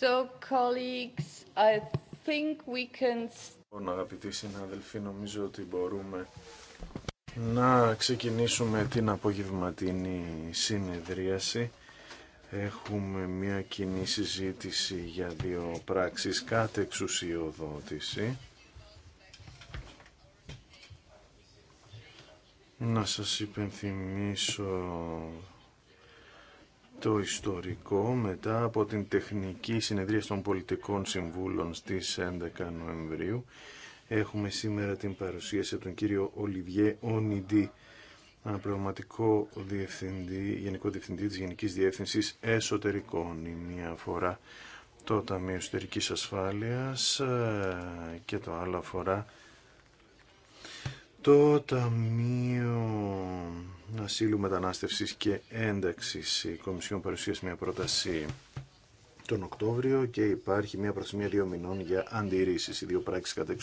So, I think we Λοιπόν, αγαπητοί συνάδελφοι, νομίζω ότι μπορούμε να ξεκινήσουμε την απογευματινή συνεδρίαση. Έχουμε μια κοινή συζήτηση για δύο πράξεις κάτω εξουσιοδότηση. Να σας υπενθυμίσω το ιστορικό μετά από την τεχνική συνεδρία των πολιτικών συμβούλων στις 11 Νοεμβρίου. Έχουμε σήμερα την παρουσίαση τον κύριο Ολιβιέ Ονιντή, αναπληρωματικό διευθυντή, γενικό διευθυντή της Γενικής Διεύθυνσης Εσωτερικών. Η μία φορά το Ταμείο Εσωτερικής Ασφάλειας ε, και το άλλο αφορά το Ταμείο Ασύλου Μετανάστευσης και Ένταξης. Η Κομισιόν παρουσίασε μια πρόταση τον Οκτώβριο και υπάρχει μια προθυμία δύο μηνών για αντιρρήσεις. Οι δύο πράξεις κατά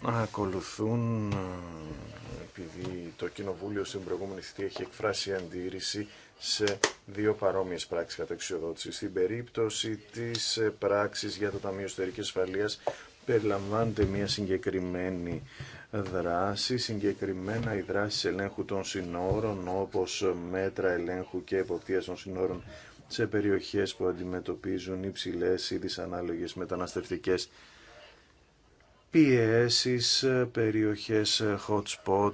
ακολουθούν επειδή το Κοινοβούλιο στην προηγούμενη θητή έχει εκφράσει αντίρρηση σε δύο παρόμοιες πράξεις κατά Στην περίπτωση της πράξης για το Ταμείο Ασφαλείας περιλαμβάνεται μια συγκεκριμένη δράση, συγκεκριμένα οι δράσει ελέγχου των συνόρων, όπως μέτρα ελέγχου και εποπτείας των συνόρων σε περιοχές που αντιμετωπίζουν υψηλές ή δυσανάλογες μεταναστευτικές πιέσεις, περιοχές hot spot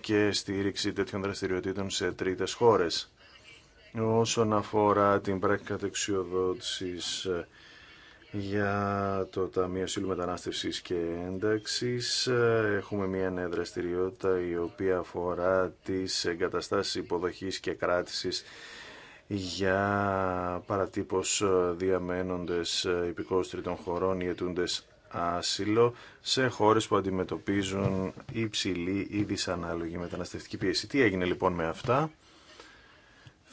και στήριξη τέτοιων δραστηριοτήτων σε τρίτες χώρες. Όσον αφορά την πράξη κατεξιοδότησης για το Ταμείο Σύλλου μετανάστευση και Ένταξης. Ε, έχουμε μια νέα δραστηριότητα η οποία αφορά τις εγκαταστάσεις υποδοχής και κράτησης για παρατύπω διαμένοντε υπηκόους τριτών χωρών ή αιτούντε άσυλο σε χώρες που αντιμετωπίζουν υψηλή ή δυσανάλογη μεταναστευτική πίεση. Τι έγινε λοιπόν με αυτά.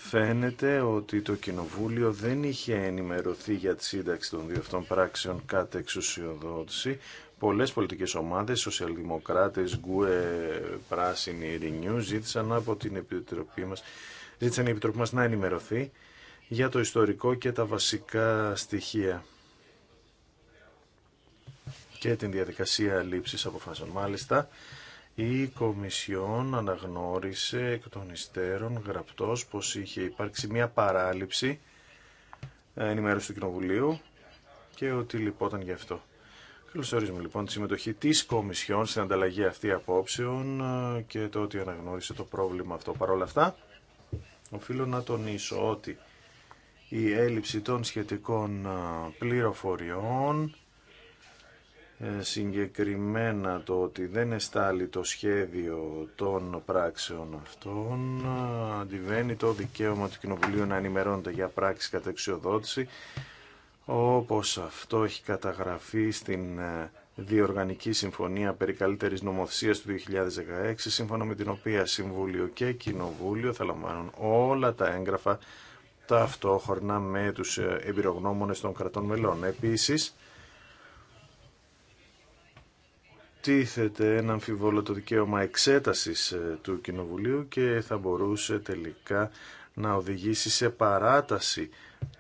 Φαίνεται ότι το Κοινοβούλιο δεν είχε ενημερωθεί για τη σύνταξη των δύο αυτών πράξεων κάτω εξουσιοδότηση. Πολλές πολιτικές ομάδες, σοσιαλδημοκράτε, γκουε, πράσινοι, ρινιού, ζήτησαν από την Επιτροπή μας, ζήτησαν η Επιτροπή μας να ενημερωθεί για το ιστορικό και τα βασικά στοιχεία και την διαδικασία λήψης αποφάσεων η Κομισιόν αναγνώρισε εκ των υστέρων γραπτός πως είχε υπάρξει μια παράληψη ε, ενημέρωση του Κοινοβουλίου και ότι λυπόταν γι' αυτό. Καλωσορίζουμε λοιπόν τη συμμετοχή της Κομισιόν στην ανταλλαγή αυτή απόψεων ε, και το ότι αναγνώρισε το πρόβλημα αυτό. Παρ' όλα αυτά, οφείλω να τονίσω ότι η έλλειψη των σχετικών ε, πληροφοριών ε, συγκεκριμένα το ότι δεν εστάλει το σχέδιο των πράξεων αυτών αντιβαίνει το δικαίωμα του Κοινοβουλίου να ενημερώνεται για πράξη κατά εξοδότηση όπως αυτό έχει καταγραφεί στην ε, Διοργανική Συμφωνία περί καλύτερης νομοθεσίας του 2016 σύμφωνα με την οποία Συμβούλιο και Κοινοβούλιο θα λαμβάνουν όλα τα έγγραφα ταυτόχρονα με τους ε, εμπειρογνώμονες των κρατών μελών. Επίσης, τίθεται ένα αμφιβόλο το δικαίωμα εξέτασης ε, του Κοινοβουλίου και θα μπορούσε τελικά να οδηγήσει σε παράταση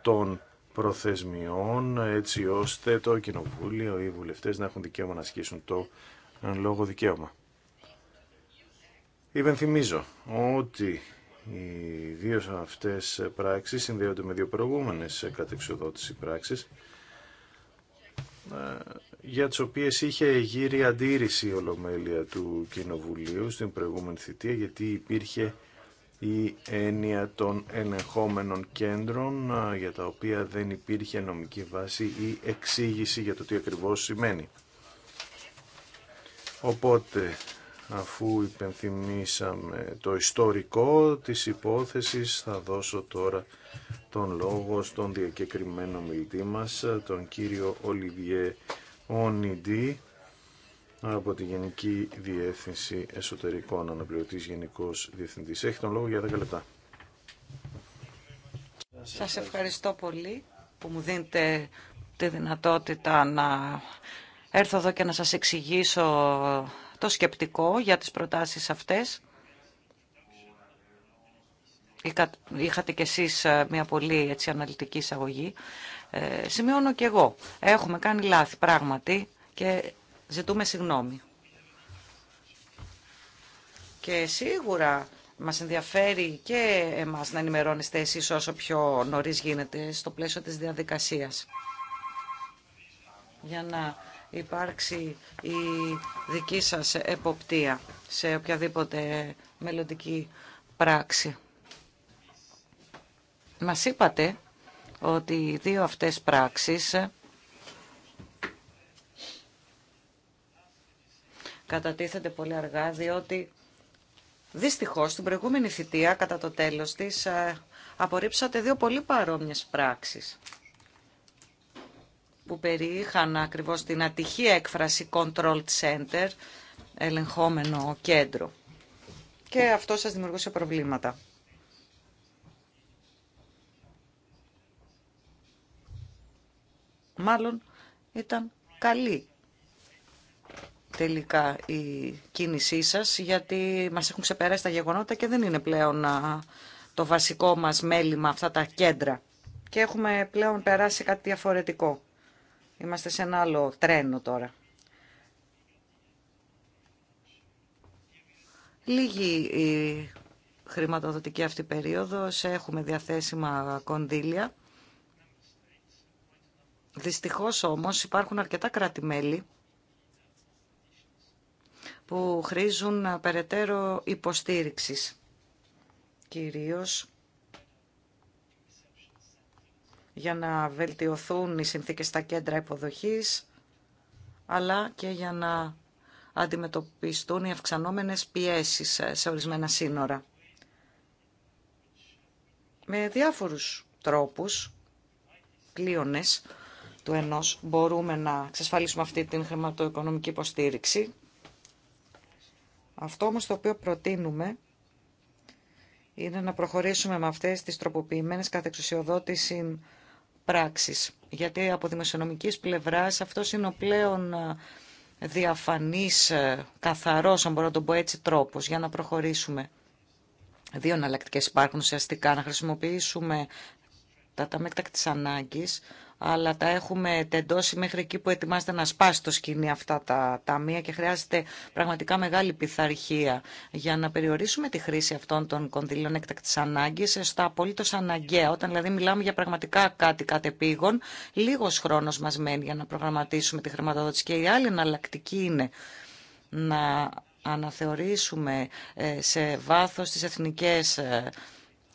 των προθεσμιών έτσι ώστε το Κοινοβούλιο ή οι βουλευτές να έχουν δικαίωμα να ασκήσουν το ε, λόγο δικαίωμα. Υπενθυμίζω ότι οι δύο αυτές πράξεις συνδέονται με δύο προηγούμενες ε, κατεξοδότηση πράξεις για τις οποίες είχε γύρει αντίρρηση η Ολομέλεια του Κοινοβουλίου στην προηγούμενη θητεία γιατί υπήρχε η έννοια των ενεχόμενων κέντρων για τα οποία δεν υπήρχε νομική βάση ή εξήγηση για το τι ακριβώς σημαίνει. Οπότε, αφού υπενθυμίσαμε το ιστορικό της υπόθεσης, θα δώσω τώρα τον λόγο στον διακεκριμένο μιλτή μας, τον κύριο Ολιβιέ ONID από τη Γενική Διεύθυνση Εσωτερικών Αναπληρωτής Γενικός Διευθυντής. Έχει τον λόγο για 10 λεπτά. Σας ευχαριστώ πολύ που μου δίνετε τη δυνατότητα να έρθω εδώ και να σας εξηγήσω το σκεπτικό για τις προτάσεις αυτές. Είχατε κι εσείς ε, μια πολύ έτσι, αναλυτική εισαγωγή. Ε, σημειώνω και εγώ. Έχουμε κάνει λάθη πράγματι και ζητούμε συγγνώμη. Και σίγουρα μας ενδιαφέρει και εμάς να ενημερώνεστε εσείς όσο πιο νωρίς γίνεται στο πλαίσιο της διαδικασίας. Για να υπάρξει η δική σας εποπτεία σε οποιαδήποτε μελλοντική πράξη. Μας είπατε ότι οι δύο αυτές πράξεις κατατίθεται πολύ αργά διότι δυστυχώς στην προηγούμενη θητεία κατά το τέλος της ε, απορρίψατε δύο πολύ παρόμοιες πράξεις που περιείχαν ακριβώς την ατυχή έκφραση Control Center, ελεγχόμενο κέντρο. Και αυτό σας δημιουργούσε προβλήματα. Μάλλον ήταν καλή τελικά η κίνησή σας, γιατί μας έχουν ξεπεράσει τα γεγονότα και δεν είναι πλέον το βασικό μας μέλημα αυτά τα κέντρα. Και έχουμε πλέον περάσει κάτι διαφορετικό. Είμαστε σε ένα άλλο τρένο τώρα. Λίγη η χρηματοδοτική αυτή περίοδος, έχουμε διαθέσιμα κονδύλια Δυστυχώς όμως υπάρχουν αρκετά κράτη-μέλη που χρήζουν περαιτέρω υποστήριξης. Κυρίως για να βελτιωθούν οι συνθήκες στα κέντρα υποδοχής, αλλά και για να αντιμετωπιστούν οι αυξανόμενες πιέσεις σε ορισμένα σύνορα. Με διάφορους τρόπους, κλίονες, του ενός μπορούμε να εξασφαλίσουμε αυτή την χρηματοοικονομική υποστήριξη. Αυτό όμως το οποίο προτείνουμε είναι να προχωρήσουμε με αυτές τις τροποποιημένες κατεξουσιοδότησιν πράξεις. Γιατί από δημοσιονομικής πλευράς αυτό είναι ο πλέον ε, διαφανής, ε, καθαρός, αν μπορώ να το πω έτσι, τρόπος για να προχωρήσουμε. Δύο εναλλακτικέ υπάρχουν ουσιαστικά. Να χρησιμοποιήσουμε τα ταμεκτάκτη της ανάγκης, αλλά τα έχουμε τεντώσει μέχρι εκεί που ετοιμάζεται να σπάσει το σκηνή αυτά τα ταμεία και χρειάζεται πραγματικά μεγάλη πειθαρχία για να περιορίσουμε τη χρήση αυτών των κονδυλίων έκτακτη ανάγκη στα απολύτω αναγκαία. Όταν δηλαδή μιλάμε για πραγματικά κάτι κατεπήγον, λίγος χρόνος μας μένει για να προγραμματίσουμε τη χρηματοδότηση και η άλλη εναλλακτική είναι να αναθεωρήσουμε ε, σε βάθος τις εθνικές ε,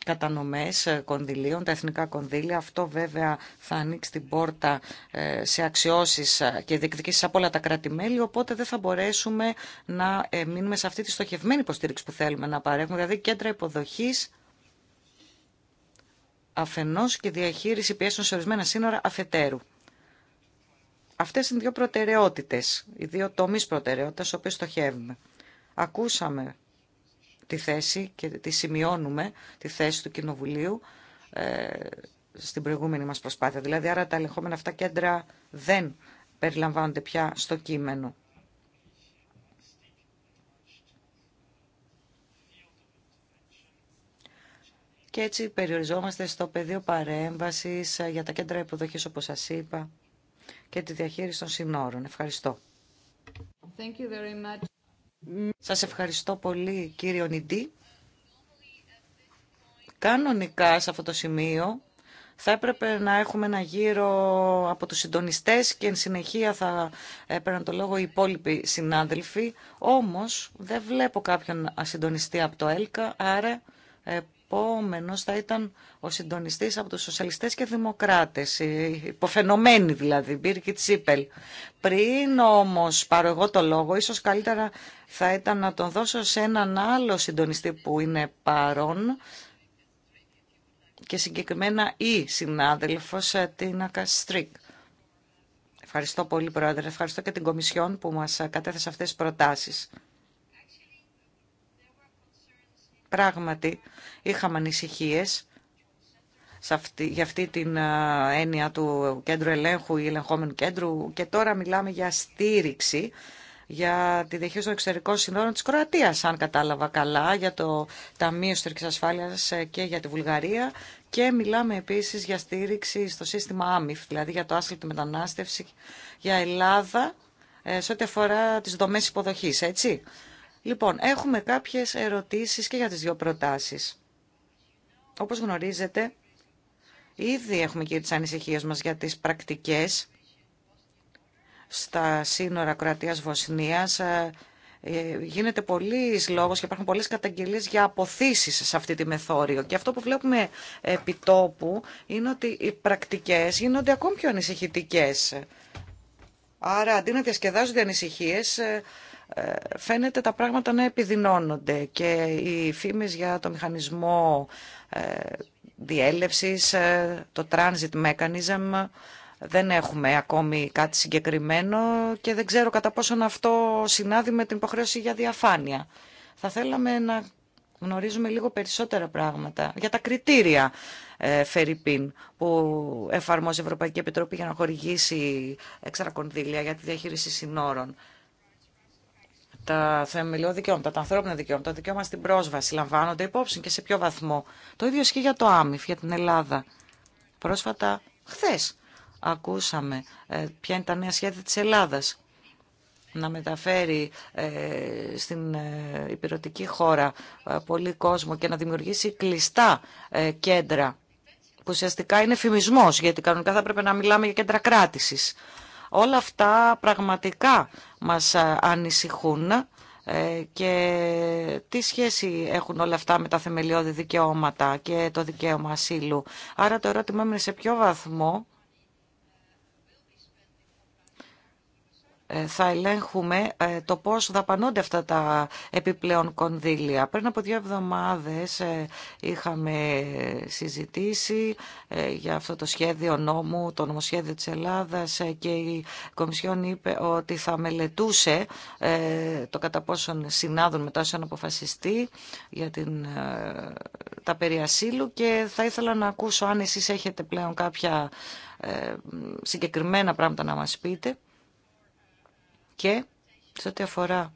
κατανομές ε, κονδυλίων, τα εθνικά κονδύλια. Αυτό βέβαια θα ανοίξει την πόρτα ε, σε αξιώσεις ε, και διεκδικήσεις από όλα τα κράτη-μέλη, οπότε δεν θα μπορέσουμε να μείνουμε σε αυτή τη στοχευμένη υποστήριξη που θέλουμε να παρέχουμε, δηλαδή κέντρα υποδοχής αφενός και διαχείριση πιέσεων σε ορισμένα σύνορα αφετέρου. Αυτές είναι οι δύο προτεραιότητες, οι δύο τομείς στο οποίες στοχεύουμε. Ακούσαμε τη θέση και τη σημειώνουμε, τη θέση του Κοινοβουλίου ε, στην προηγούμενη μας προσπάθεια. Δηλαδή, άρα τα ελεγχόμενα αυτά κέντρα δεν περιλαμβάνονται πια στο κείμενο. Και έτσι περιοριζόμαστε στο πεδίο παρέμβασης ε, για τα κέντρα υποδοχής, όπως σας είπα, και τη διαχείριση των συνόρων. Ευχαριστώ. Thank σας ευχαριστώ πολύ κύριο Ονιντή. Κανονικά σε αυτό το σημείο θα έπρεπε να έχουμε ένα γύρο από τους συντονιστές και εν συνεχεία θα έπαιρναν το λόγο οι υπόλοιποι συνάδελφοι. Όμως δεν βλέπω κάποιον ασυντονιστή από το ΕΛΚΑ, άρα ε, επόμενος θα ήταν ο συντονιστής από τους σοσιαλιστές και δημοκράτες, η δηλαδή, Μπίρκη Τσίπελ. Πριν όμως πάρω εγώ το λόγο, ίσως καλύτερα θα ήταν να τον δώσω σε έναν άλλο συντονιστή που είναι παρόν και συγκεκριμένα η συνάδελφος ε, την Καστρίκ. Ευχαριστώ πολύ, Πρόεδρε. Ευχαριστώ και την Κομισιόν που μας ε, κατέθεσε αυτές τις προτάσεις. Πράγματι, είχαμε ανησυχίες για αυτή την έννοια του κέντρου ελέγχου ή ελεγχόμενου κέντρου και τώρα μιλάμε για στήριξη για τη διαχείριση των εξωτερικών συνόρων της Κροατίας, αν κατάλαβα καλά, για το Ταμείο Ιστορικής Ασφάλειας ε, και για τη Βουλγαρία και μιλάμε επίσης για στήριξη στο σύστημα ΆΜΙΦ, δηλαδή για το άσυλο μετανάστευση για Ελλάδα ε, σε ό,τι αφορά τις δομές υποδοχής, έτσι. Λοιπόν, έχουμε κάποιες ερωτήσεις και για τις δύο προτάσεις. Όπως γνωρίζετε, ήδη έχουμε και τις ανησυχίες μας για τις πρακτικές στα σύνορα Κροατίας-Βοσνίας. Ε, γίνεται πολλής λόγος και υπάρχουν πολλέ καταγγελίες για αποθήσεις σε αυτή τη μεθόριο. Και αυτό που βλέπουμε επιτόπου είναι ότι οι πρακτικές γίνονται ακόμη πιο ανησυχητικές. Άρα, αντί να διασκεδάζονται ανησυχίε, ε, φαίνεται τα πράγματα να επιδεινώνονται και οι φήμες για το μηχανισμό ε, διέλευσης, ε, το transit mechanism, δεν έχουμε ακόμη κάτι συγκεκριμένο και δεν ξέρω κατά πόσον αυτό συνάδει με την υποχρέωση για διαφάνεια. Θα θέλαμε να γνωρίζουμε λίγο περισσότερα πράγματα για τα κριτήρια ε, Φερρυπίν που εφαρμόζει η Ευρωπαϊκή Επιτροπή για να χορηγήσει έξτρα για τη διαχείριση συνόρων τα θεμελιώδη δικαιώματα, τα ανθρώπινα δικαιώματα, το δικαίωμα στην πρόσβαση λαμβάνονται υπόψη και σε ποιο βαθμό. Το ίδιο ισχύει για το ΆΜΙΦ, για την Ελλάδα. Πρόσφατα, χθε, ακούσαμε ε, ποια είναι τα νέα σχέδια της Ελλάδας να μεταφέρει ε, στην ε, υπηρετική χώρα πολύ κόσμο και να δημιουργήσει κλειστά κέντρα που ουσιαστικά είναι φημισμός γιατί κανονικά θα πρέπει να μιλάμε για κέντρα κράτησης. Όλα αυτά πραγματικά μας ε, ανησυχούν ε, και τι σχέση έχουν όλα αυτά με τα θεμελιώδη δικαιώματα και το δικαίωμα ασύλου. Άρα το ερώτημά είναι σε ποιο βαθμό Ε, θα ελέγχουμε ε, το πώς δαπανούνται αυτά τα επιπλέον κονδύλια. Πριν από δύο εβδομάδες ε, είχαμε συζητήσει για αυτό το σχέδιο νόμου, το νομοσχέδιο της Ελλάδας και η Κομισιόν είπε ότι θα μελετούσε το κατά πόσον συνάδουν μετά όσον για την, τα περί και θα ήθελα να ακούσω αν εσείς έχετε πλέον κάποια συγκεκριμένα πράγματα να μας πείτε και σε ό,τι αφορά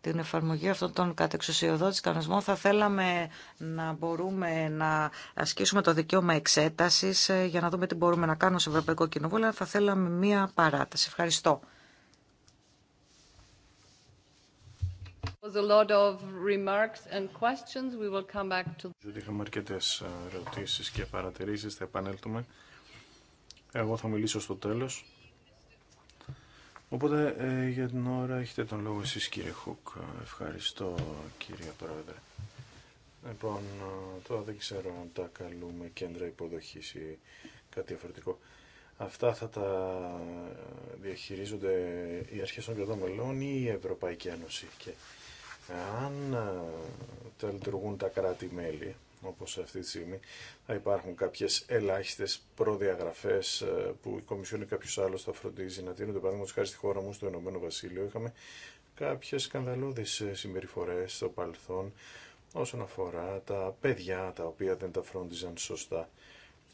την εφαρμογή αυτών των κατεξουσιοδότης κανονισμών θα θέλαμε να μπορούμε να ασκήσουμε το δικαίωμα εξέτασης ε, για να δούμε τι μπορούμε να κάνουμε σε Ευρωπαϊκό Κοινοβούλιο, αλλά θα θέλαμε μία παράταση. Ευχαριστώ. Είχαμε αρκετέ ε, ερωτήσει και παρατηρήσει, θα επανέλθουμε. Εγώ θα μιλήσω στο τέλος. Οπότε ε, για την ώρα έχετε τον λόγο εσείς κύριε Χουκ. Ευχαριστώ κύριε Πρόεδρε. Λοιπόν, ε, τώρα δεν ξέρω αν τα καλούμε κέντρα υποδοχής ή κάτι διαφορετικό. Αυτά θα τα ε, διαχειρίζονται οι αρχές των κρατών μελών ή η Ευρωπαϊκή Ένωση. Και αν τα λειτουργούν τα κράτη-μέλη, όπως αυτή τη στιγμή θα υπάρχουν κάποιες ελάχιστες προδιαγραφές ε, που η Κομισιόν ή κάποιος άλλος θα φροντίζει να τίνονται. Παραδείγματο χάρη στη χώρα μου, στο Ηνωμένο Βασίλειο, είχαμε κάποιες σκανδαλώδεις ε, συμπεριφορές στο παρελθόν όσον αφορά τα παιδιά τα οποία δεν τα φρόντιζαν σωστά.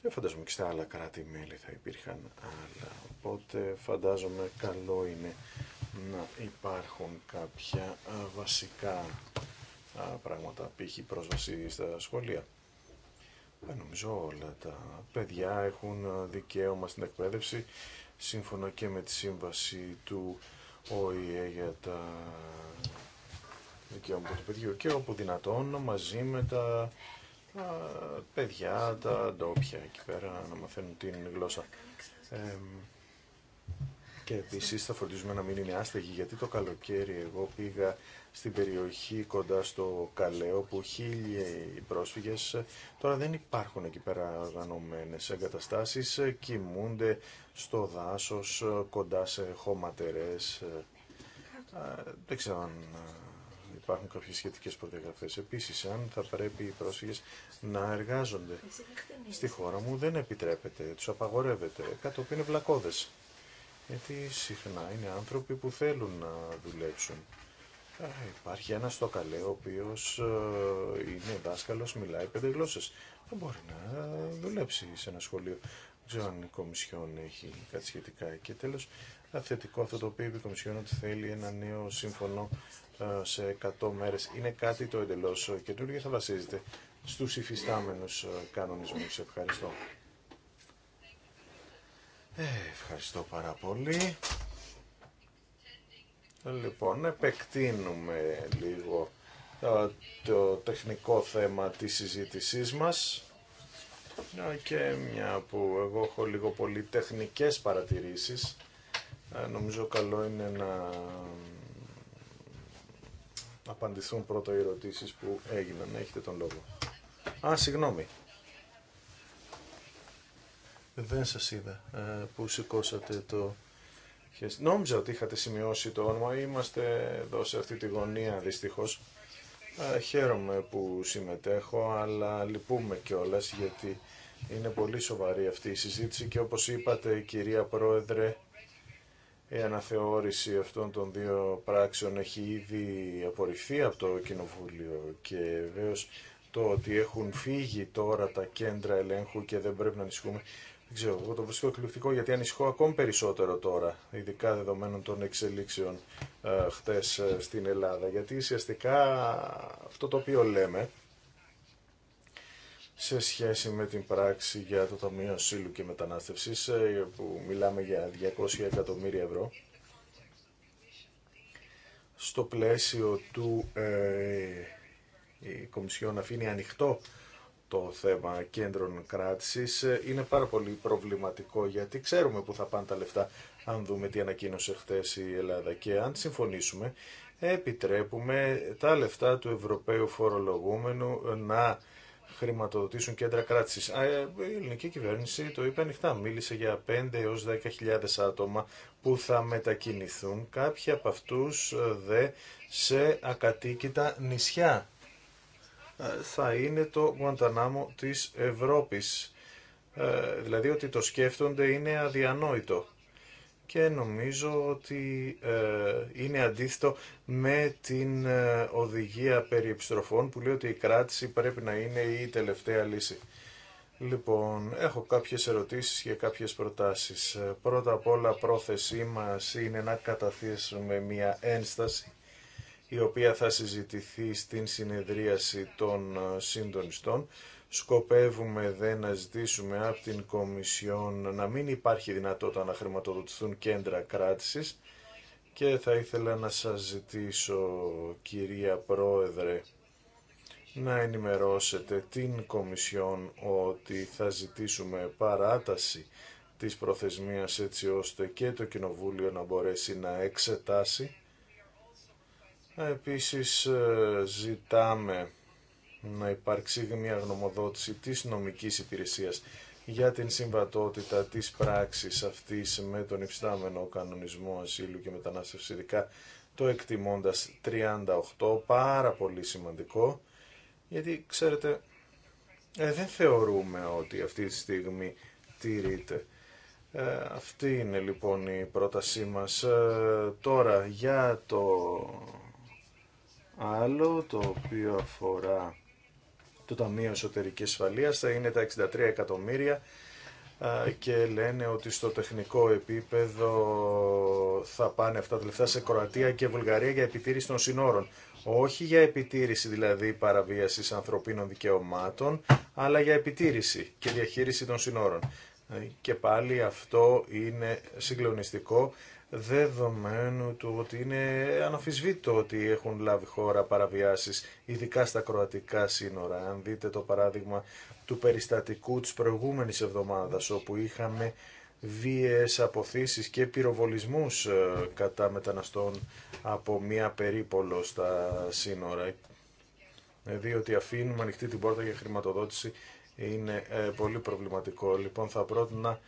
Και φαντάζομαι και στα άλλα κράτη-μέλη θα υπήρχαν άλλα. Οπότε φαντάζομαι καλό είναι να υπάρχουν κάποια ε, βασικά πράγματα, π.χ. πρόσβαση στα σχολεία. Ε, νομίζω όλα τα παιδιά έχουν δικαίωμα στην εκπαίδευση σύμφωνα και με τη σύμβαση του ΟΗΕ για τα δικαιώματα του παιδιού και όπου δυνατόν μαζί με τα, παιδιά, τα ντόπια εκεί πέρα να μαθαίνουν την γλώσσα. και επίση θα φροντίζουμε να μην είναι άστεγοι γιατί το καλοκαίρι εγώ πήγα στην περιοχή κοντά στο Καλαίο που χίλιοι πρόσφυγες τώρα δεν υπάρχουν εκεί πέρα οργανωμένες εγκαταστάσεις, κοιμούνται στο δάσος κοντά σε χωματερές. Ε, δεν ξέρω αν ε, υπάρχουν κάποιες σχετικές προδιαγραφές. Επίσης, αν θα πρέπει οι πρόσφυγες να εργάζονται στη χώρα μου, δεν επιτρέπεται, τους απαγορεύεται, κατόπιν είναι βλακώδες. Γιατί συχνά είναι άνθρωποι που θέλουν να δουλέψουν Υπάρχει ένα στο καλέ ο οποίος ε, είναι δάσκαλο μιλάει πέντε γλώσσες. Δεν μπορεί να δουλέψει σε ένα σχολείο. Δεν ξέρω αν η Κομισιόν έχει κάτι σχετικά. Και τέλος, θετικό αυτό το οποίο είπε η Κομισιόν ότι θέλει ένα νέο σύμφωνο ε, σε 100 μέρες. Είναι κάτι το εντελώς ε, καινούργιο θα βασίζεται στους υφιστάμενου κανονισμού. Ευχαριστώ. ευχαριστώ πάρα πολύ. Λοιπόν, επεκτείνουμε λίγο το τεχνικό θέμα της συζήτησής μας και μια που εγώ έχω λίγο πολύ τεχνικές παρατηρήσεις ε, νομίζω καλό είναι να απαντηθούν πρώτα οι ερωτήσεις που έγιναν. Έχετε τον λόγο. Α, συγγνώμη. Δεν σας είδα ε, που σηκώσατε το Νόμιζα ότι είχατε σημειώσει το όνομα, είμαστε εδώ σε αυτή τη γωνία δυστυχώς. Χαίρομαι που συμμετέχω, αλλά λυπούμε κιόλα γιατί είναι πολύ σοβαρή αυτή η συζήτηση και όπως είπατε κυρία Πρόεδρε, η αναθεώρηση αυτών των δύο πράξεων έχει ήδη απορριφθεί από το Κοινοβούλιο και βεβαίω το ότι έχουν φύγει τώρα τα κέντρα ελέγχου και δεν πρέπει να ανησυχούμε δεν ξέρω, εγώ το βρίσκω εκπληκτικό γιατί ανησυχώ ακόμη περισσότερο τώρα, ειδικά δεδομένων των εξελίξεων ε, χτες ε, στην Ελλάδα, γιατί ουσιαστικά αυτό το οποίο λέμε σε σχέση με την πράξη για το Ταμείο Σύλλου και Μετανάστευσης, ε, που μιλάμε για 200 εκατομμύρια ευρώ, στο πλαίσιο του ε, η Κομισιόν αφήνει ανοιχτό το θέμα κέντρων κράτησης είναι πάρα πολύ προβληματικό γιατί ξέρουμε που θα πάνε τα λεφτά αν δούμε τι ανακοίνωσε χτες η Ελλάδα και αν συμφωνήσουμε επιτρέπουμε τα λεφτά του Ευρωπαίου φορολογούμενου να χρηματοδοτήσουν κέντρα κράτησης. Ε, η ελληνική κυβέρνηση το είπε ανοιχτά. Μίλησε για 5 έως 10.000 άτομα που θα μετακινηθούν. Κάποιοι από αυτούς ε, δε σε ακατοίκητα νησιά ε, θα είναι το Γουαντανάμο της Ευρώπης. Ε, δηλαδή ότι το σκέφτονται είναι αδιανόητο και νομίζω ότι ε, είναι αντίθετο με την οδηγία περί επιστροφών που λέει ότι η κράτηση πρέπει να είναι η τελευταία λύση. Λοιπόν, έχω κάποιες ερωτήσεις και κάποιες προτάσεις. Πρώτα απ' όλα πρόθεσή μας είναι να καταθέσουμε μια ένσταση η οποία θα συζητηθεί στην συνεδρίαση των ε, συντονιστών. Σκοπεύουμε δε να ζητήσουμε από την Κομισιόν να μην υπάρχει δυνατότητα να χρηματοδοτηθούν κέντρα κράτησης και θα ήθελα να σας ζητήσω κυρία Πρόεδρε να ενημερώσετε την Κομισιόν ότι θα ζητήσουμε παράταση της προθεσμίας έτσι ώστε και το Κοινοβούλιο να μπορέσει να εξετάσει Επίσης ε, ζητάμε να υπάρξει μια γνωμοδότηση της νομικής υπηρεσίας για την συμβατότητα της πράξης αυτής με τον υφιστάμενο κανονισμό ασύλου και μετανάστευση, ειδικά το εκτιμώντας 38, πάρα πολύ σημαντικό, γιατί ξέρετε, ε, δεν θεωρούμε ότι αυτή τη στιγμή τηρείται. Ε, αυτή είναι λοιπόν η πρότασή μας. τώρα για το άλλο το οποίο αφορά το Ταμείο εσωτερική Ασφαλείας θα είναι τα 63 εκατομμύρια και λένε ότι στο τεχνικό επίπεδο θα πάνε αυτά τα λεφτά σε Κροατία και Βουλγαρία για επιτήρηση των συνόρων. Όχι για επιτήρηση δηλαδή παραβίασης ανθρωπίνων δικαιωμάτων, αλλά για επιτήρηση και διαχείριση των συνόρων. Ε, και πάλι αυτό είναι συγκλονιστικό δεδομένου του ότι είναι αναφυσβήτητο ότι έχουν λάβει χώρα παραβιάσεις, ειδικά στα κροατικά σύνορα. Αν δείτε το παράδειγμα του περιστατικού της προηγούμενης εβδομάδας, όπου είχαμε βίαιες αποθήσεις και πυροβολισμούς ε, κατά μεταναστών από μία περίπολο στα σύνορα. Ε, διότι ότι αφήνουμε ανοιχτή την πόρτα για χρηματοδότηση είναι ε, πολύ προβληματικό. Λοιπόν θα πρότεινα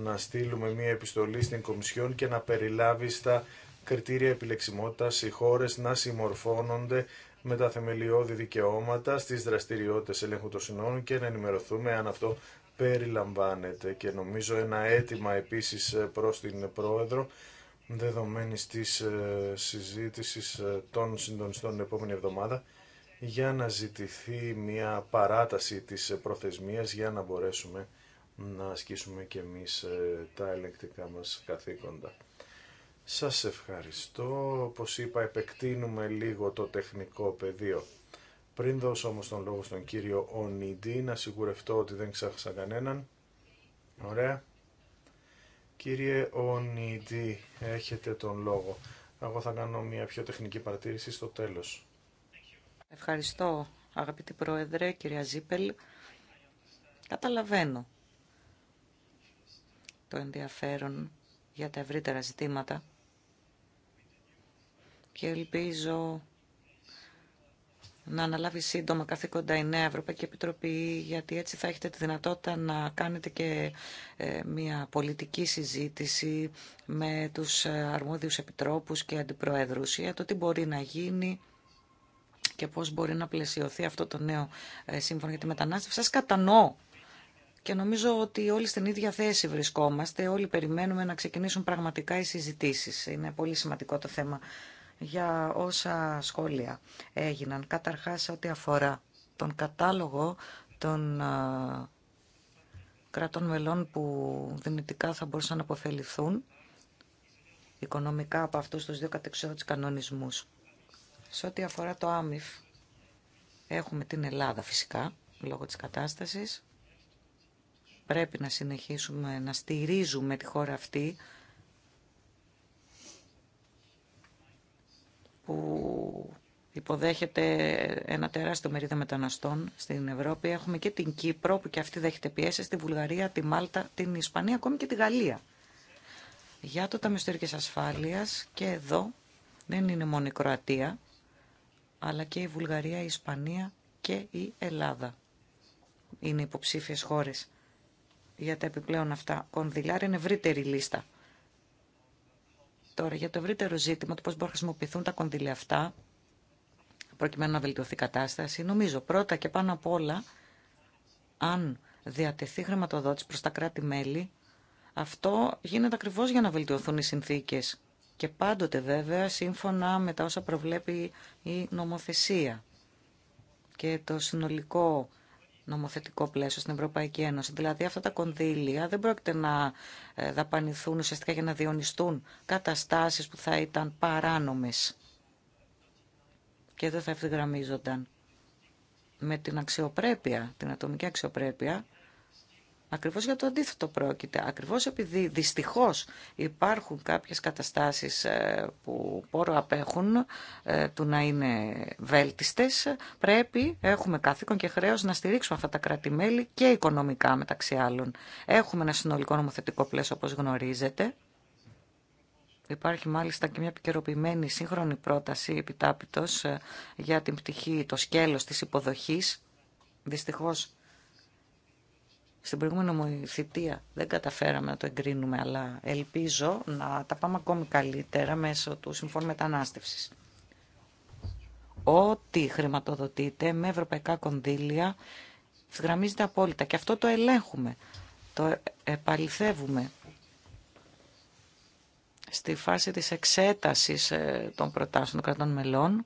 να στείλουμε μία επιστολή στην Κομισιόν και να περιλάβει στα κριτήρια επιλεξιμότητας οι χώρες να συμμορφώνονται με τα θεμελιώδη δικαιώματα στις δραστηριότητες ελέγχου των συνόρων και να ενημερωθούμε αν αυτό περιλαμβάνεται. Και νομίζω ένα αίτημα επίσης ε, προς την Πρόεδρο δεδομένη της ε, συζήτηση ε, των συντονιστών την επόμενη εβδομάδα για να ζητηθεί μια παράταση της προθεσμίας για να μπορέσουμε να ασκήσουμε και εμείς ε, τα ελεκτικά μας καθήκοντα. Σας ευχαριστώ. Όπως είπα, επεκτείνουμε λίγο το τεχνικό πεδίο. Πριν δώσω όμως τον λόγο στον κύριο Ονίδη, να σιγουρευτώ ότι δεν ξέχασα κανέναν. Ωραία. Κύριε Ονίδη, έχετε τον λόγο. Εγώ θα κάνω μια πιο τεχνική παρατήρηση στο τέλος. Ευχαριστώ, αγαπητή Πρόεδρε, κυρία Ζίπελ. Καταλαβαίνω το ενδιαφέρον για τα ευρύτερα ζητήματα και ελπίζω να αναλάβει σύντομα καθήκοντα η Νέα Ευρωπαϊκή Επιτροπή, γιατί έτσι θα έχετε τη δυνατότητα να κάνετε και ε, μια πολιτική συζήτηση με τους ε, αρμόδιους επιτρόπους και αντιπροέδρους για το τι μπορεί να γίνει και πώς μπορεί να πλαισιωθεί αυτό το νέο ε, σύμφωνο για τη μετανάστευση. Σας κατανοώ και νομίζω ότι όλοι στην ίδια θέση βρισκόμαστε, όλοι περιμένουμε να ξεκινήσουν πραγματικά οι συζητήσεις. Είναι πολύ σημαντικό το θέμα για όσα σχόλια έγιναν. Καταρχάς, ό,τι αφορά τον κατάλογο των κρατών μελών που δυνητικά θα μπορούσαν να αποφεληθούν οικονομικά από αυτούς τους δύο κατεξιότητες κανονισμούς. Σε ό,τι αφορά το ΆΜΙΦ, έχουμε την Ελλάδα φυσικά, λόγω της κατάστασης πρέπει να συνεχίσουμε να στηρίζουμε τη χώρα αυτή που υποδέχεται ένα τεράστιο μερίδα μεταναστών στην Ευρώπη. Έχουμε και την Κύπρο που και αυτή δέχεται πιέσεις, τη Βουλγαρία, τη Μάλτα, την Ισπανία, ακόμη και τη Γαλλία. Για το Ταμείο Στήρικης Ασφάλειας και εδώ δεν είναι μόνο η Κροατία, αλλά και η Βουλγαρία, η Ισπανία και η Ελλάδα. Είναι υποψήφιες χώρες για τα επιπλέον αυτά κονδυλάρια. Είναι ευρύτερη λίστα. Τώρα, για το ευρύτερο ζήτημα το πώς μπορούν να χρησιμοποιηθούν τα κονδύλια αυτά, προκειμένου να βελτιωθεί η κατάσταση, νομίζω πρώτα και πάνω απ' όλα, αν διατεθεί χρηματοδότηση προς τα κράτη-μέλη, αυτό γίνεται ακριβώς για να βελτιωθούν οι συνθήκες. Και πάντοτε βέβαια σύμφωνα με τα όσα προβλέπει η νομοθεσία και το συνολικό νομοθετικό πλαίσιο στην Ευρωπαϊκή Ένωση. Δηλαδή αυτά τα κονδύλια δεν πρόκειται να ε, δαπανηθούν ουσιαστικά για να διονυστούν καταστάσεις που θα ήταν παράνομες και δεν θα ευθυγραμμίζονταν με την αξιοπρέπεια, την ατομική αξιοπρέπεια Ακριβώς για το αντίθετο πρόκειται. Ακριβώς επειδή δυστυχώς υπάρχουν κάποιες καταστάσεις ε, που πόρο απέχουν ε, του να είναι βέλτιστες, πρέπει, έχουμε καθήκον και χρέο να στηρίξουμε αυτά τα κράτη-μέλη και οικονομικά μεταξύ άλλων. Έχουμε ένα συνολικό νομοθετικό πλαίσιο όπως γνωρίζετε. Υπάρχει μάλιστα και μια επικαιροποιημένη σύγχρονη πρόταση επιτάπητος ε, για την πτυχή, το σκέλος της υποδοχής. Δυστυχώς στην προηγούμενη νομοθετία δεν καταφέραμε να το εγκρίνουμε, αλλά ελπίζω να τα πάμε ακόμη καλύτερα μέσω του Συμφώνου μετανάστευση. Ό,τι χρηματοδοτείται με ευρωπαϊκά κονδύλια γραμμίζεται απόλυτα και αυτό το ελέγχουμε, το επαληθεύουμε στη φάση της εξέτασης ε, των προτάσεων των κρατών μελών,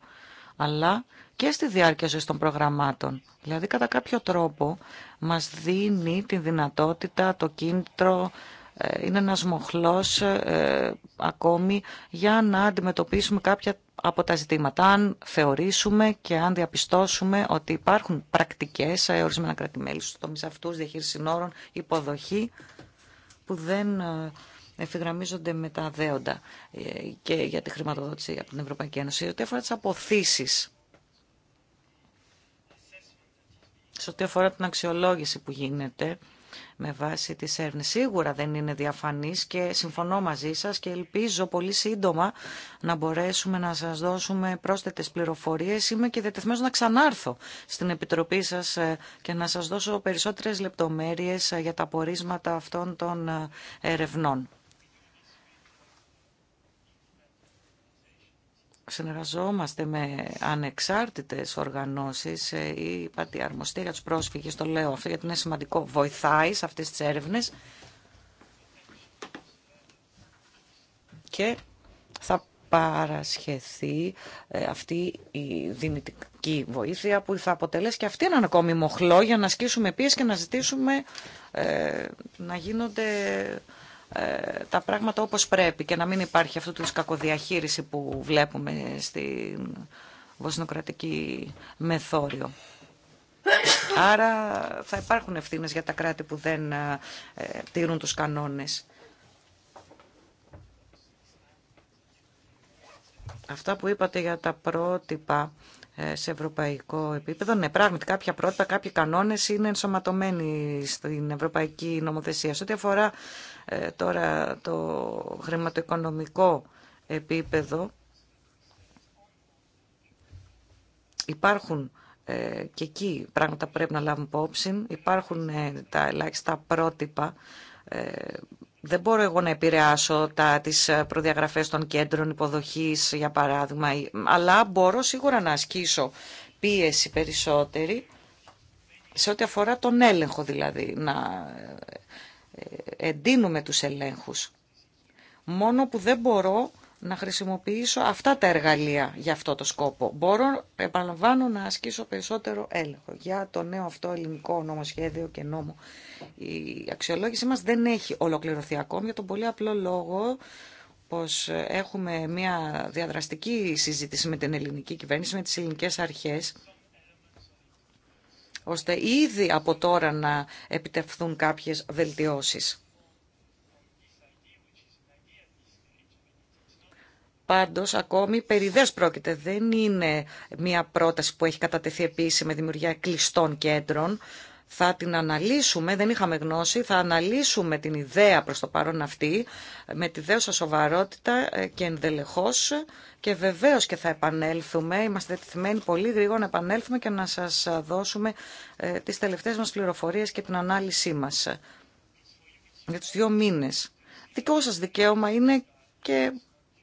αλλά και στη διάρκεια ζωής των προγραμμάτων. Δηλαδή κατά κάποιο τρόπο μας δίνει τη δυνατότητα, το κίνητρο, ε, είναι ένας μοχλός ε, ακόμη για να αντιμετωπίσουμε κάποια από τα ζητήματα. Αν θεωρήσουμε και αν διαπιστώσουμε ότι υπάρχουν πρακτικές σε ορισμένα κρατημέλη στους τομείς αυτούς, διαχείριση συνόρων, υποδοχή, που δεν εφηγραμμίζονται με τα δέοντα ε, και για τη χρηματοδότηση από την Ευρωπαϊκή Ένωση. Ό,τι αφορά τι αποθήσει. σε ό,τι αφορά την αξιολόγηση που γίνεται με βάση τις έρευνες. Σίγουρα δεν είναι διαφανής και συμφωνώ μαζί σας και ελπίζω πολύ σύντομα να μπορέσουμε να σας δώσουμε πρόσθετες πληροφορίες. Είμαι και διατεθμένος να ξανάρθω στην Επιτροπή σας ε, και να σας δώσω περισσότερες λεπτομέρειες ε, για τα πορίσματα αυτών των ε, ερευνών. συνεργαζόμαστε με ανεξάρτητες οργανώσεις ε, ή πατή αρμοστή για τους πρόσφυγες, το λέω αυτό γιατί είναι σημαντικό, βοηθάει σε αυτές τις έρευνες και θα παρασχεθεί ε, αυτή η δυνητική βοήθεια που θα αποτελέσει και αυτή έναν ακόμη μοχλό για να ασκήσουμε πίεση και να ζητήσουμε ε, να γίνονται ε, τα πράγματα όπως πρέπει και να μην υπάρχει αυτού του κακοδιαχείριση που βλέπουμε στην βοσνοκρατική μεθόριο. Άρα θα υπάρχουν ευθύνες για τα κράτη που δεν ε, τηρούν τους κανόνες. Αυτά που είπατε για τα πρότυπα ε, σε ευρωπαϊκό επίπεδο. Ναι, πράγματι, κάποια πρότυπα, κάποιοι κανόνες είναι ενσωματωμένοι στην ευρωπαϊκή νομοθεσία. Σε ό,τι αφορά ε, τώρα το χρηματοοικονομικό επίπεδο υπάρχουν ε, και εκεί πράγματα πρέπει να λάβουν υπόψη. Υπάρχουν ε, τα ελάχιστα πρότυπα. δεν μπορώ εγώ να επηρεάσω τα, τις προδιαγραφές των κέντρων υποδοχής, για παράδειγμα, αλλά μπορώ σίγουρα να ασκήσω πίεση περισσότερη σε ό,τι αφορά τον έλεγχο δηλαδή, να εντείνουμε τους ελέγχους. Μόνο που δεν μπορώ να χρησιμοποιήσω αυτά τα εργαλεία για αυτό το σκόπο. Μπορώ, επαναλαμβάνω, να ασκήσω περισσότερο έλεγχο. Για το νέο αυτό ελληνικό νομοσχέδιο και νόμο η αξιολόγηση μας δεν έχει ολοκληρωθεί ακόμη για τον πολύ απλό λόγο πως έχουμε μια διαδραστική συζήτηση με την ελληνική κυβέρνηση, με τις ελληνικές αρχές ώστε ήδη από τώρα να επιτευχθούν κάποιες βελτιώσεις. Πάντως, ακόμη περιδές πρόκειται. Δεν είναι μια πρόταση που έχει κατατεθεί επίση με δημιουργία κλειστών κέντρων θα την αναλύσουμε, δεν είχαμε γνώση, θα αναλύσουμε την ιδέα προς το παρόν αυτή με τη δέωσα σοβαρότητα ε, και ενδελεχώς και βεβαίως και θα επανέλθουμε, είμαστε τεθειμένοι πολύ γρήγορα να επανέλθουμε και να σας δώσουμε ε, τις τελευταίες μας πληροφορίες και την ανάλυση μας ε, για τους δύο μήνες. Δικό σας δικαίωμα είναι και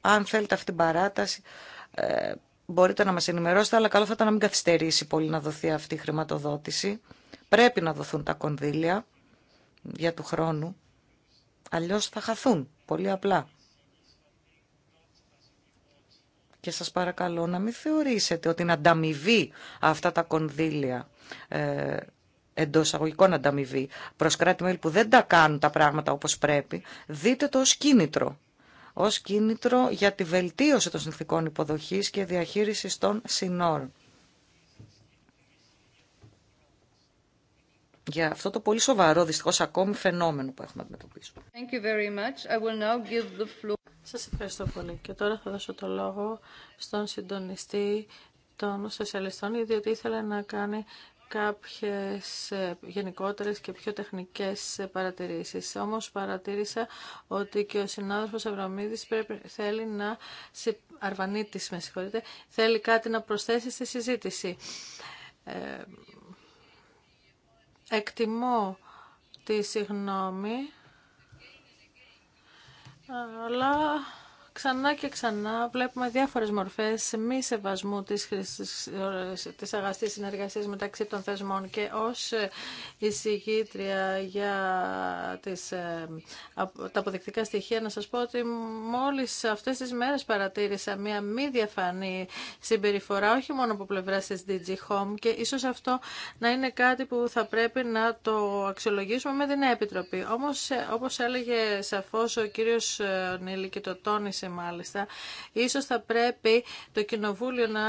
αν θέλετε αυτή την παράταση μπορείτε να μας ενημερώσετε, αλλά καλό θα ήταν να μην καθυστερήσει πολύ να δοθεί αυτή η χρηματοδότηση. Πρέπει να δοθούν τα κονδύλια για του χρόνου, αλλιώς θα χαθούν, πολύ απλά. Και σας παρακαλώ να μην θεωρήσετε ότι είναι ανταμοιβή αυτά τα κονδύλια, ε, εντό αγωγικών ανταμοιβή, προ κράτη-μέλη που δεν τα κάνουν τα πράγματα όπως πρέπει, δείτε το ω κίνητρο. Ω κίνητρο για τη βελτίωση των συνθήκων υποδοχή και διαχείριση των συνόρων. για αυτό το πολύ σοβαρό δυστυχώ, ακόμη φαινόμενο που έχουμε να αντιμετωπίσουμε. Thank Σας ευχαριστώ πολύ και τώρα θα δώσω το λόγο στον συντονιστή των σοσιαλιστών διότι ήθελα να κάνει κάποιες ε, γενικότερες και πιο τεχνικές ε, παρατηρήσεις. Όμως παρατήρησα ότι και ο συνάδελφος Αβραμίδη πρέπει, θέλει να, Αρβανίτης με συγχωρείτε, θέλει κάτι να προσθέσει στη συζήτηση. Ε, εκτιμώ τη συγγνώμη, αλλά ξανά και ξανά βλέπουμε διάφορες μορφές μη σεβασμού της, χρήσης, της αγαστής συνεργασίας μεταξύ των θεσμών και ως εισηγήτρια για τις, ε, τα αποδεικτικά στοιχεία να σας πω ότι μόλις αυτές τις μέρες παρατήρησα μια μη διαφανή συμπεριφορά όχι μόνο από πλευρά της DG Home και ίσως αυτό να είναι κάτι που θα πρέπει να το αξιολογήσουμε με την Επιτροπή. Όμως ε, όπως έλεγε σαφώς ο κύριος ε, Νίλη και το τόνισε μάλιστα. Ίσως θα πρέπει το Κοινοβούλιο να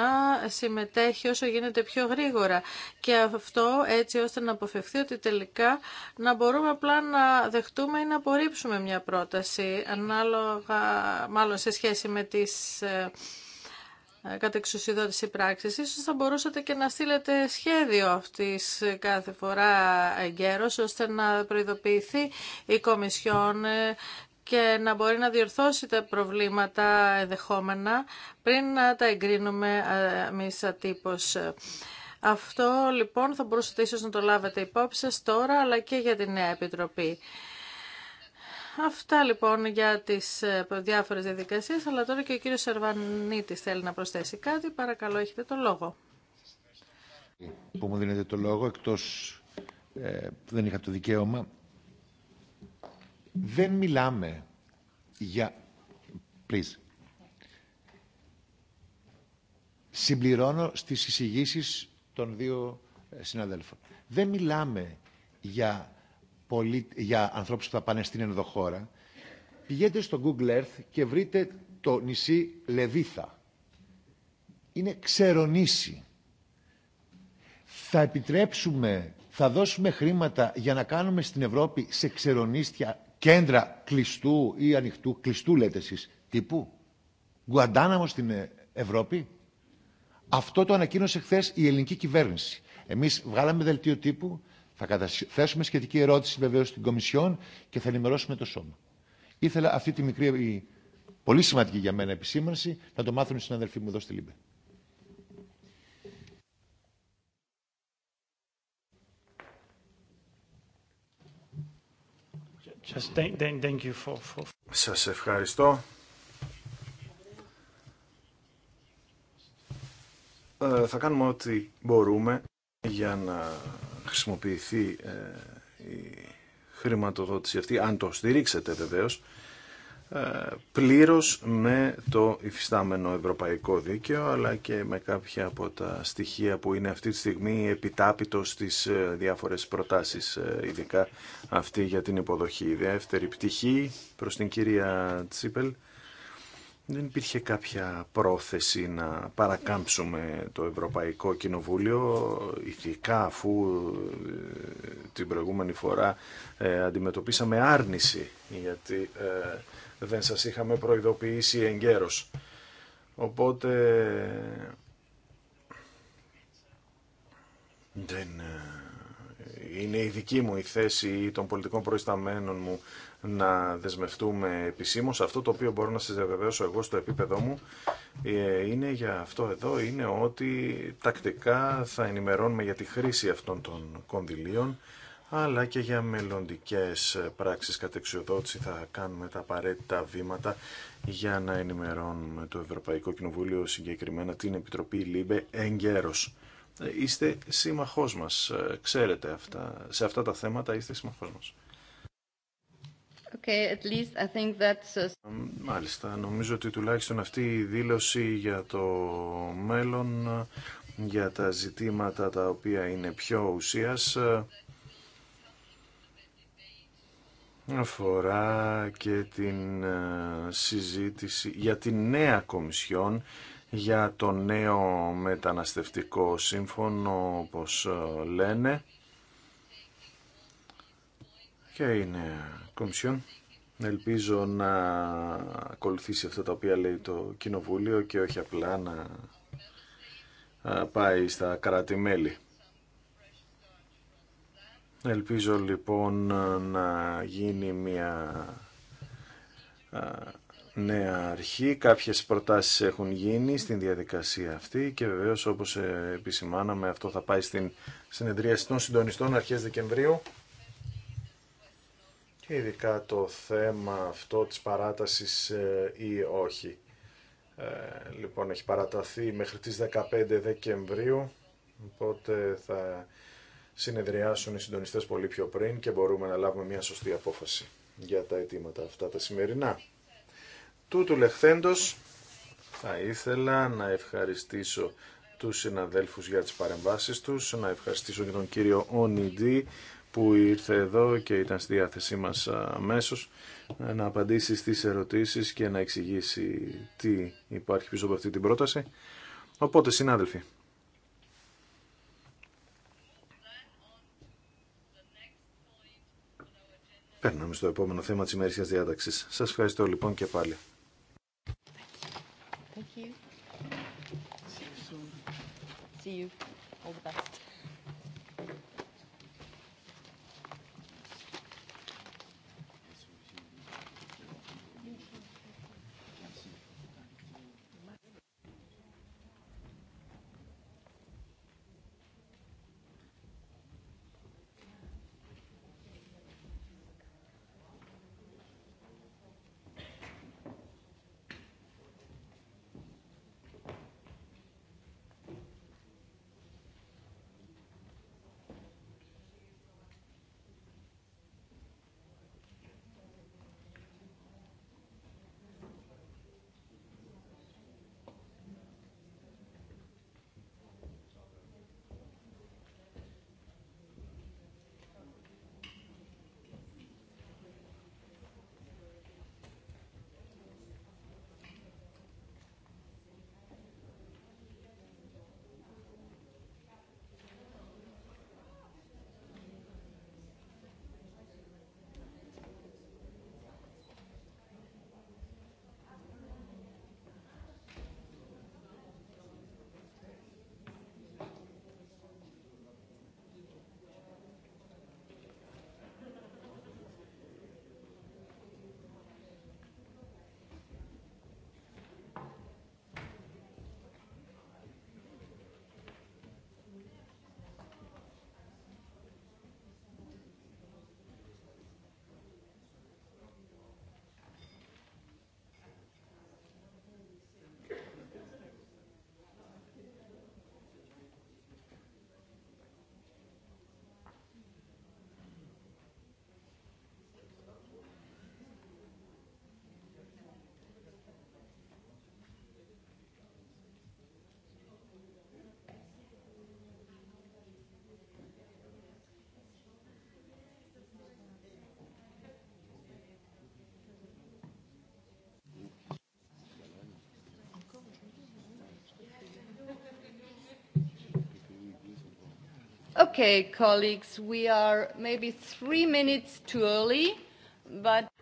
συμμετέχει όσο γίνεται πιο γρήγορα και αυτό έτσι ώστε να αποφευθεί ότι τελικά να μπορούμε απλά να δεχτούμε ή να απορρίψουμε μια πρόταση ανάλογα, μάλλον σε σχέση με τις ε, ε, κατά εξουσιοδότηση πράξης. Ίσως θα μπορούσατε και να στείλετε σχέδιο αυτής ε, κάθε φορά εγκαίρω, ώστε να προειδοποιηθεί η Κομισιόν και να μπορεί να διορθώσει τα προβλήματα ενδεχόμενα πριν να τα εγκρίνουμε ε, εμείς ατύπως. Αυτό λοιπόν θα μπορούσατε ίσως να το λάβετε υπόψη τώρα αλλά και για τη νέα Επιτροπή. Αυτά λοιπόν για τις ε, διάφορες διαδικασίες, αλλά τώρα και ο κύριος Σερβανίτης θέλει να προσθέσει κάτι. Παρακαλώ, έχετε το λόγο. Που μου δίνετε το λόγο, εκτός που ε, δεν είχα το δικαίωμα, δεν μιλάμε για... Please. Συμπληρώνω στις εισηγήσεις των δύο ε, συναδέλφων. Δεν μιλάμε για, πολι... για ανθρώπους που θα πάνε στην ενδοχώρα. Πηγαίνετε στο Google Earth και βρείτε το νησί Λεβίθα. Είναι ξερονήσι. Θα επιτρέψουμε, θα δώσουμε χρήματα για να κάνουμε στην Ευρώπη σε ξερονίστια κέντρα κλειστού ή ανοιχτού, κλειστού λέτε εσείς, τύπου. Γκουαντάναμο στην ε, Ευρώπη. Αυτό το ανακοίνωσε χθε η ελληνική κυβέρνηση. Εμεί βγάλαμε δελτίο τύπου, θα καταθέσουμε σχετική ερώτηση βεβαίω στην Κομισιόν και θα ενημερώσουμε το Σώμα. Ήθελα αυτή τη μικρή, πολύ σημαντική για μένα επισήμανση να το μάθουν οι συναδελφοί μου εδώ στη Λίμπε. Just Σας ευχαριστώ. Ε, θα κάνουμε ό,τι μπορούμε για να χρησιμοποιηθεί ε, η χρηματοδότηση αυτή, αν το στηρίξετε βεβαίως, ε, πλήρως με το υφιστάμενο ευρωπαϊκό δίκαιο αλλά και με κάποια από τα στοιχεία που είναι αυτή τη στιγμή επιτάπητο στις ε, διάφορες προτάσεις ε, ειδικά αυτή για την υποδοχή. Η δεύτερη πτυχή προς την κυρία Τσίπελ δεν υπήρχε κάποια πρόθεση να παρακάμψουμε το Ευρωπαϊκό Κοινοβούλιο, ειδικά αφού την προηγούμενη φορά αντιμετωπίσαμε άρνηση, γιατί δεν σας είχαμε προειδοποιήσει εγκαίρως. Οπότε δεν ε, είναι η δική μου η θέση των πολιτικών προϊσταμένων μου να δεσμευτούμε επισήμως. Αυτό το οποίο μπορώ να σας διαβεβαιώσω εγώ στο επίπεδό μου ε, είναι για αυτό εδώ, είναι ότι τακτικά θα ενημερώνουμε για τη χρήση αυτών των κονδυλίων αλλά και για μελλοντικές πράξεις κατεξιοδότηση θα κάνουμε τα απαραίτητα βήματα για να ενημερώνουμε το Ευρωπαϊκό Κοινοβούλιο, συγκεκριμένα την Επιτροπή ΛΥΜΠΕ εγκαίρως. Ε, είστε σύμμαχός μας, ε, ξέρετε αυτά, σε αυτά τα θέματα είστε σύμμαχός μας. Okay, at least I think that's... Ε, μάλιστα, νομίζω ότι τουλάχιστον αυτή η δήλωση για το μέλλον, για τα ζητήματα τα οποία είναι πιο ουσίας, αφορά και την ε, συζήτηση για τη νέα Κομισιόν για το νέο μεταναστευτικό σύμφωνο όπως ε, λένε και είναι Κομισιόν. Ελπίζω να ακολουθήσει αυτό το οποία λέει το Κοινοβούλιο και όχι απλά να ε, πάει στα κράτη-μέλη. Ελπίζω λοιπόν να γίνει μια νέα αρχή. Κάποιες προτάσεις έχουν γίνει στην διαδικασία αυτή και βεβαίως όπως ε, επισημάναμε αυτό θα πάει στην συνεδρίαση των συντονιστών αρχές Δεκεμβρίου. Και ειδικά το θέμα αυτό της παράτασης ε, ή όχι. Ε, λοιπόν, έχει παραταθεί μέχρι τις 15 Δεκεμβρίου, οπότε θα συνεδριάσουν οι συντονιστέ πολύ πιο πριν και μπορούμε να λάβουμε μια σωστή απόφαση για τα αιτήματα αυτά τα σημερινά. Τούτου λεχθέντος θα ήθελα να ευχαριστήσω τους συναδέλφους για τις παρεμβάσεις τους, να ευχαριστήσω και τον κύριο Ονιντή που ήρθε εδώ και ήταν στη διάθεσή μας αμέσω να απαντήσει στις ερωτήσεις και να εξηγήσει τι υπάρχει πίσω από αυτή την πρόταση. Οπότε συνάδελφοι, Περνάμε στο επόμενο θέμα της ημερήσιας διάταξης. Σας ευχαριστώ λοιπόν και πάλι.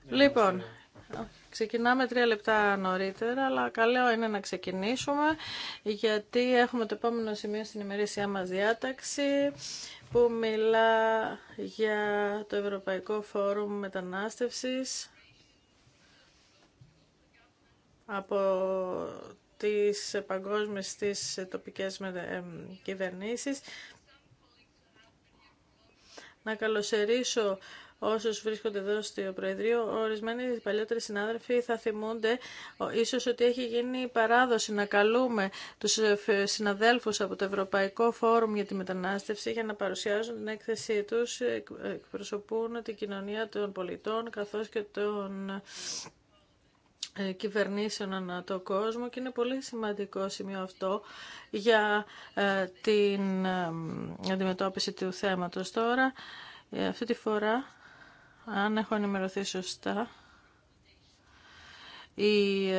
Λοιπόν, ξεκινάμε τρία λεπτά νωρίτερα, αλλά καλό είναι να ξεκινήσουμε, γιατί έχουμε το επόμενο σημείο στην ημερήσια μας διάταξη, που μιλά για το Ευρωπαϊκό Φόρουμ Μετανάστευσης από τις παγκόσμιες τις τοπικές κυβερνήσεις να καλωσορίσω όσους βρίσκονται εδώ στο Προεδρείο, ορισμένοι παλιότεροι συνάδελφοι θα θυμούνται ίσως ότι έχει γίνει παράδοση να καλούμε τους ε, συναδέλφους από το Ευρωπαϊκό Φόρουμ για τη Μετανάστευση για να παρουσιάζουν την έκθεσή τους, εκπροσωπούν την κοινωνία των πολιτών καθώς και των ε, κυβερνήσεων ανά το κόσμο και είναι πολύ σημαντικό σημείο αυτό για ε, την ε, αντιμετώπιση του θέματος τώρα. Αυτή τη φορά, αν έχω ενημερωθεί σωστά, ε, η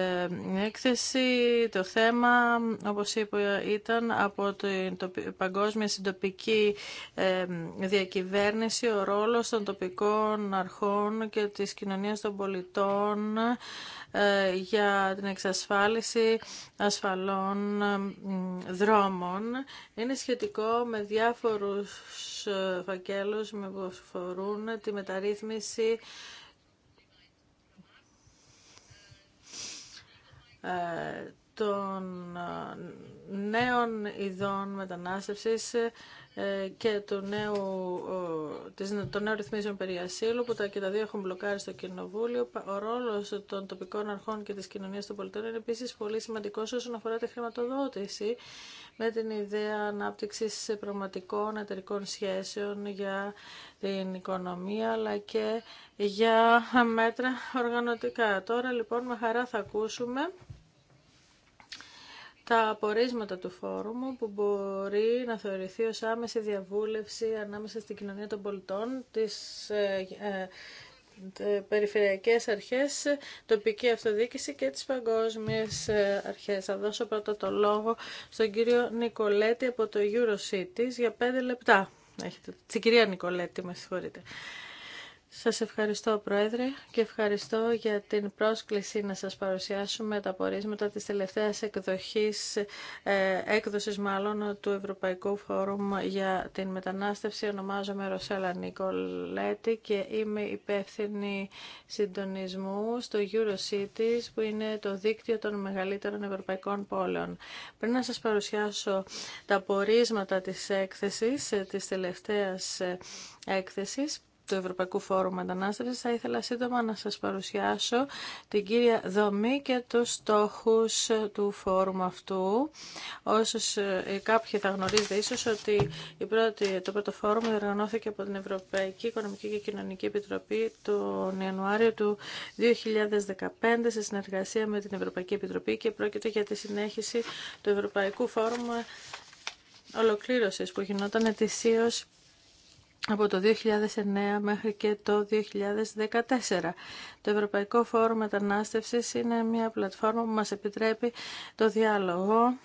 έκθεση, το θέμα, όπως είπα, ήταν από την παγκόσμια συντοπική ε, διακυβέρνηση, ο ρόλος των τοπικών αρχών και της κοινωνίας των πολιτών ε, για την εξασφάλιση ασφαλών δρόμων. Είναι σχετικό με διάφορους φακέλους που αφορούν τη μεταρρύθμιση Ε, των ε, νέων ειδών μετανάστευσης ε, και το νέο της, των νέων ρυθμίσεων περί ασύλου, που τα και τα δύο έχουν μπλοκάρει στο Κοινοβούλιο. Ο ρόλος των τοπικών αρχών και της κοινωνίας των πολιτών είναι επίσης πολύ σημαντικός όσον αφορά τη χρηματοδότηση με την ιδέα ανάπτυξης πραγματικών εταιρικών σχέσεων για την οικονομία αλλά και για μέτρα οργανωτικά. Τώρα λοιπόν με χαρά θα ακούσουμε τα απορίσματα του φόρουμου που μπορεί να θεωρηθεί ως άμεση διαβούλευση ανάμεσα στην κοινωνία των πολιτών, τις ε, ε, περιφερειακές αρχές, τοπική αυτοδίκηση και τις παγκόσμιες ε, αρχές. Θα δώσω πρώτα το λόγο στον κύριο Νικολέτη από το EuroCities για πέντε λεπτά. Έχετε, στην κυρία Νικολέτη, με συγχωρείτε. Σας ευχαριστώ Πρόεδρε και ευχαριστώ για την πρόσκληση να σας παρουσιάσουμε τα πορίσματα της τελευταίας εκδοχής, ε, έκδοσης μάλλον του Ευρωπαϊκού Φόρουμ για την μετανάστευση. Ονομάζομαι Ρωσέλα Νικολέτη και είμαι υπεύθυνη συντονισμού στο EuroCities που είναι το δίκτυο των μεγαλύτερων ευρωπαϊκών πόλεων. Πριν να σας παρουσιάσω τα πορίσματα της έκθεσης, ε, της τελευταίας ε, έκθεσης, του Ευρωπαϊκού Φόρουμ Μετανάστευσης, θα ήθελα σύντομα να σας παρουσιάσω την κύρια δομή και τους στόχους του φόρουμ αυτού. Όσους ε, κάποιοι θα γνωρίζετε ίσως ότι η πρώτη, το πρώτο φόρουμ οργανώθηκε από την Ευρωπαϊκή Οικονομική και Κοινωνική Επιτροπή τον Ιανουάριο του 2015 σε συνεργασία με την Ευρωπαϊκή Επιτροπή και πρόκειται για τη συνέχιση του Ευρωπαϊκού Φόρουμ ολοκλήρωσης που γινόταν ετησίω από το 2009 μέχρι και το 2014. Το Ευρωπαϊκό Φόρο Μετανάστευσης είναι μια πλατφόρμα που μας επιτρέπει το διάλογο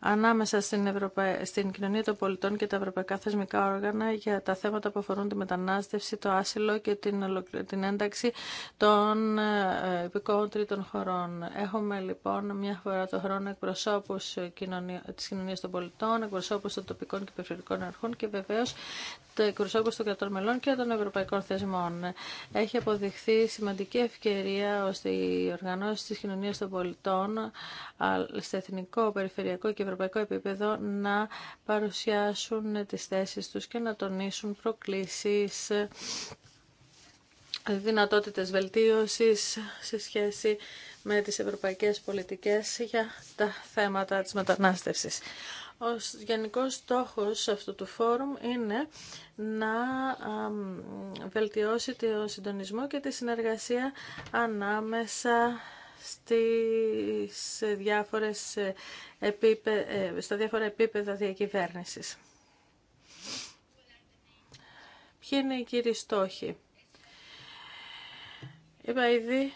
ανάμεσα στην, Ευρωπα... στην κοινωνία των πολιτών και τα ευρωπαϊκά θεσμικά όργανα για τα θέματα που αφορούν τη μετανάστευση, το άσυλο και την, την ένταξη των ε, υπηκόων τρίτων χωρών. Έχουμε λοιπόν μια φορά το χρόνο εκπροσώπους κοινωνία... της κοινωνίας των πολιτών, εκπροσώπους των τοπικών και περιφερειακών αρχών και βεβαίως εκπροσώπους των κρατών μελών και των ευρωπαϊκών θεσμών. Έχει αποδειχθεί σημαντική ευκαιρία ώστε οι οργανώσεις της κοινωνίας των πολιτών σε εθνικό, περιφερειακό και ευρωπαϊκό επίπεδο να παρουσιάσουν τις θέσεις τους και να τονίσουν προκλήσεις δυνατότητες βελτίωσης σε σχέση με τις ευρωπαϊκές πολιτικές για τα θέματα της μετανάστευσης. Ο γενικός στόχος αυτού του φόρουμ είναι να βελτιώσει το συντονισμό και τη συνεργασία ανάμεσα στις διάφορες ε, ε, στα διάφορα επίπεδα διακυβέρνησης. Ποιοι είναι οι κύριοι στόχοι. Είπα ήδη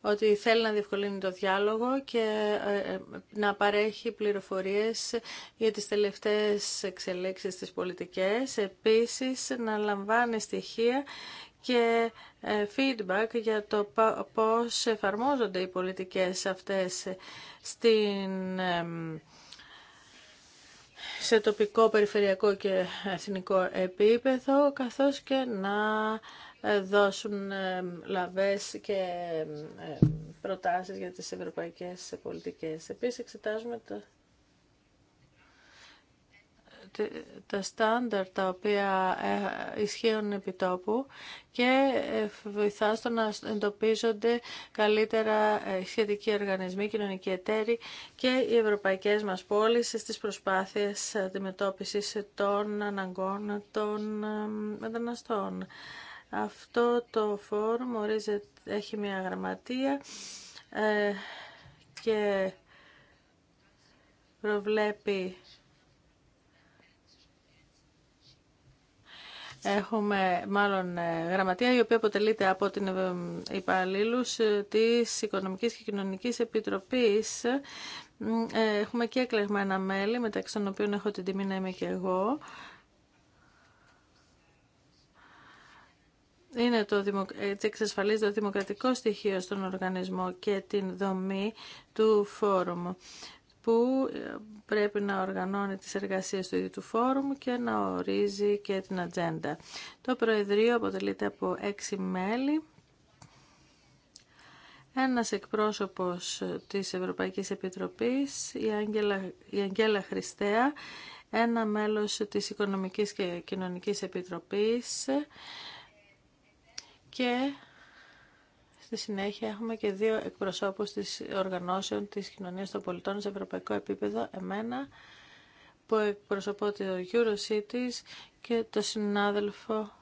ότι θέλει να διευκολύνει το διάλογο και ε, να παρέχει πληροφορίες για τις τελευταίες εξελίξεις της πολιτικές, επίσης να λαμβάνει στοιχεία και ε, feedback για το πώς εφαρμόζονται οι πολιτικές αυτές στην, σε τοπικό, περιφερειακό και εθνικό επίπεδο, καθώς και να ε, δώσουν λαβές και προτάσεις για τις ευρωπαϊκές πολιτικές. Επίσης, εξετάζουμε το τα στάνταρ τα οποία ε, ισχύουν επί τόπου και ε, βοηθά στο να εντοπίζονται καλύτερα ε, σχετικοί οργανισμοί, κοινωνικοί εταίροι και οι ευρωπαϊκές μας πόλεις στις προσπάθειες αντιμετώπισης των αναγκών των μεταναστών. Αυτό το φόρουμ ορίζεται, έχει μια γραμματεία και προβλέπει Έχουμε μάλλον ε, γραμματεία η οποία αποτελείται από την ε, υπαλλήλους ε, της Οικονομικής και κοινωνική επιτροπή. Έχουμε και εκλεγμένα μέλη, μεταξύ των οποίων έχω την τιμή να είμαι και εγώ. Είναι το, έτσι εξασφαλίζεται το δημοκρατικό στοιχείο στον οργανισμό και την δομή του φόρουμου που ε, πρέπει να οργανώνει τις εργασίες του ίδιου του φόρουμ και να ορίζει και την ατζέντα. Το Προεδρείο αποτελείται από έξι μέλη ένας εκπρόσωπος της Ευρωπαϊκής Επιτροπής, η Αγγέλα, η Αγγέλα Χριστέα, ένα μέλος της Οικονομικής και Κοινωνικής Επιτροπής και Στη συνέχεια έχουμε και δύο εκπροσώπους της οργανώσεων της κοινωνίας των πολιτών σε ευρωπαϊκό επίπεδο, εμένα που εκπροσωπώ το EuroCities και το συνάδελφο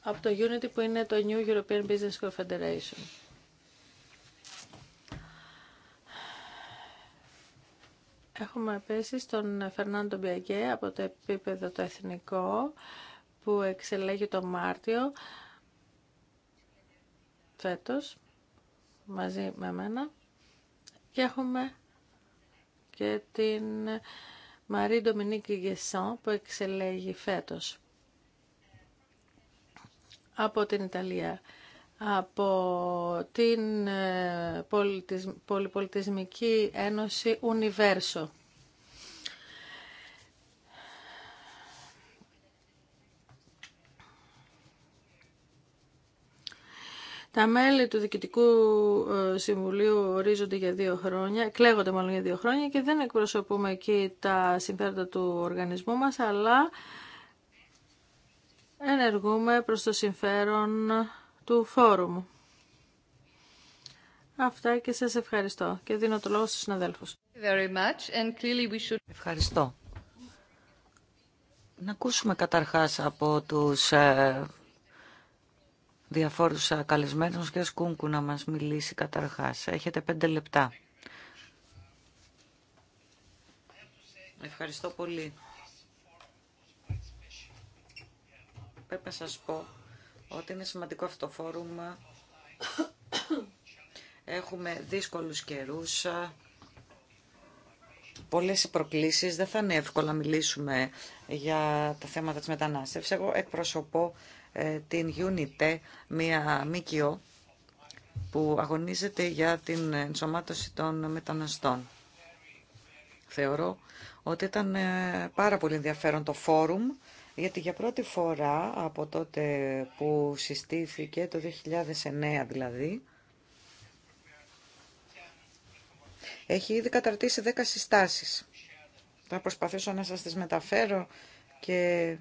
από το Unity που είναι το New European Business Confederation. Έχουμε επίσης τον Φερνάντο Μπιαγκέ από το επίπεδο το εθνικό, που εξελέγει το Μάρτιο φέτος μαζί με μένα και έχουμε και την Μαρή Ντομινίκη Γεσάν που εξελέγει φέτος από την Ιταλία από την ε, Πολυπολιτισμική Ένωση Universo. Τα μέλη του Διοικητικού ε, Συμβουλίου ορίζονται για δύο χρόνια, Κλέγονται μάλλον για δύο χρόνια και δεν εκπροσωπούμε εκεί τα συμφέροντα του οργανισμού μας, αλλά ενεργούμε προς το συμφέρον του φόρουμ. Αυτά και σας ευχαριστώ και δίνω το λόγο στους συναδέλφους. Ευχαριστώ. Να ακούσουμε καταρχάς από τους ε, διαφόρους καλεσμένους. Ο κ. να μας μιλήσει καταρχάς. Έχετε πέντε λεπτά. Ευχαριστώ πολύ. Πρέπει να σας πω ότι είναι σημαντικό αυτό το φόρουμ. Έχουμε δύσκολους καιρούς. Πολλές οι προκλήσεις. Δεν θα είναι εύκολο να μιλήσουμε για τα θέματα της μετανάστευσης. Εγώ εκπροσωπώ ε, την UNITE, μια ΜΚΟ που αγωνίζεται για την ενσωμάτωση των μεταναστών. Θεωρώ ότι ήταν ε, πάρα πολύ ενδιαφέρον το φόρουμ, γιατί για πρώτη φορά από τότε που συστήθηκε, το 2009 δηλαδή, έχει ήδη καταρτήσει 10 συστάσεις. Θα προσπαθήσω να σας τις μεταφέρω και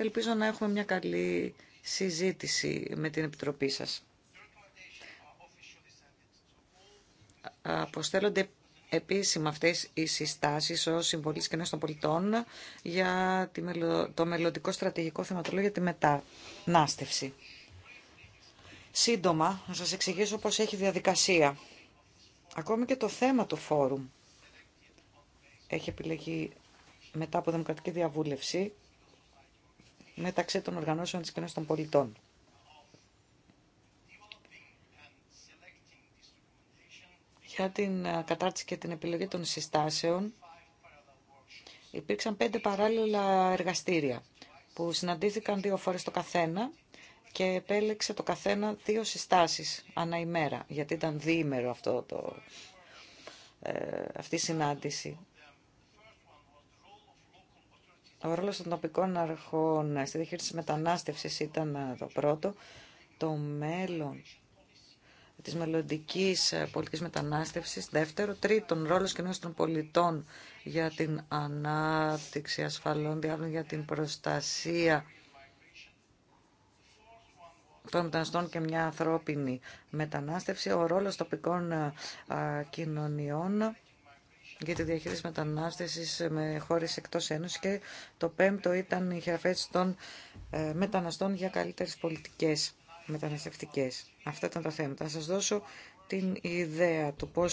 Ελπίζω να έχουμε μια καλή συζήτηση με την Επιτροπή σας. Αποστέλλονται επίσημα αυτές οι συστάσεις ως συμβολής και των πολιτών για το μελλοντικό στρατηγικό θεματολόγιο για τη μετανάστευση. Σύντομα, να σας εξηγήσω πώς έχει διαδικασία. Ακόμη και το θέμα του φόρουμ έχει επιλεγεί μετά από δημοκρατική διαβούλευση μεταξύ των οργανώσεων της κοινωνίας των πολιτών. Για την ε, κατάρτιση και την επιλογή των συστάσεων υπήρξαν πέντε παράλληλα εργαστήρια που συναντήθηκαν δύο φορές το καθένα και επέλεξε το καθένα δύο συστάσεις ανά ημέρα, γιατί ήταν διήμερο αυτό το, ε, αυτή η συνάντηση. Ο ρόλος των τοπικών αρχών στη διαχείριση μετανάστευσης ήταν ε, το πρώτο. Το μέλλον της μελλοντική ε, πολιτικής μετανάστευσης, δεύτερο, τρίτον, ρόλος κοινωνίας των πολιτών για την ανάπτυξη ασφαλών διάβλων, για την προστασία των μεταναστών και μια ανθρώπινη μετανάστευση, ο ρόλος τοπικών ε, κοινωνιών για τη διαχείριση μετανάστευση με χώρε εκτό Ένωση και το πέμπτο ήταν η χειραφέτηση των ε, μεταναστών για καλύτερε πολιτικέ μεταναστευτικέ. Αυτά ήταν τα θέματα. Θα σα δώσω την ιδέα του πώ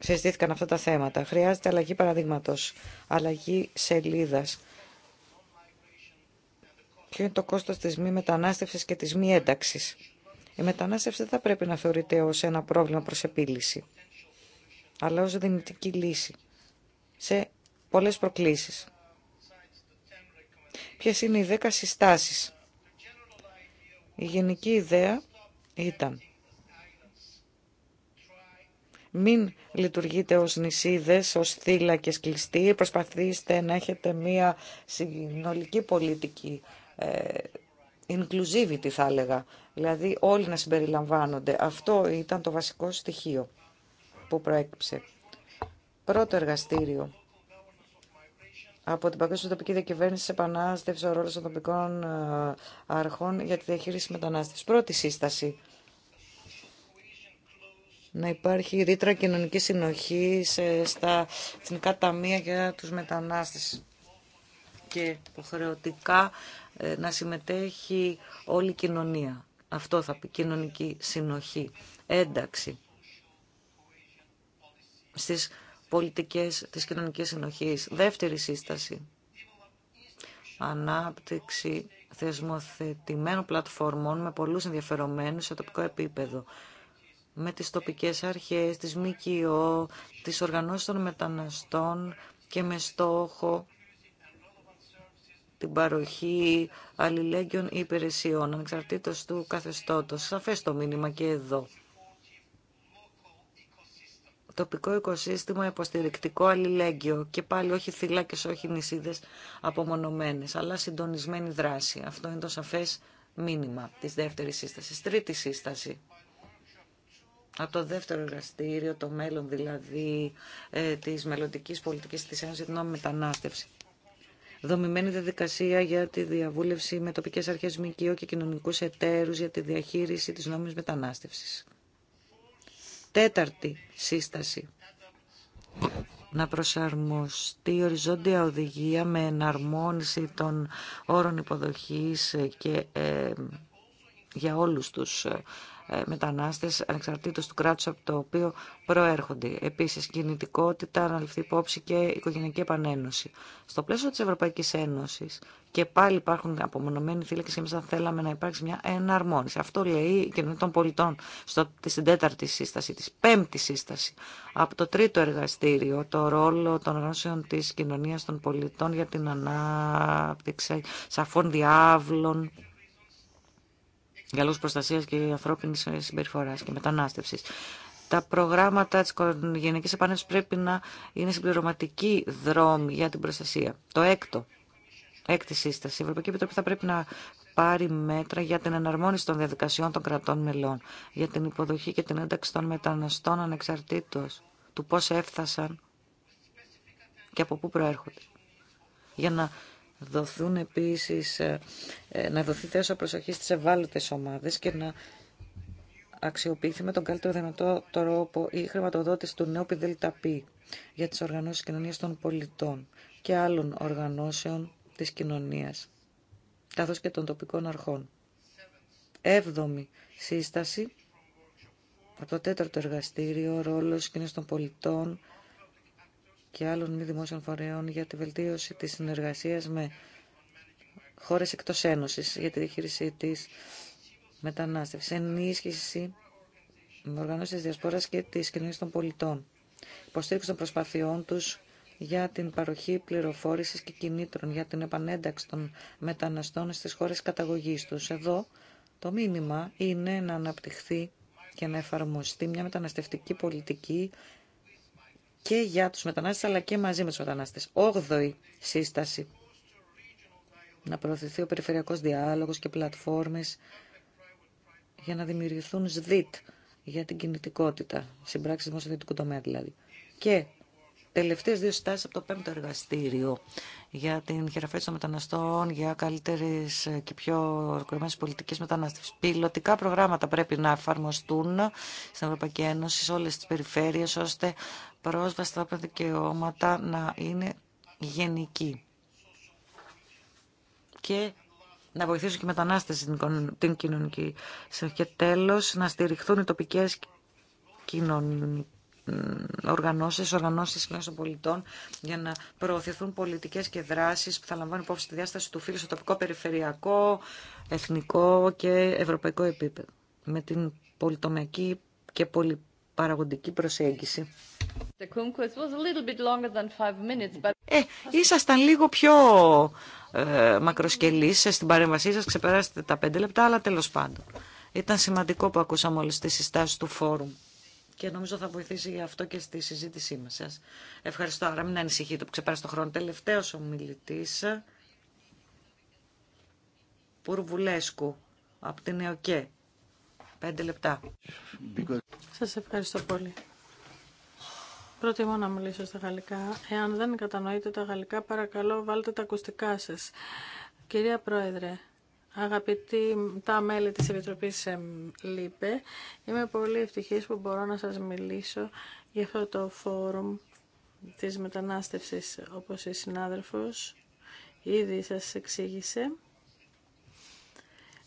συζητήθηκαν αυτά τα θέματα. Χρειάζεται αλλαγή παραδείγματο, αλλαγή σελίδα. Ποιο είναι το κόστος της μη μετανάστευσης και της μη ένταξης. Η μετανάστευση δεν θα πρέπει να θεωρείται ως ένα πρόβλημα προς επίλυση αλλά ως δυνητική λύση σε πολλές προκλήσεις. Ποιες είναι οι δέκα συστάσεις. Η γενική ιδέα ήταν μην λειτουργείτε ως νησίδες, ως θύλακες κλειστοί, προσπαθήστε να έχετε μία συνολική πολιτική, ε, inclusivity θα έλεγα, δηλαδή όλοι να συμπεριλαμβάνονται. Αυτό ήταν το βασικό στοιχείο που προέκυψε. Πρώτο εργαστήριο από την Παγκόσμια Τοπική Διακυβέρνηση επανάστευσε ο ρόλο των τοπικών ε, αρχών για τη διαχείριση μετανάστευσης. Πρώτη σύσταση. Να υπάρχει ρήτρα κοινωνική συνοχή στα εθνικά ταμεία για τους μετανάστες Και υποχρεωτικά ε, να συμμετέχει όλη η κοινωνία. Αυτό θα πει κοινωνική συνοχή. Ένταξη στις πολιτικές της κοινωνικής συνοχής. Δεύτερη σύσταση. Ανάπτυξη θεσμοθετημένων πλατφορμών με πολλούς ενδιαφερομένους σε τοπικό επίπεδο. Με τις τοπικές αρχές, τις ΜΚΟ, τις οργανώσεις των μεταναστών και με στόχο την παροχή αλληλέγγυων υπηρεσιών, ανεξαρτήτως του καθεστώτος. Σαφές το μήνυμα και εδώ τοπικό οικοσύστημα υποστηρικτικό αλληλέγγυο και πάλι όχι θύλακες, όχι νησίδες απομονωμένες, αλλά συντονισμένη δράση. Αυτό είναι το σαφές μήνυμα της δεύτερης σύστασης. Τρίτη σύσταση. Από το δεύτερο εργαστήριο, το μέλλον δηλαδή ε, της μελλοντικής πολιτικής της Ένωσης για την νόμιμη μετανάστευση. Δομημένη διαδικασία για τη διαβούλευση με τοπικές αρχές ΜΚΟ και κοινωνικούς εταίρους για τη διαχείριση της νόμιμη μετανάστευση. Τέταρτη σύσταση. Να προσαρμοστεί η οριζόντια οδηγία με εναρμόνιση των όρων υποδοχής και ε, για όλους τους ε, ε, μετανάστες ανεξαρτήτως του κράτους από το οποίο προέρχονται. Επίσης, κινητικότητα, να υπόψη και οικογενειακή επανένωση. Στο πλαίσιο της Ευρωπαϊκής Ένωσης και πάλι υπάρχουν απομονωμένοι θύλακες και εμείς θα θέλαμε να υπάρξει μια εναρμόνιση. Αυτό λέει η κοινωνία των πολιτών στο, στην τέταρτη σύσταση, της πέμπτη σύσταση, από το τρίτο εργαστήριο, το ρόλο των γνώσεων της κοινωνίας των πολιτών για την ανάπτυξη σαφών διάβλων, για λόγους προστασίας και ανθρώπινης ε, συμπεριφοράς και μετανάστευσης. Τα προγράμματα της Γενικής Επανέλευσης πρέπει να είναι συμπληρωματική δρόμη για την προστασία. Το έκτο, έκτη σύσταση, η Ευρωπαϊκή Επιτροπή θα πρέπει να πάρει μέτρα για την εναρμόνιση των διαδικασιών των κρατών μελών, για την υποδοχή και την ένταξη των μεταναστών ανεξαρτήτως του πώς έφτασαν και από πού προέρχονται. Για να δοθούν επίσης, ε, ε, να δοθεί θέση προσοχή στις ευάλωτες ομάδες και να αξιοποιηθεί με τον καλύτερο δυνατό τρόπο η χρηματοδότηση του νέου πιδελταπή για τις οργανώσεις κοινωνίας των πολιτών και άλλων οργανώσεων της κοινωνίας, καθώς και των τοπικών αρχών. Έβδομη σύσταση από το τέταρτο εργαστήριο, ρόλος κοινωνίας των πολιτών και άλλων μη δημόσιων φορέων για τη βελτίωση της συνεργασίας με χώρες εκτός Ένωσης για τη διαχείρισή της μετανάστευση, ενίσχυση με οργανώσεις της διασπόρας και της κοινωνίας των πολιτών, υποστήριξη των προσπαθειών τους για την παροχή πληροφόρησης και κινήτρων για την επανένταξη των μεταναστών στις χώρες καταγωγής τους. Εδώ το μήνυμα είναι να αναπτυχθεί και να εφαρμοστεί μια μεταναστευτική πολιτική και για τους μετανάστες αλλά και μαζί με τους μετανάστες. Όγδοη σύσταση. Να προωθηθεί ο περιφερειακός διάλογος και πλατφόρμες για να δημιουργηθούν ΣΔΙΤ για την κινητικότητα, συμπράξεις δημοσιοδοτικού τομέα δηλαδή. Και τελευταίες δύο στάσεις από το πέμπτο εργαστήριο για την χειραφέτηση των μεταναστών, για καλύτερε και πιο ορκωμένε πολιτικέ μετανάστευση. Πιλωτικά προγράμματα πρέπει να εφαρμοστούν στην Ευρωπαϊκή Ένωση, σε όλε τι περιφέρειε, ώστε πρόσβαση στα δικαιώματα να είναι γενική. Και να βοηθήσουν και οι μετανάστες την κοινωνική. Και τέλος, να στηριχθούν οι τοπικές κοινωνικές ε, οργανώσεις, οργανώσεις κοινωνίας των πολιτών για να προωθηθούν πολιτικές και δράσεις που θα λαμβάνουν υπόψη τη διάσταση του φύλου στο τοπικό, περιφερειακό, εθνικό και ευρωπαϊκό επίπεδο με την πολυτομιακή και πολυπαραγοντική προσέγγιση. Ε, ήσασταν λίγο πιο ε, στην παρέμβασή σας, ξεπεράσετε τα πέντε λεπτά, αλλά τέλος πάντων. Ήταν σημαντικό που ακούσαμε όλες τις συστάσεις του φόρουμ και νομίζω θα βοηθήσει αυτό και στη συζήτησή μας Σα Ευχαριστώ. Άρα μην ανησυχείτε που ξεπέρασε το χρόνο. τελευταίο ο μιλητής, Πουρβουλέσκου, από την ΕΟΚΕ. Πέντε λεπτά. Σα ευχαριστώ πολύ. Προτιμώ να μιλήσω στα γαλλικά. Εάν δεν κατανοείτε τα γαλλικά, παρακαλώ βάλτε τα ακουστικά σας. Κυρία Πρόεδρε, Αγαπητοί τα μέλη της Επιτροπής ΛΥΠΕ, είμαι πολύ ευτυχής που μπορώ να σας μιλήσω για αυτό το φόρουμ της μετανάστευσης, όπως η συνάδελφος ήδη σας εξήγησε.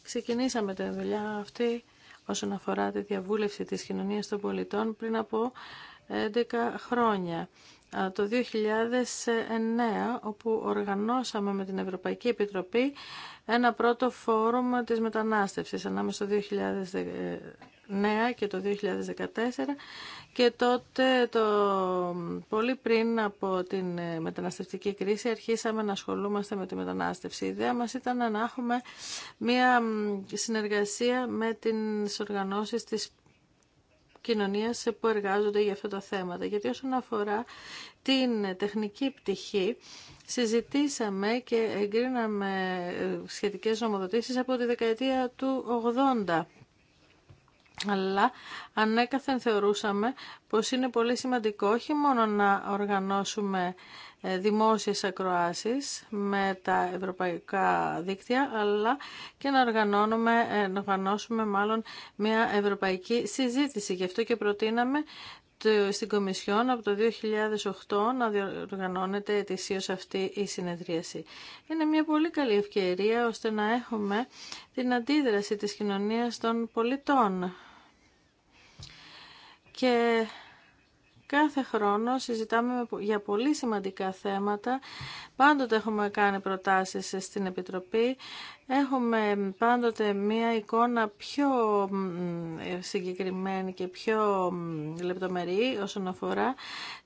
Ξεκινήσαμε τη δουλειά αυτή όσον αφορά τη διαβούλευση της κοινωνίας των πολιτών πριν από 11 χρόνια το 2009 όπου οργανώσαμε με την Ευρωπαϊκή Επιτροπή ένα πρώτο φόρουμ της μετανάστευσης ανάμεσα το 2009 και το 2014 και τότε το, πολύ πριν από την ε, μεταναστευτική κρίση αρχίσαμε να ασχολούμαστε με τη μετανάστευση. Η ιδέα μας ήταν να έχουμε μια συνεργασία με τις οργανώσεις της που εργάζονται για αυτά τα θέματα. Γιατί όσον αφορά την τεχνική πτυχή, συζητήσαμε και εγκρίναμε σχετικές νομοδοτήσεις από τη δεκαετία του 80 αλλά ανέκαθεν θεωρούσαμε πως είναι πολύ σημαντικό όχι μόνο να οργανώσουμε ε, δημόσιες ακροάσεις με τα ευρωπαϊκά δίκτυα, αλλά και να οργανώνουμε, ε, να οργανώσουμε μάλλον μια ευρωπαϊκή συζήτηση. Γι' αυτό και προτείναμε στην Κομισιόν από το 2008 να διοργανώνεται ετησίως αυτή η συνεδρίαση. Είναι μια πολύ καλή ευκαιρία ώστε να έχουμε την αντίδραση της κοινωνίας των πολιτών και κάθε χρόνο συζητάμε για πολύ σημαντικά θέματα. Πάντοτε έχουμε κάνει προτάσεις στην Επιτροπή. Έχουμε πάντοτε μία εικόνα πιο ε, συγκεκριμένη και πιο λεπτομερή όσον αφορά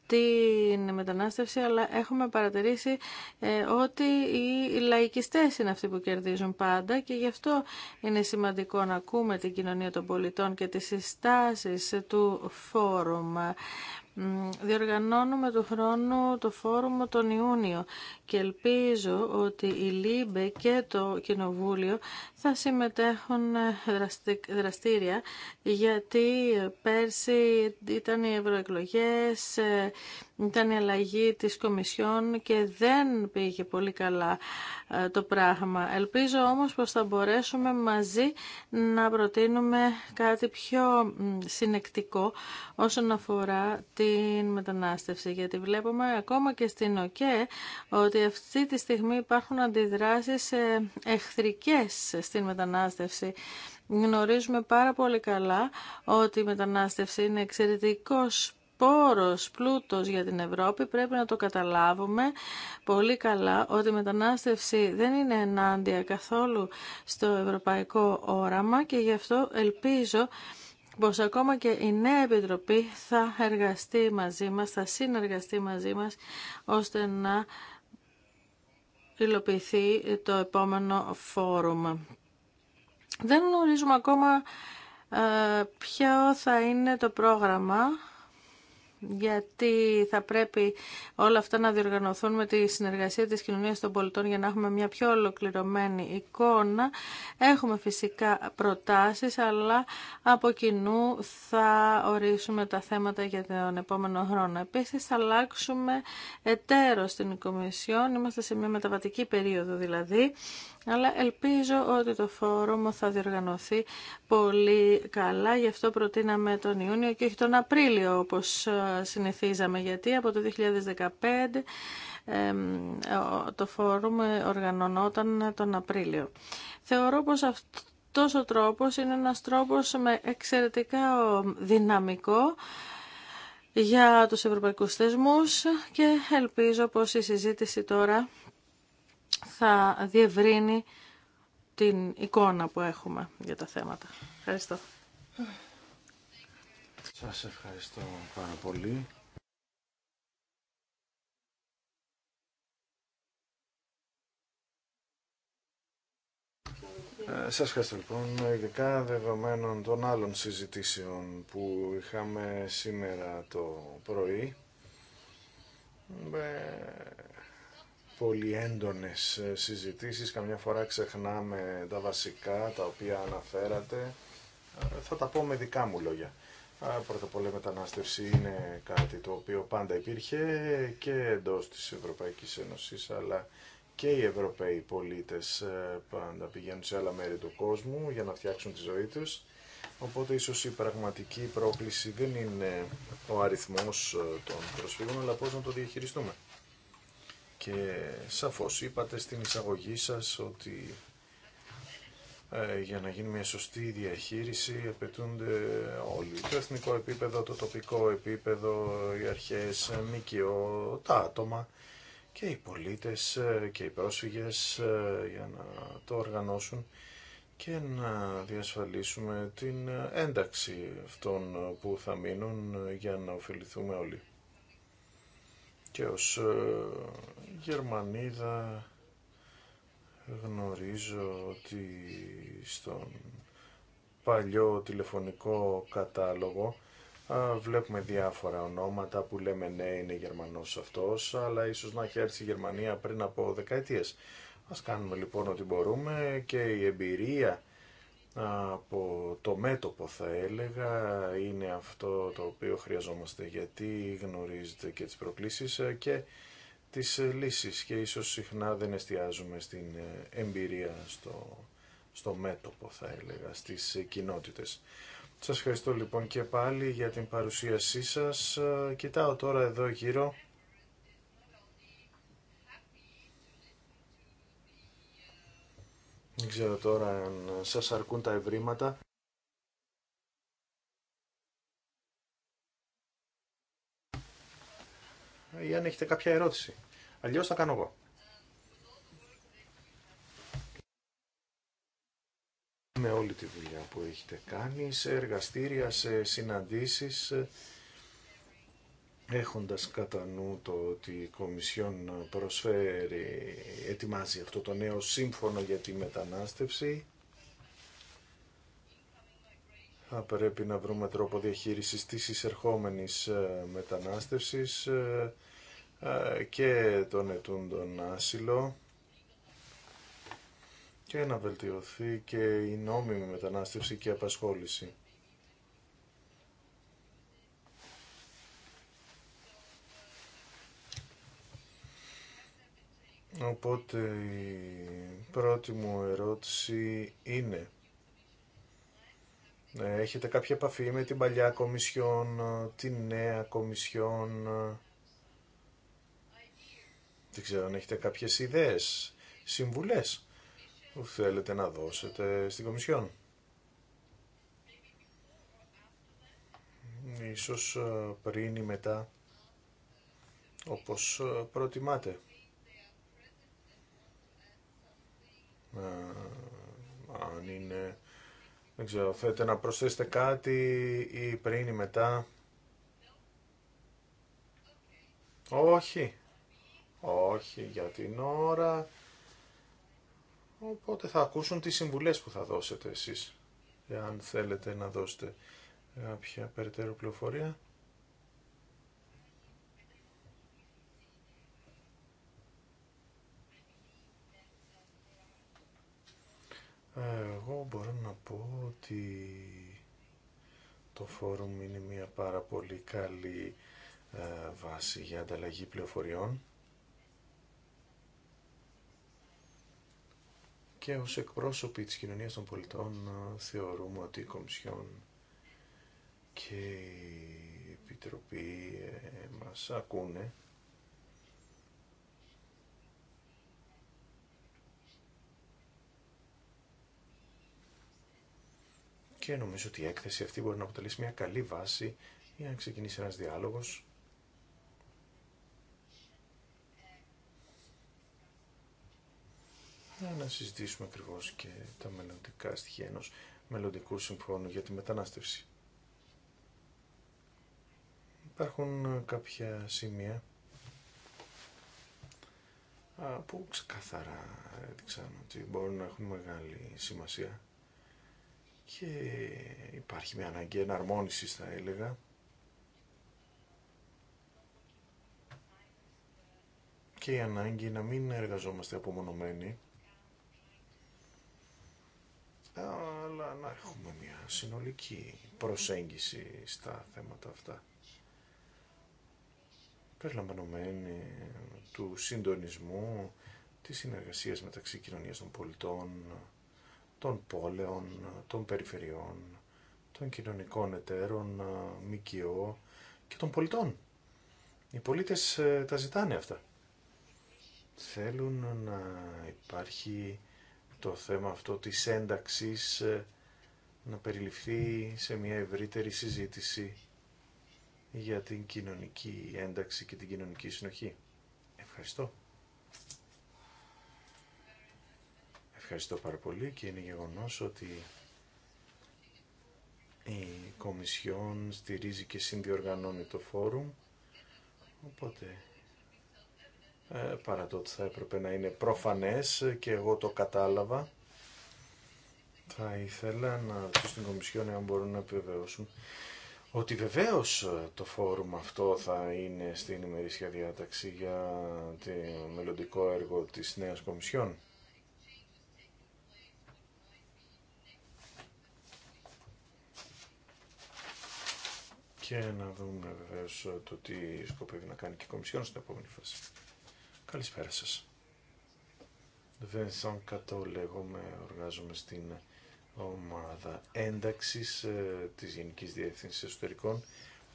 την μετανάστευση, αλλά έχουμε παρατηρήσει ε, ότι οι λαϊκιστές είναι αυτοί που κερδίζουν πάντα και γι' αυτό είναι σημαντικό να ακούμε την κοινωνία των πολιτών και τις συστάσεις του φόρουμ Διοργανώνουμε το χρόνου το φόρουμ τον Ιούνιο και ελπίζω ότι η ΛΥΜΠΕ και το Κοινοβούλιο θα συμμετέχουν ε, δραστήρια γιατί πέρσι ήταν οι ευρωεκλογές, ε, ήταν η αλλαγή της Κομισιόν και δεν πήγε πολύ καλά ε, το πράγμα. Ελπίζω όμως πως θα μπορέσουμε μαζί να προτείνουμε κάτι πιο συνεκτικό όσον αφορά την μετανάστευση. Γιατί βλέπουμε ακόμα και στην ΟΚΕ ότι αυτή τη στιγμή υπάρχουν αντιδράσεις ε, εχθρικές στην μετανάστευση. Γνωρίζουμε πάρα πολύ καλά ότι η μετανάστευση είναι εξαιρετικός πόρος, πλούτος για την Ευρώπη, πρέπει να το καταλάβουμε πολύ καλά ότι η μετανάστευση δεν είναι ενάντια καθόλου στο ευρωπαϊκό όραμα και γι' αυτό ελπίζω πως ακόμα και η νέα Επιτροπή θα εργαστεί μαζί μας, θα συνεργαστεί μαζί μας, ώστε να υλοποιηθεί το επόμενο φόρουμ. Δεν γνωρίζουμε ακόμα ε, ποιο θα είναι το πρόγραμμα γιατί θα πρέπει όλα αυτά να διοργανωθούν με τη συνεργασία της κοινωνίας των πολιτών για να έχουμε μια πιο ολοκληρωμένη εικόνα. Έχουμε φυσικά προτάσεις, αλλά από κοινού θα ορίσουμε τα θέματα για τον επόμενο χρόνο. Επίσης θα αλλάξουμε εταίρο στην Κομισιόν, είμαστε σε μια μεταβατική περίοδο δηλαδή, αλλά ελπίζω ότι το φόρουμ θα διοργανωθεί πολύ καλά. Γι' αυτό προτείναμε τον Ιούνιο και όχι τον Απρίλιο όπως ε, συνηθίζαμε, γιατί από το 2015 το φόρουμ οργανωνόταν τον Απρίλιο. Θεωρώ πως αυτός ο τρόπος είναι ένας τρόπος με εξαιρετικά δυναμικό για τους ευρωπαϊκούς θεσμούς και ελπίζω πως η συζήτηση τώρα θα διευρύνει την εικόνα που έχουμε για τα θέματα. Ευχαριστώ. Σας ευχαριστώ πάρα πολύ. Ε, σας ευχαριστώ λοιπόν, ειδικά δεδομένων των άλλων συζητήσεων που είχαμε σήμερα το πρωί. Ε, πολύ έντονες ε, συζητήσεις, καμιά φορά ξεχνάμε τα βασικά τα οποία αναφέρατε. Ε, θα τα πω με δικά μου λόγια. Ε, πρώτα απ' όλα η μετανάστευση είναι κάτι το οποίο πάντα υπήρχε και εντός της Ευρωπαϊκής Ένωσης αλλά και οι Ευρωπαίοι πολίτες πάντα πηγαίνουν σε άλλα μέρη του κόσμου για να φτιάξουν τη ζωή τους. Οπότε ίσως η πραγματική πρόκληση δεν είναι ο αριθμός των προσφύγων αλλά πώς να το διαχειριστούμε και σαφώς είπατε στην εισαγωγή σας ότι ε, για να γίνει μια σωστή διαχείριση απαιτούνται όλοι. Το εθνικό επίπεδο, το τοπικό επίπεδο, οι αρχές, ε, ΜΚΟ, τα άτομα και οι πολίτες ε, και οι πρόσφυγες για να το οργανώσουν και να διασφαλίσουμε την ένταξη αυτών που θα μείνουν για να ωφεληθούμε όλοι και ως ε, Γερμανίδα γνωρίζω ότι στον παλιό τηλεφωνικό κατάλογο βλέπουμε διάφορα ονόματα που λέμε ναι είναι Γερμανός αυτός αλλά ίσως να έχει έρθει η Γερμανία πριν από δεκαετίες. Ας κάνουμε λοιπόν ό,τι μπορούμε και η εμπειρία από το μέτωπο θα έλεγα είναι αυτό το οποίο χρειαζόμαστε γιατί γνωρίζετε και τις προκλήσεις ε, και τις ε, λύσεις και ίσως συχνά δεν εστιάζουμε στην ε, εμπειρία στο, στο μέτωπο θα έλεγα στις κοινότητες. Σας ευχαριστώ λοιπόν και πάλι για την παρουσίασή σας. Κοιτάω τώρα εδώ γύρω Δεν ξέρω τώρα αν σας αρκούν τα ευρήματα. Ή αν έχετε κάποια ερώτηση. Αλλιώς θα κάνω εγώ. Με όλη τη δουλειά που έχετε κάνει, σε εργαστήρια, σε συναντήσεις, έχοντας κατά νου το ότι η Κομισιόν προσφέρει, ετοιμάζει αυτό το νέο σύμφωνο για τη μετανάστευση, θα πρέπει να βρούμε τρόπο διαχείρισης της εισερχόμενης ε, μετανάστευσης ε, ε, και των ετούντων άσυλο και να βελτιωθεί και η νόμιμη μετανάστευση και απασχόληση. Οπότε η πρώτη μου ερώτηση είναι ε, έχετε κάποια επαφή με την παλιά κομισιόν, ε, την νέα κομισιόν ε? δεν ξέρω αν έχετε κάποιες ιδέες, συμβουλές που θέλετε να δώσετε στην κομισιόν. Ίσως πριν ή μετά όπως προτιμάτε. Ε, αν είναι... Δεν ξέρω, θέλετε να προσθέσετε κάτι ή πριν ή μετά. Όχι. Όχι για την ώρα. Οπότε θα ακούσουν τις συμβουλές που θα δώσετε εσείς, εάν θέλετε να δώσετε κάποια περαιτέρω πληροφορία. Εγώ μπορώ να πω ότι το φόρουμ είναι μια πάρα πολύ καλή ε, βάση για ανταλλαγή πληροφοριών και ως εκπρόσωποι της κοινωνίας των πολιτών ε, θεωρούμε ότι η Κομισιόν και η Επιτροπή ε, μας ακούνε Και νομίζω ότι η έκθεση αυτή μπορεί να αποτελέσει μια καλή βάση για να ξεκινήσει ένας διάλογος για να συζητήσουμε ακριβώ και τα μελλοντικά στοιχεία ενός μελλοντικού συμφώνου για τη μετανάστευση. Υπάρχουν ε, κάποια σημεία που ξεκάθαρα έδειξαν ότι μπορούν να έχουν μεγάλη σημασία και υπάρχει μια ανάγκη εναρμόνισης θα έλεγα και η ανάγκη να μην εργαζόμαστε απομονωμένοι αλλά να έχουμε μια συνολική προσέγγιση στα θέματα αυτά περιλαμβανωμένη του συντονισμού, της συνεργασίας μεταξύ κοινωνίας των πολιτών, των πόλεων, των περιφερειών, των κοινωνικών εταίρων, ΜΚΟ και των πολιτών. Οι πολίτες ε, τα ζητάνε αυτά. Θέλουν να υπάρχει το θέμα αυτό της ένταξης ε, να περιληφθεί σε μια ευρύτερη συζήτηση για την κοινωνική ένταξη και την κοινωνική συνοχή. Ευχαριστώ. ευχαριστώ πάρα πολύ και είναι γεγονός ότι η Κομισιόν στηρίζει και συνδιοργανώνει το φόρουμ, οπότε ε, παρά το ότι θα έπρεπε να είναι προφανές και εγώ το κατάλαβα, θα ήθελα να ρωτήσω στην Κομισιόν αν μπορούν να επιβεβαιώσουν ότι βεβαίως το φόρουμ αυτό θα είναι στην ημερήσια διάταξη για το μελλοντικό έργο της νέας Κομισιόν. και να δούμε βεβαίω ε, το τι σκοπεύει να κάνει και η Κομισιόν στην επόμενη φάση. Καλησπέρα σα. Βενσόν Κατό λέγομαι, οργάζομαι στην ομάδα ένταξης ε, της γενική διεύθυνση Εσωτερικών.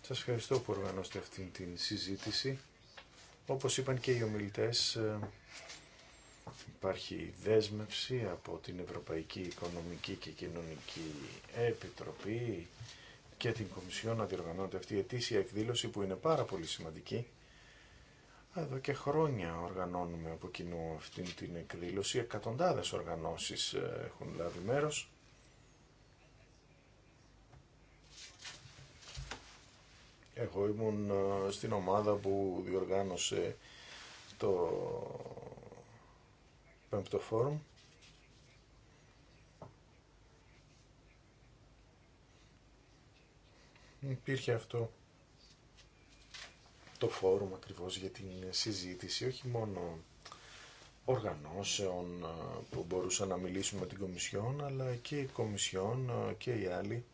Σας ευχαριστώ που οργανώσετε αυτήν την συζήτηση. Όπως είπαν και οι ομιλητές, ε, υπάρχει δέσμευση από την Ευρωπαϊκή Οικονομική και Κοινωνική Επιτροπή και την Κομισιόν να διοργανώνεται αυτή η ετήσια εκδήλωση που είναι πάρα πολύ σημαντική. Εδώ και χρόνια οργανώνουμε από κοινού αυτή την εκδήλωση. Εκατοντάδες οργανώσεις ε, έχουν λάβει μέρος. Εγώ ήμουν ε, στην ομάδα που διοργάνωσε το πέμπτο φόρουμ υπήρχε αυτό το φόρουμ ακριβώς για την συζήτηση, όχι μόνο οργανώσεων ε, που μπορούσαν να μιλήσουν με την Κομισιόν, αλλά και η Κομισιόν ε, και οι άλλοι.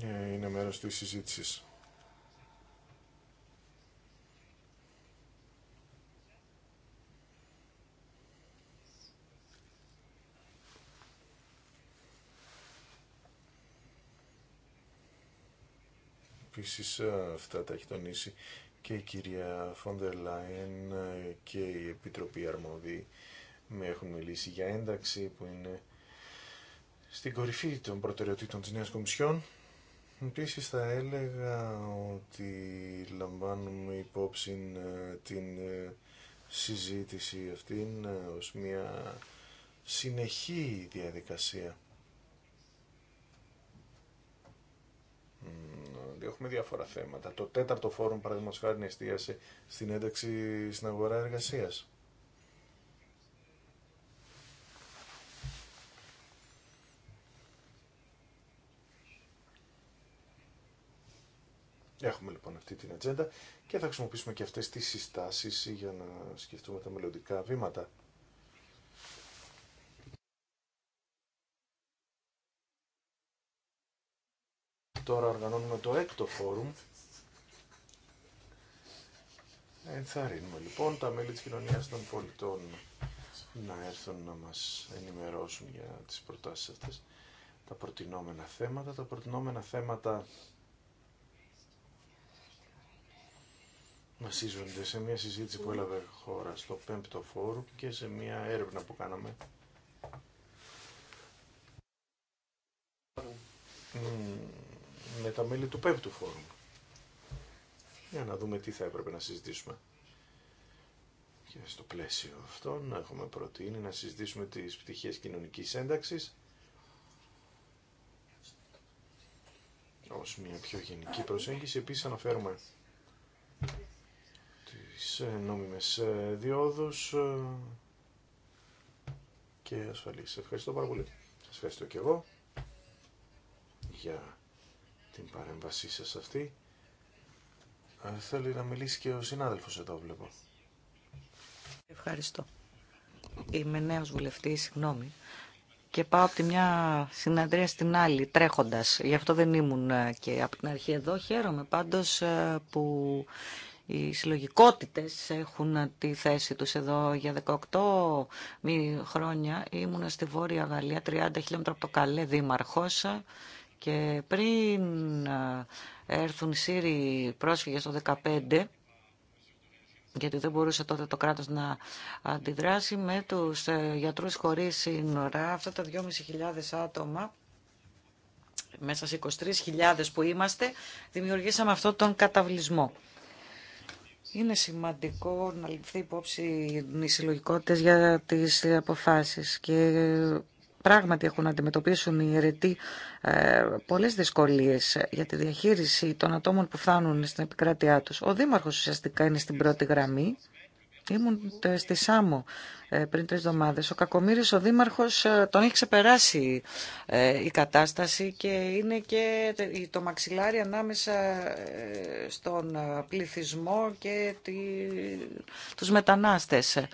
Ε, είναι μέρος της συζήτησης. επίση ε, αυτά τα έχει τονίσει και η κυρία Φόντερ Λάιεν ε, και η Επιτροπή Αρμόδη με έχουν μιλήσει για ένταξη που είναι στην κορυφή των προτεραιοτήτων της Νέας Κομισιόν. Επίσης θα έλεγα ότι λαμβάνουμε υπόψη ε, την συζήτηση αυτήν ως μια συνεχή διαδικασία Έχουμε διάφορα θέματα. Το τέταρτο φόρουμ, παραδείγματο χάρη, εστίασε στην ένταξη στην αγορά εργασία. Έχουμε λοιπόν αυτή την ατζέντα και θα χρησιμοποιήσουμε και αυτές τις συστάσεις για να σκεφτούμε τα μελλοντικά βήματα. τώρα οργανώνουμε το έκτο φόρουμ. Ενθαρρύνουμε λοιπόν τα μέλη της κοινωνίας των πολιτών να έρθουν να μας ενημερώσουν για τις προτάσεις αυτές, τα προτινόμενα θέματα. Τα προτινόμενα θέματα βασίζονται σε μια συζήτηση που έλαβε χώρα στο πέμπτο φόρουμ και σε μια έρευνα που κάναμε με τα μέλη του πέμπτου φόρουμ. Για να δούμε τι θα έπρεπε να συζητήσουμε. Και στο πλαίσιο αυτό να έχουμε προτείνει να συζητήσουμε τις πτυχές κοινωνικής ένταξης ως μια πιο γενική προσέγγιση. Επίσης αναφέρουμε τις ε, νόμιμες ε, διόδους ε, και Σας Ευχαριστώ πάρα πολύ. Σας ευχαριστώ και εγώ για την παρέμβασή σας αυτή. Ε, θέλει να μιλήσει και ο συνάδελφος εδώ βλέπω. Ευχαριστώ. Είμαι νέος βουλευτής, συγγνώμη. Και πάω από τη μια συναντρία στην άλλη, τρέχοντας. Γι' αυτό δεν ήμουν ε, και από την αρχή εδώ. Χαίρομαι πάντως ε, που οι συλλογικότητε έχουν τη θέση τους εδώ για 18 χρόνια. Ήμουν στη Βόρεια Γαλλία, 30 χιλιόμετρα από το Καλέ, δήμαρχος και πριν έρθουν οι Σύριοι πρόσφυγες το 2015, γιατί δεν μπορούσε τότε το κράτος να αντιδράσει με τους ε, γιατρούς χωρίς σύνορα. Αυτά τα 2.500 άτομα, μέσα σε 23.000 που είμαστε, δημιουργήσαμε αυτόν τον καταβλισμό. Είναι σημαντικό να ληφθεί υπόψη οι συλλογικότητες για τις αποφάσεις και πράγματι έχουν να αντιμετωπίσουν οι αιρετοί ε, πολλές δυσκολίες για τη διαχείριση των ατόμων που φτάνουν στην επικράτειά τους. Ο Δήμαρχος ουσιαστικά είναι στην πρώτη γραμμή. Ήμουν ε, στη Σάμο ε, πριν τρεις εβδομάδες. Ο Κακομύρης, ο Δήμαρχος, ε, τον έχει ξεπεράσει η κατάσταση και είναι και το μαξιλάρι ανάμεσα στον πληθυσμό και τους μετανάστες.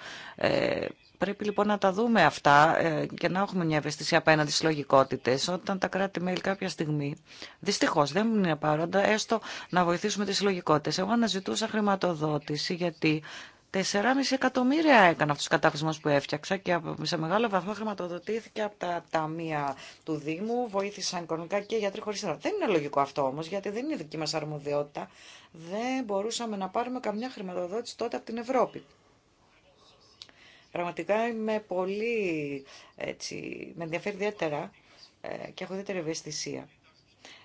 Πρέπει λοιπόν να τα δούμε αυτά ε, και να έχουμε μια ευαισθησία απέναντι στι λογικότητε. Όταν τα κράτη-μέλη κάποια στιγμή, δυστυχώ δεν είναι παρόντα, έστω να βοηθήσουμε τι λογικότητε. Εγώ αναζητούσα χρηματοδότηση γιατί 4,5 εκατομμύρια έκανα αυτού του κατάχρησμού που έφτιαξα και σε μεγάλο βαθμό χρηματοδοτήθηκε από τα ταμεία του Δήμου. Βοήθησαν οικονομικά και γιατροί χωρί σύνορα. Δεν είναι λογικό αυτό όμω, γιατί δεν είναι δική μα αρμοδιότητα. Δεν μπορούσαμε να πάρουμε καμιά χρηματοδότηση τότε από την Ευρώπη. Πραγματικά είμαι πολύ, έτσι, με ενδιαφέρει ιδιαίτερα ε, και έχω ιδιαίτερη ευαισθησία.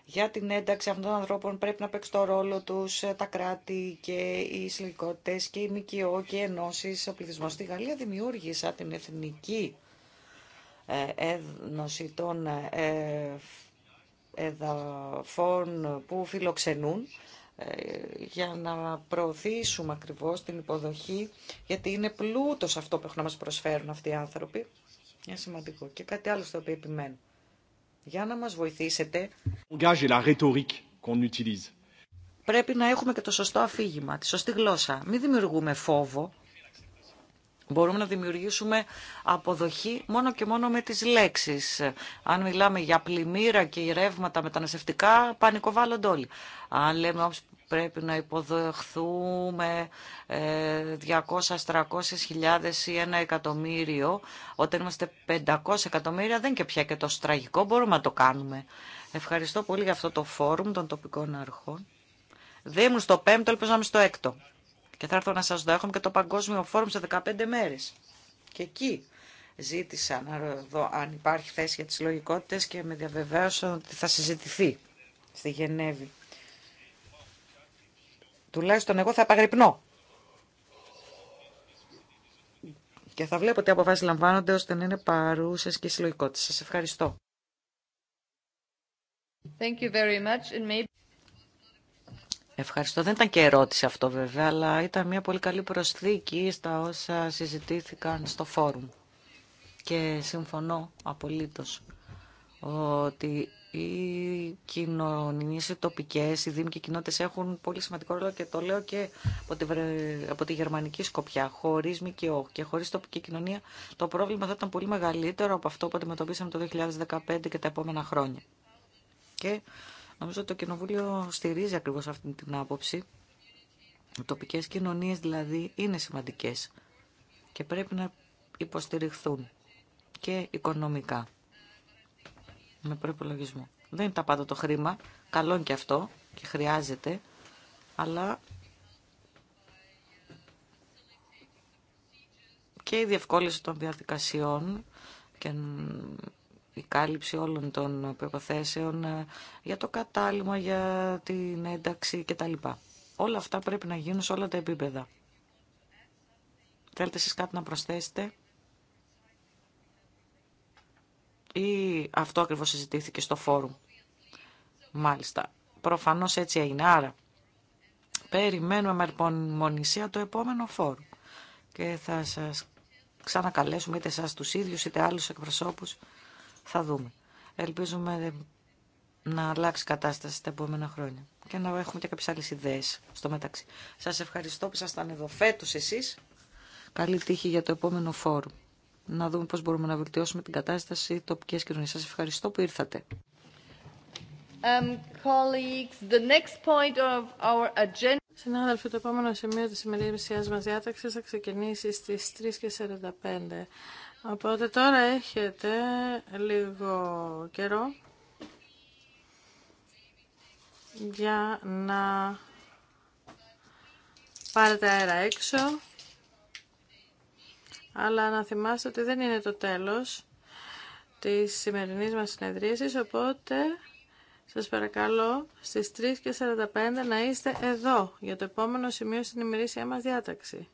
Για την ένταξη αυτών των ανθρώπων πρέπει να παίξει το ρόλο τους ε, τα κράτη και οι συλλογικότητε και οι ΜΚΟ και οι ενώσεις. Ο πληθυσμό. στη Γαλλία δημιούργησα την Εθνική ε, Ένωση των Εδαφών που φιλοξενούν ε, για να προωθήσουμε ακριβώς την υποδοχή, γιατί είναι πλούτος αυτό που έχουν να μας προσφέρουν αυτοί οι άνθρωποι. Είναι σημαντικό. Και κάτι άλλο στο οποίο επιμένω. Για να μας βοηθήσετε, πρέπει να έχουμε και το σωστό αφήγημα, τη σωστή γλώσσα. Μην δημιουργούμε φόβο Μπορούμε να δημιουργήσουμε αποδοχή μόνο και μόνο με τις λέξεις. Αν μιλάμε για πλημμύρα και ρεύματα μεταναστευτικά, πανικοβάλλονται όλοι. Αν λέμε όμως πρέπει να υποδοχθούμε 200 200-300 χιλιάδες ή ένα εκατομμύριο, όταν είμαστε 500 εκατομμύρια δεν και πια και τόσο τραγικό, μπορούμε να το κάνουμε. Ευχαριστώ πολύ για αυτό το φόρουμ των τοπικών αρχών. ήμουν στο πέμπτο, ελπίζω να είμαι στο έκτο. Και θα έρθω να σας δω. Έχουμε και το Παγκόσμιο Φόρουμ σε 15 μέρες. Και εκεί ζήτησα να δω αν υπάρχει θέση για τις λογικότητες και με διαβεβαίωσαν ότι θα συζητηθεί στη Γενέβη. Τουλάχιστον εγώ θα επαγρυπνώ. Και θα βλέπω τι αποφάσεις λαμβάνονται ώστε να είναι παρούσες και συλλογικότητες. Σας ευχαριστώ. Thank you very much. Ευχαριστώ. Δεν ήταν και ερώτηση αυτό βέβαια, αλλά ήταν μια πολύ καλή προσθήκη στα όσα συζητήθηκαν στο φόρουμ. Και συμφωνώ απολύτως ότι οι κοινωνίες οι τοπικές, οι δήμοι και οι κοινότητες έχουν πολύ σημαντικό ρόλο και το λέω και από τη, από τη γερμανική σκοπιά. Χωρίς ΜΚΟ και χωρίς τοπική κοινωνία το πρόβλημα θα ήταν πολύ μεγαλύτερο από αυτό που αντιμετωπίσαμε το 2015 και τα επόμενα χρόνια. Και Νομίζω ότι το Κοινοβούλιο στηρίζει ακριβώς αυτή την άποψη. Οι τοπικές κοινωνίες δηλαδή είναι σημαντικές και πρέπει να υποστηριχθούν και οικονομικά με προπολογισμό. Δεν είναι τα πάντα το χρήμα, καλό είναι και αυτό και χρειάζεται, αλλά και η διευκόλυνση των διαδικασιών και η κάλυψη όλων των προποθέσεων ε, για το κατάλημα, για την ένταξη κτλ. Όλα αυτά πρέπει να γίνουν σε όλα τα επίπεδα. Θέλετε εσείς κάτι να προσθέσετε ή αυτό ακριβώς συζητήθηκε στο φόρουμ. Μάλιστα. Προφανώς έτσι έγινε. Άρα, περιμένουμε με αρπομονησία το επόμενο φόρουμ. Και θα σας ξανακαλέσουμε είτε εσάς τους ίδιους είτε άλλους εκπροσώπους θα δούμε. Ελπίζουμε να αλλάξει η κατάσταση τα επόμενα χρόνια και να έχουμε και κάποιες άλλε ιδέες στο μεταξύ. Σας ευχαριστώ που ήσασταν εδώ φέτο εσείς. Καλή τύχη για το επόμενο φόρουμ. Να δούμε πώς μπορούμε να βελτιώσουμε την κατάσταση τοπική κοινωνία. Σας ευχαριστώ που ήρθατε. Um, colleagues, the next point of our agenda... Συνάδελφοι, το επόμενο σημείο της σημερινής μας διάταξης θα ξεκινήσει στις 3.45. Οπότε τώρα έχετε λίγο καιρό για να πάρετε αέρα έξω. Αλλά να θυμάστε ότι δεν είναι το τέλος της σημερινής μας συνεδρίασης, οπότε σας παρακαλώ στις 3.45 να είστε εδώ για το επόμενο σημείο στην ημερήσια μας διάταξη.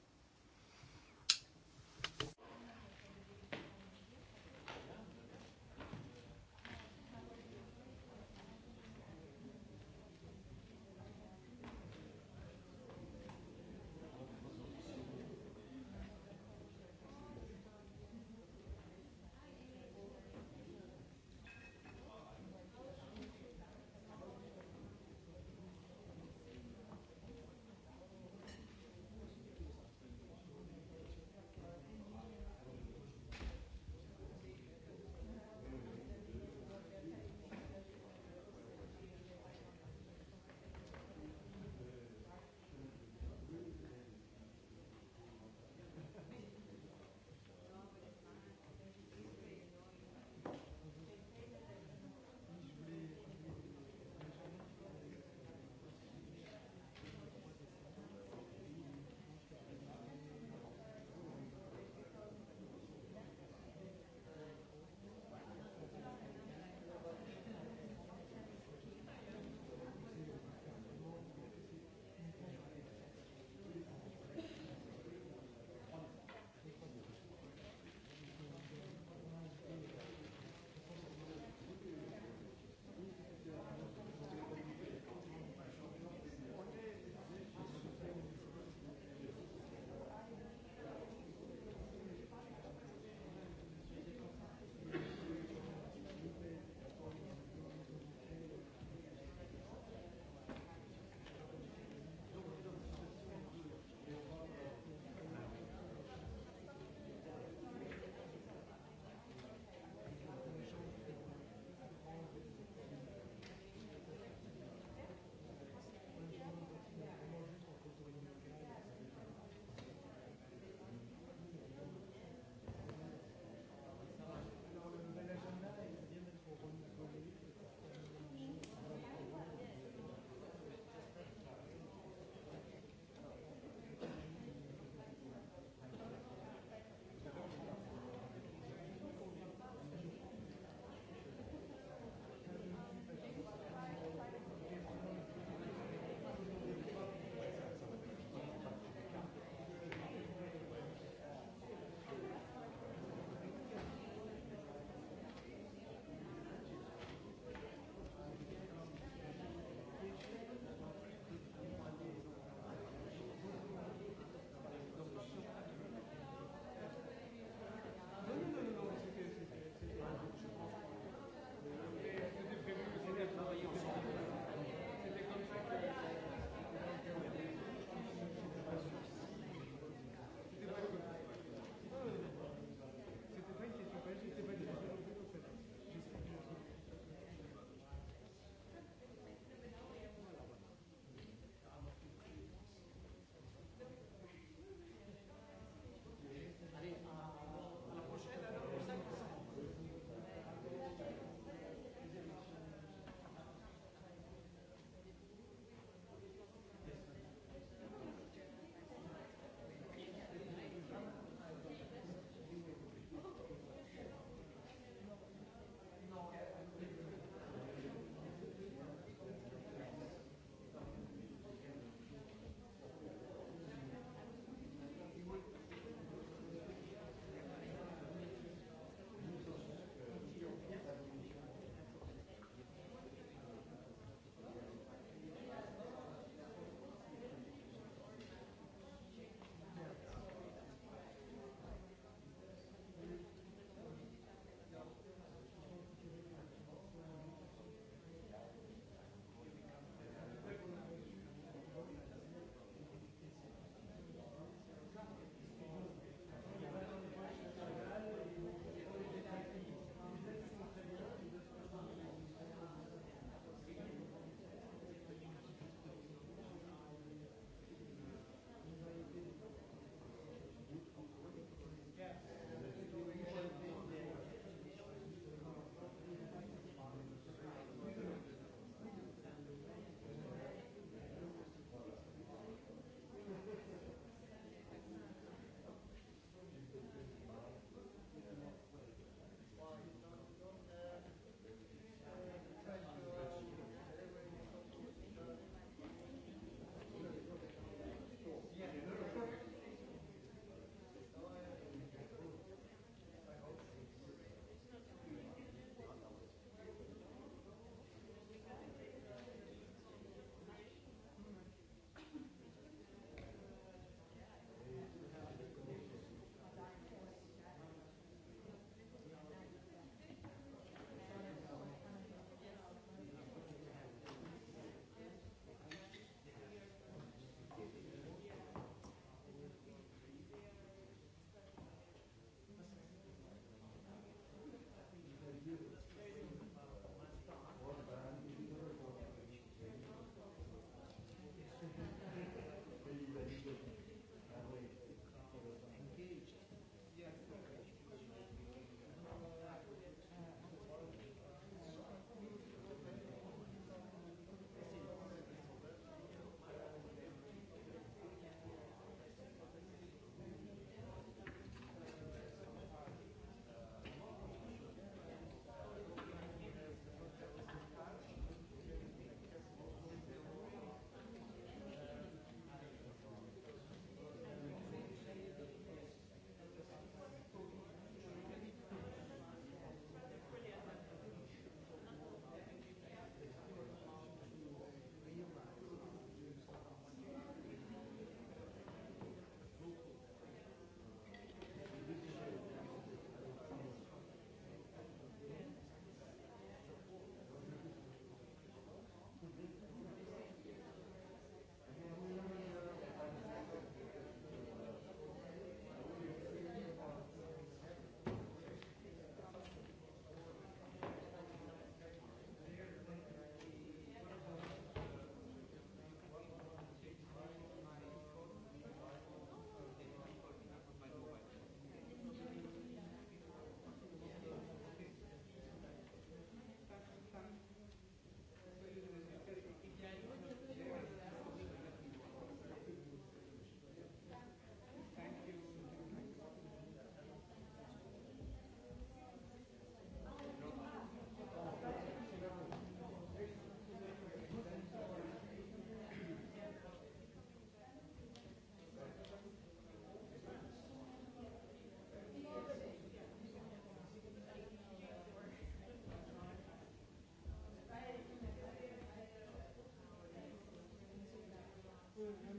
Mm-hmm.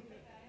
Υπότιτλοι AUTHORWAVE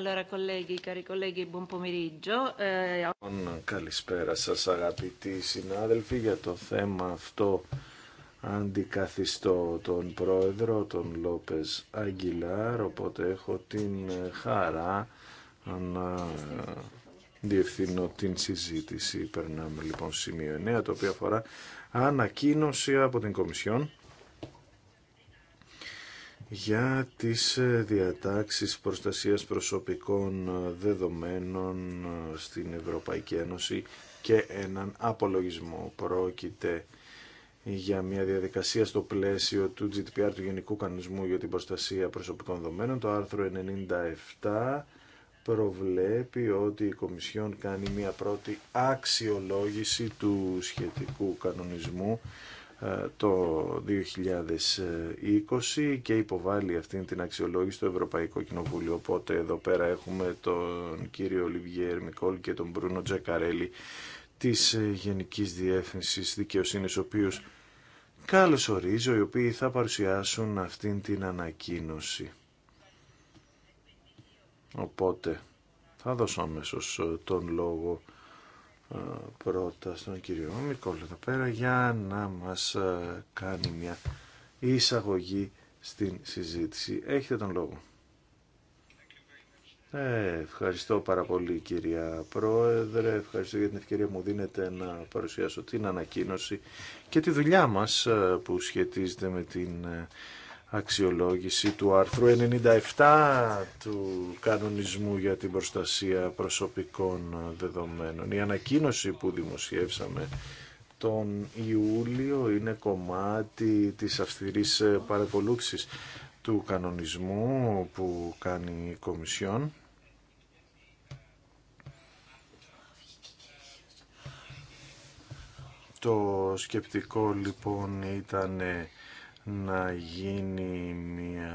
Allora, colleghi, cari colleghi, buon pomeriggio. Λοιπόν, καλησπέρα σας αγαπητοί συνάδελφοι για το θέμα αυτό αντικαθιστώ τον πρόεδρο, τον Λόπες Αγγιλάρ, οπότε έχω την χαρά να διευθύνω την συζήτηση. Περνάμε λοιπόν σημείο 9, το οποίο αφορά ανακοίνωση από την Κομισιόν για τις ε, διατάξεις προστασίας προσωπικών ε, δεδομένων ε, στην Ευρωπαϊκή Ένωση και έναν απολογισμό. Πρόκειται για μια διαδικασία στο πλαίσιο του GDPR του Γενικού Κανονισμού για την Προστασία Προσωπικών Δεδομένων. Το άρθρο 97 προβλέπει ότι η Κομισιόν κάνει μια πρώτη αξιολόγηση του σχετικού κανονισμού ε, το 2020 και υποβάλλει αυτήν την αξιολόγηση στο Ευρωπαϊκό Κοινοβούλιο. Οπότε εδώ πέρα έχουμε τον κύριο Λιβιέρ Μικόλ και τον Μπρούνο Τζακαρέλη της ε, Γενικής Διεύθυνσης Δικαιοσύνης, ο οποίος καλώς ορίζω, οι οποίοι θα παρουσιάσουν αυτήν την ανακοίνωση. Οπότε θα δώσω αμέσως ε, τον λόγο πρώτα στον κύριο Μικόλ εδώ πέρα για να μας ε, κάνει μια εισαγωγή στην συζήτηση. Έχετε τον λόγο. Ε, ευχαριστώ πάρα πολύ κυρία Πρόεδρε, ευχαριστώ για την ευκαιρία που μου δίνετε να παρουσιάσω την ανακοίνωση και τη δουλειά μας ε, που σχετίζεται με την ε, αξιολόγηση του άρθρου 97 του κανονισμού για την προστασία προσωπικών δεδομένων. Η ανακοίνωση που δημοσιεύσαμε τον Ιούλιο είναι κομμάτι της αυστηρής παρακολούθησης του κανονισμού που κάνει η Κομισιόν. Το σκεπτικό λοιπόν ήταν να γίνει μια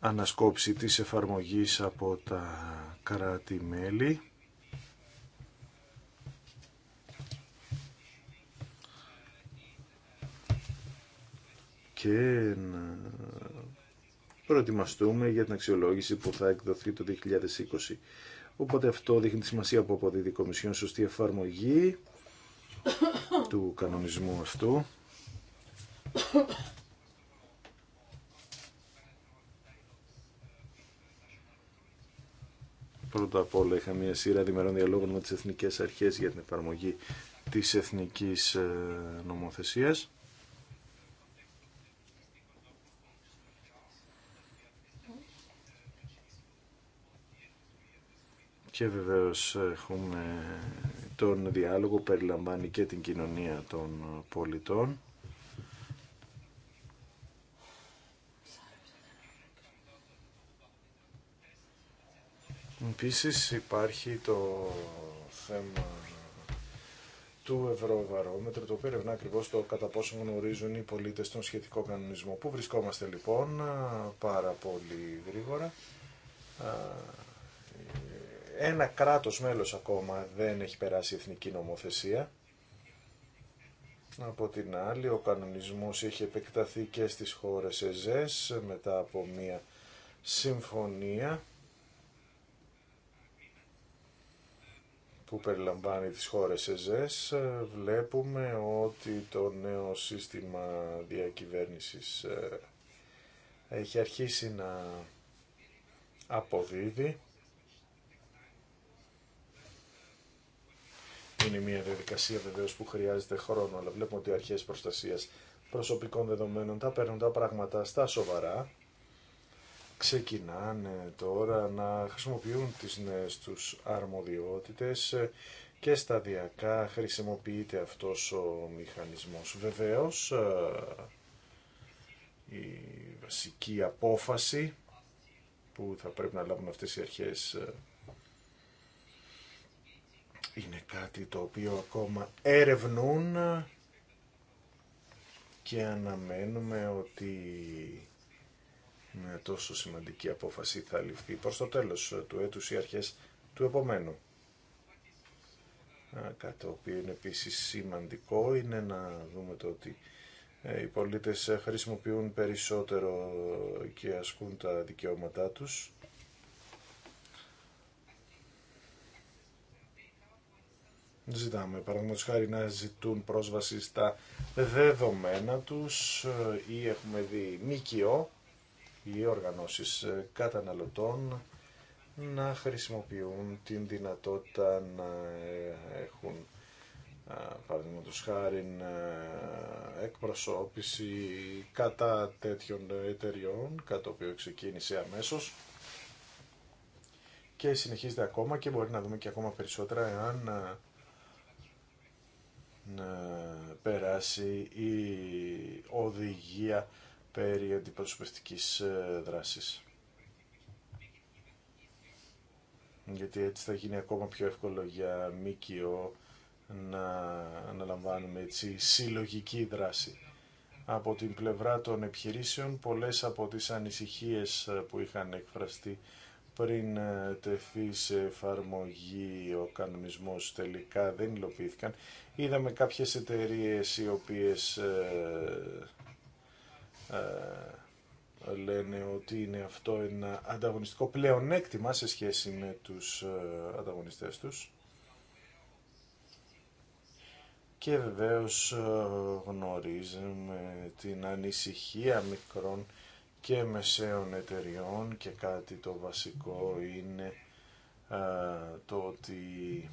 ανασκόψη της εφαρμογής από τα κράτη-μέλη. και να προετοιμαστούμε για την αξιολόγηση που θα εκδοθεί το 2020. Οπότε αυτό δείχνει τη σημασία που αποδίδει η Κομισιόν σωστή εφαρμογή του κανονισμού αυτού. Πρώτα απ' όλα είχα μια σειρά διμερών διαλόγων με τις εθνικές αρχές για την εφαρμογή της εθνικής ε, νομοθεσίας. Και βεβαίως έχουμε τον διάλογο που περιλαμβάνει και την κοινωνία των πολιτών. Επίση υπάρχει το θέμα του Ευρωβαρόμετρου, το οποίο ερευνά ακριβώ το κατά πόσο γνωρίζουν οι πολίτε τον σχετικό κανονισμό. Πού βρισκόμαστε λοιπόν πάρα πολύ γρήγορα. Ένα κράτος μέλος ακόμα δεν έχει περάσει εθνική νομοθεσία. Από την άλλη, ο κανονισμός έχει επεκταθεί και στις χώρες ΕΖΕΣ μετά από μια συμφωνία που περιλαμβάνει τις χώρες ΕΖΕΣ ε, βλέπουμε ότι το νέο σύστημα διακυβέρνησης ε, έχει αρχίσει να αποδίδει. Είναι μια διαδικασία βεβαίως που χρειάζεται χρόνο, αλλά βλέπουμε ότι οι αρχές προστασίας προσωπικών δεδομένων τα παίρνουν τα πράγματα στα σοβαρά ξεκινάνε τώρα να χρησιμοποιούν τις νέες τους αρμοδιότητες και σταδιακά χρησιμοποιείται αυτός ο μηχανισμός. Βεβαίως, ε, η βασική απόφαση που θα πρέπει να λάβουν αυτές οι αρχές ε, είναι κάτι το οποίο ακόμα ερευνούν και αναμένουμε ότι τόσο σημαντική απόφαση θα ληφθεί προς το τέλος του έτους ή αρχές του επομένου. Κάτι το οποίο είναι επίσης σημαντικό είναι να δούμε το ότι ε, οι πολίτες ε, χρησιμοποιούν περισσότερο και ασκούν τα δικαιώματά τους. Ζητάμε, παραδείγματος χάρη, να ζητούν πρόσβαση στα δεδομένα τους ε, ή έχουμε δει Μίκιο οι οργανώσεις ε, καταναλωτών να χρησιμοποιούν την δυνατότητα να ε, έχουν παραδείγματο χάρη ε, εκπροσώπηση κατά τέτοιων εταιριών, κατά το οποίο ξεκίνησε αμέσως και συνεχίζεται ακόμα και μπορεί να δούμε και ακόμα περισσότερα εάν περάσει η οδηγία περί αντιπροσωπευτικής ε, δράσης. Γιατί έτσι θα γίνει ακόμα πιο εύκολο για ΜΚΟ να αναλαμβάνουμε έτσι συλλογική δράση. Από την πλευρά των επιχειρήσεων, πολλές από τις ανησυχίες ε, που είχαν εκφραστεί πριν ε, τεθεί σε εφαρμογή ο κανονισμός τελικά δεν υλοποιήθηκαν. Είδαμε κάποιες εταιρείες οι οποίες ε, λένε ότι είναι αυτό ένα ανταγωνιστικό πλεονέκτημα σε σχέση με τους ε, ανταγωνιστές τους. Και βεβαίως ε, γνωρίζουμε την ανησυχία μικρών και μεσαίων εταιριών και κάτι το βασικό είναι το ότι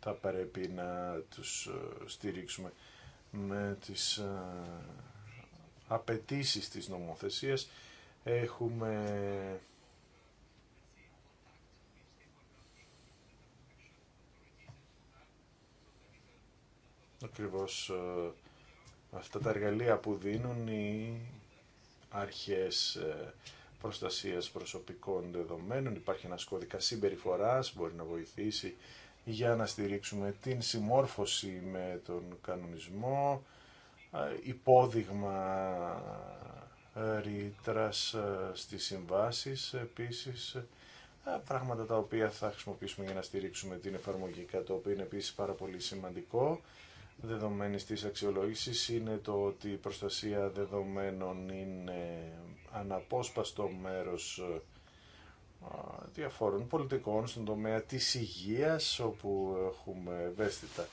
θα πρέπει να τους στηρίξουμε με τις απαιτήσεις της νομοθεσίας. Έχουμε ακριβώς ε, αυτά τα εργαλεία που δίνουν οι αρχές ε, προστασίας προσωπικών δεδομένων. Υπάρχει ένας κώδικας συμπεριφοράς, μπορεί να βοηθήσει για να στηρίξουμε την συμμόρφωση με τον κανονισμό υπόδειγμα ε, ρήτρα ε, στις συμβάσεις, επίσης ε, πράγματα τα οποία θα χρησιμοποιήσουμε για να στηρίξουμε την εφαρμογή, το οποίο είναι επίσης πάρα πολύ σημαντικό δεδομένης της αξιολόγηση είναι το ότι η προστασία δεδομένων είναι αναπόσπαστο μέρος διαφόρων πολιτικών στον τομέα της υγείας όπου έχουμε ευαίσθητα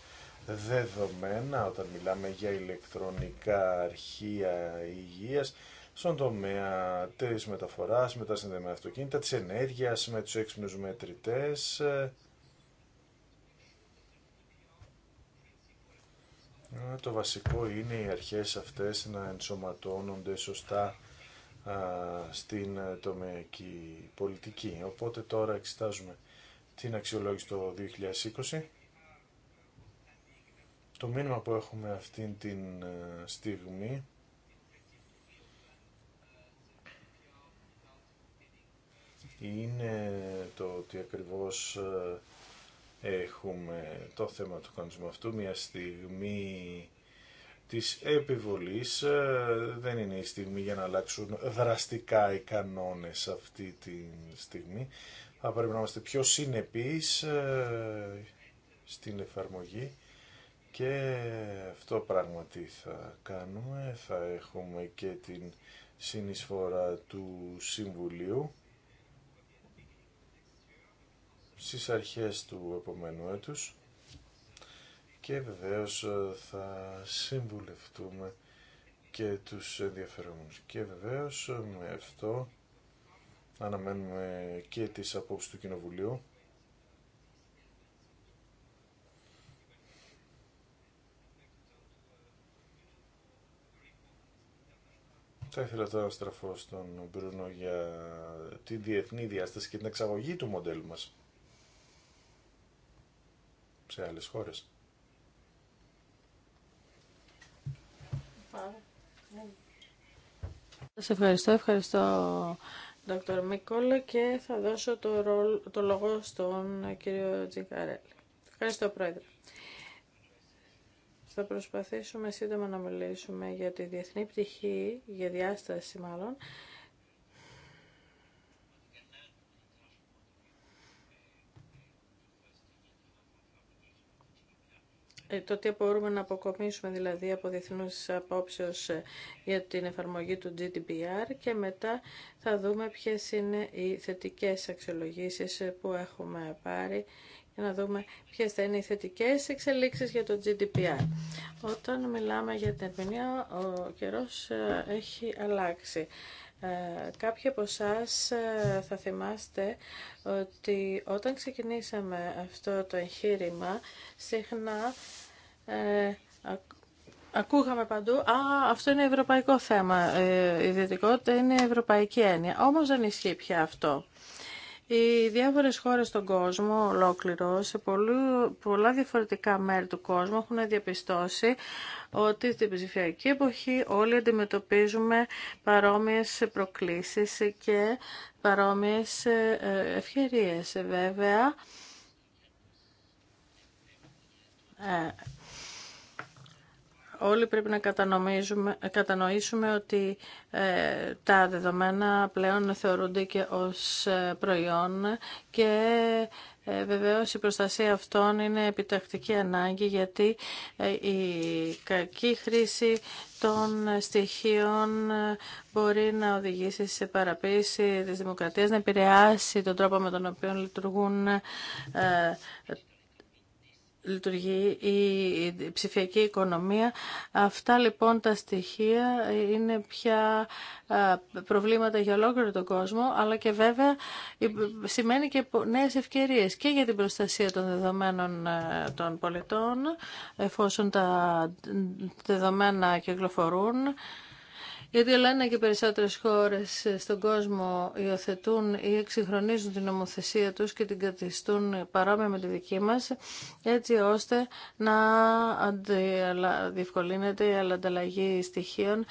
δεδομένα όταν μιλάμε για ηλεκτρονικά αρχεία υγείας στον τομέα της μεταφοράς, με τα συνδεμένα αυτοκίνητα, της ενέργειας, με τους έξυπνους μετρητές. Ε, το βασικό είναι οι αρχές αυτές να ενσωματώνονται σωστά στην τομεακή πολιτική. Οπότε τώρα εξετάζουμε την αξιολόγηση το 2020 το μήνυμα που έχουμε αυτήν την ε, στιγμή είναι το ότι ακριβώς ε, έχουμε το θέμα του κανονισμού αυτού μια στιγμή της επιβολής ε, δεν είναι η στιγμή για να αλλάξουν δραστικά οι κανόνες αυτή τη στιγμή θα πρέπει να είμαστε πιο συνεπείς στην εφαρμογή και αυτό πράγματι θα κάνουμε. Θα έχουμε και την συνεισφορά του Συμβουλίου στις αρχές του επόμενου έτους και βεβαίως ε, θα συμβουλευτούμε και τους ενδιαφερόμενους. Και βεβαίως ε, με αυτό αναμένουμε και τις απόψεις του Κοινοβουλίου Θα ήθελα τώρα να στραφώ στον Μπρούνο για τη διεθνή διάσταση και την εξαγωγή του μοντέλου μας σε άλλες χώρες. Ναι. Σας ευχαριστώ, ευχαριστώ Δόκτωρ Μίκολα και θα δώσω το, λόγο στον κύριο Τζιγκαρέλη. Ευχαριστώ Πρόεδρε. Θα προσπαθήσουμε σύντομα να μιλήσουμε για τη διεθνή πτυχή, για διάσταση μάλλον, ε, το τι μπορούμε να αποκομίσουμε δηλαδή από διεθνούς απόψεως ε, για την εφαρμογή του GDPR και μετά θα δούμε ποιες είναι οι θετικές αξιολογήσεις ε, που έχουμε πάρει για να δούμε ποιες θα είναι οι θετικές εξελίξεις για το GDPR. Όταν μιλάμε για την ερμηνεία, ο καιρός ε, έχει αλλάξει. Ε, κάποιοι από εσά ε, θα θυμάστε ότι όταν ξεκινήσαμε αυτό το εγχείρημα, συχνά Ακούγαμε παντού, α, αυτό είναι ευρωπαϊκό θέμα, ε, η ιδιωτικότητα είναι ευρωπαϊκή έννοια. Όμως δεν ισχύει πια αυτό. Οι διάφορες χώρες στον κόσμο ολόκληρο, σε πολλού, πολλά διαφορετικά μέρη του κόσμου έχουν διαπιστώσει ότι στην ψηφιακή εποχή όλοι αντιμετωπίζουμε παρόμοιες προκλήσεις και παρόμοιες ε, ευκαιρίες. Βέβαια, ε, όλοι πρέπει να κατανοήσουμε ότι ε, τα δεδομένα πλέον θεωρούνται και ως ε, προϊόν και ε, βεβαίως η προστασία αυτών είναι επιτακτική ανάγκη γιατί ε, η κακή χρήση των στοιχείων μπορεί να οδηγήσει σε παραποίηση της δημοκρατίας, να επηρεάσει τον τρόπο με τον οποίο λειτουργούν λειτουργεί η ψηφιακή οικονομία. Αυτά λοιπόν τα στοιχεία είναι πια προβλήματα για ολόκληρο τον κόσμο, αλλά και βέβαια σημαίνει και νέες ευκαιρίες και για την προστασία των δεδομένων ε, των πολιτών, εφόσον τα δεδομένα κυκλοφορούν γιατί λένε και περισσότερες χώρες στον κόσμο υιοθετούν ή εξυγχρονίζουν την νομοθεσία τους και την καθιστούν παρόμοια με τη δική μας, έτσι ώστε να διευκολύνεται η ανταλλαγή στοιχείων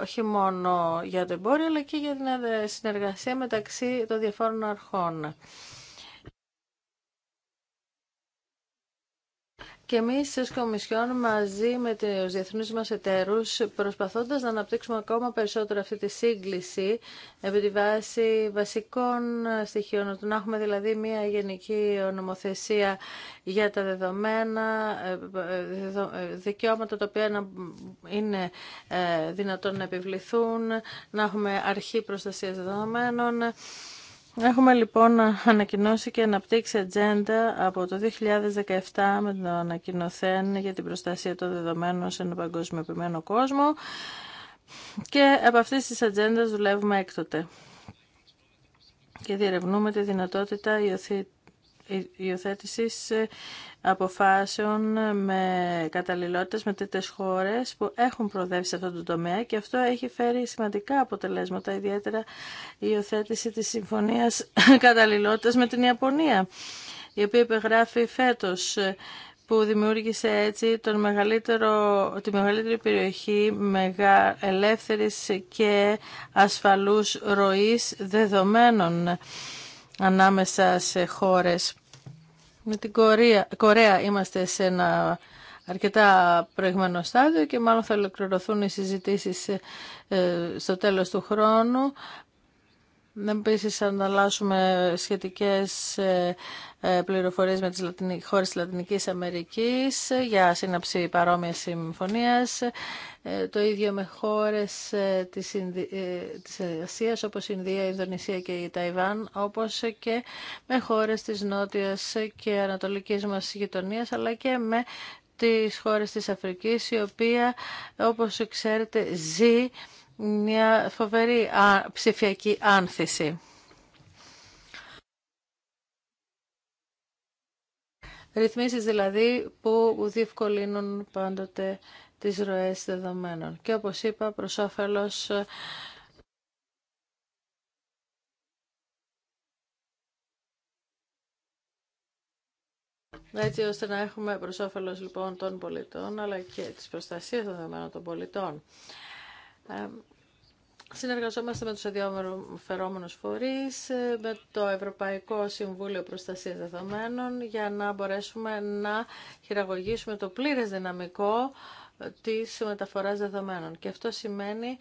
όχι μόνο για το εμπόριο αλλά και για την συνεργασία μεταξύ των διαφόρων αρχών. Και εμεί στι Κομισιόν μαζί με τους διεθνεί μας εταίρους προσπαθώντα να αναπτύξουμε ακόμα περισσότερο αυτή τη σύγκληση επί τη βάση βασικών στοιχείων, να έχουμε δηλαδή μια γενική νομοθεσία για τα δεδομένα, δικαιώματα τα οποία είναι ε, δυνατόν να επιβληθούν, να έχουμε αρχή προστασία δεδομένων, Έχουμε λοιπόν ανακοινώσει και αναπτύξει ατζέντα από το 2017 με τον ανακοινωθέν για την προστασία των δεδομένων σε ένα παγκοσμιοποιημένο κόσμο και από αυτή τη ατζέντα δουλεύουμε έκτοτε και διερευνούμε τη δυνατότητα υιοθέτηση υιοθέτηση ε, αποφάσεων με καταλληλότητες με τέτοιες χώρες που έχουν προοδεύσει σε αυτό το τομέα και αυτό έχει φέρει σημαντικά αποτελέσματα, ιδιαίτερα η υιοθέτηση της συμφωνίας καταλληλότητας με την Ιαπωνία, η οποία υπεγράφει φέτος ε, που δημιούργησε έτσι τον μεγαλύτερο, τη μεγαλύτερη περιοχή μεγα, ελεύθερης και ασφαλούς ροής δεδομένων ανάμεσα σε χώρες. Με την Κορέα, Κορέα είμαστε σε ένα αρκετά προηγμένο στάδιο και μάλλον θα ολοκληρωθούν οι συζητήσεις ε, ε, στο τέλος του χρόνου Επίση, ανταλλάσσουμε σχετικέ ε, ε, πληροφορίε με τι χώρε τη Λατινική Αμερική για σύναψη παρόμοια συμφωνία. Ε, το ίδιο με χώρε τη Ασία, όπω η Ινδία, η Ινδονησία και η Ταϊβάν, όπω και με χώρε τη νότια και ανατολική μα γειτονία, αλλά και με τι χώρε τη Αφρική, η οποία, όπω ξέρετε, ζει μια φοβερή ψηφιακή άνθηση. Ρυθμίσεις δηλαδή που διευκολύνουν πάντοτε τις ροές δεδομένων. Και όπως είπα, προς όφελος ε, έτσι ώστε να έχουμε προς όφελος λοιπόν των πολιτών αλλά και της προστασίας των δεδομένων των πολιτών. Ε, συνεργαζόμαστε με τους ενδιαφερόμενους φορείς, ε, με το Ευρωπαϊκό Συμβούλιο Προστασίας Δεδομένων για να μπορέσουμε να χειραγωγήσουμε το πλήρες δυναμικό ε, της μεταφοράς δεδομένων. Και αυτό σημαίνει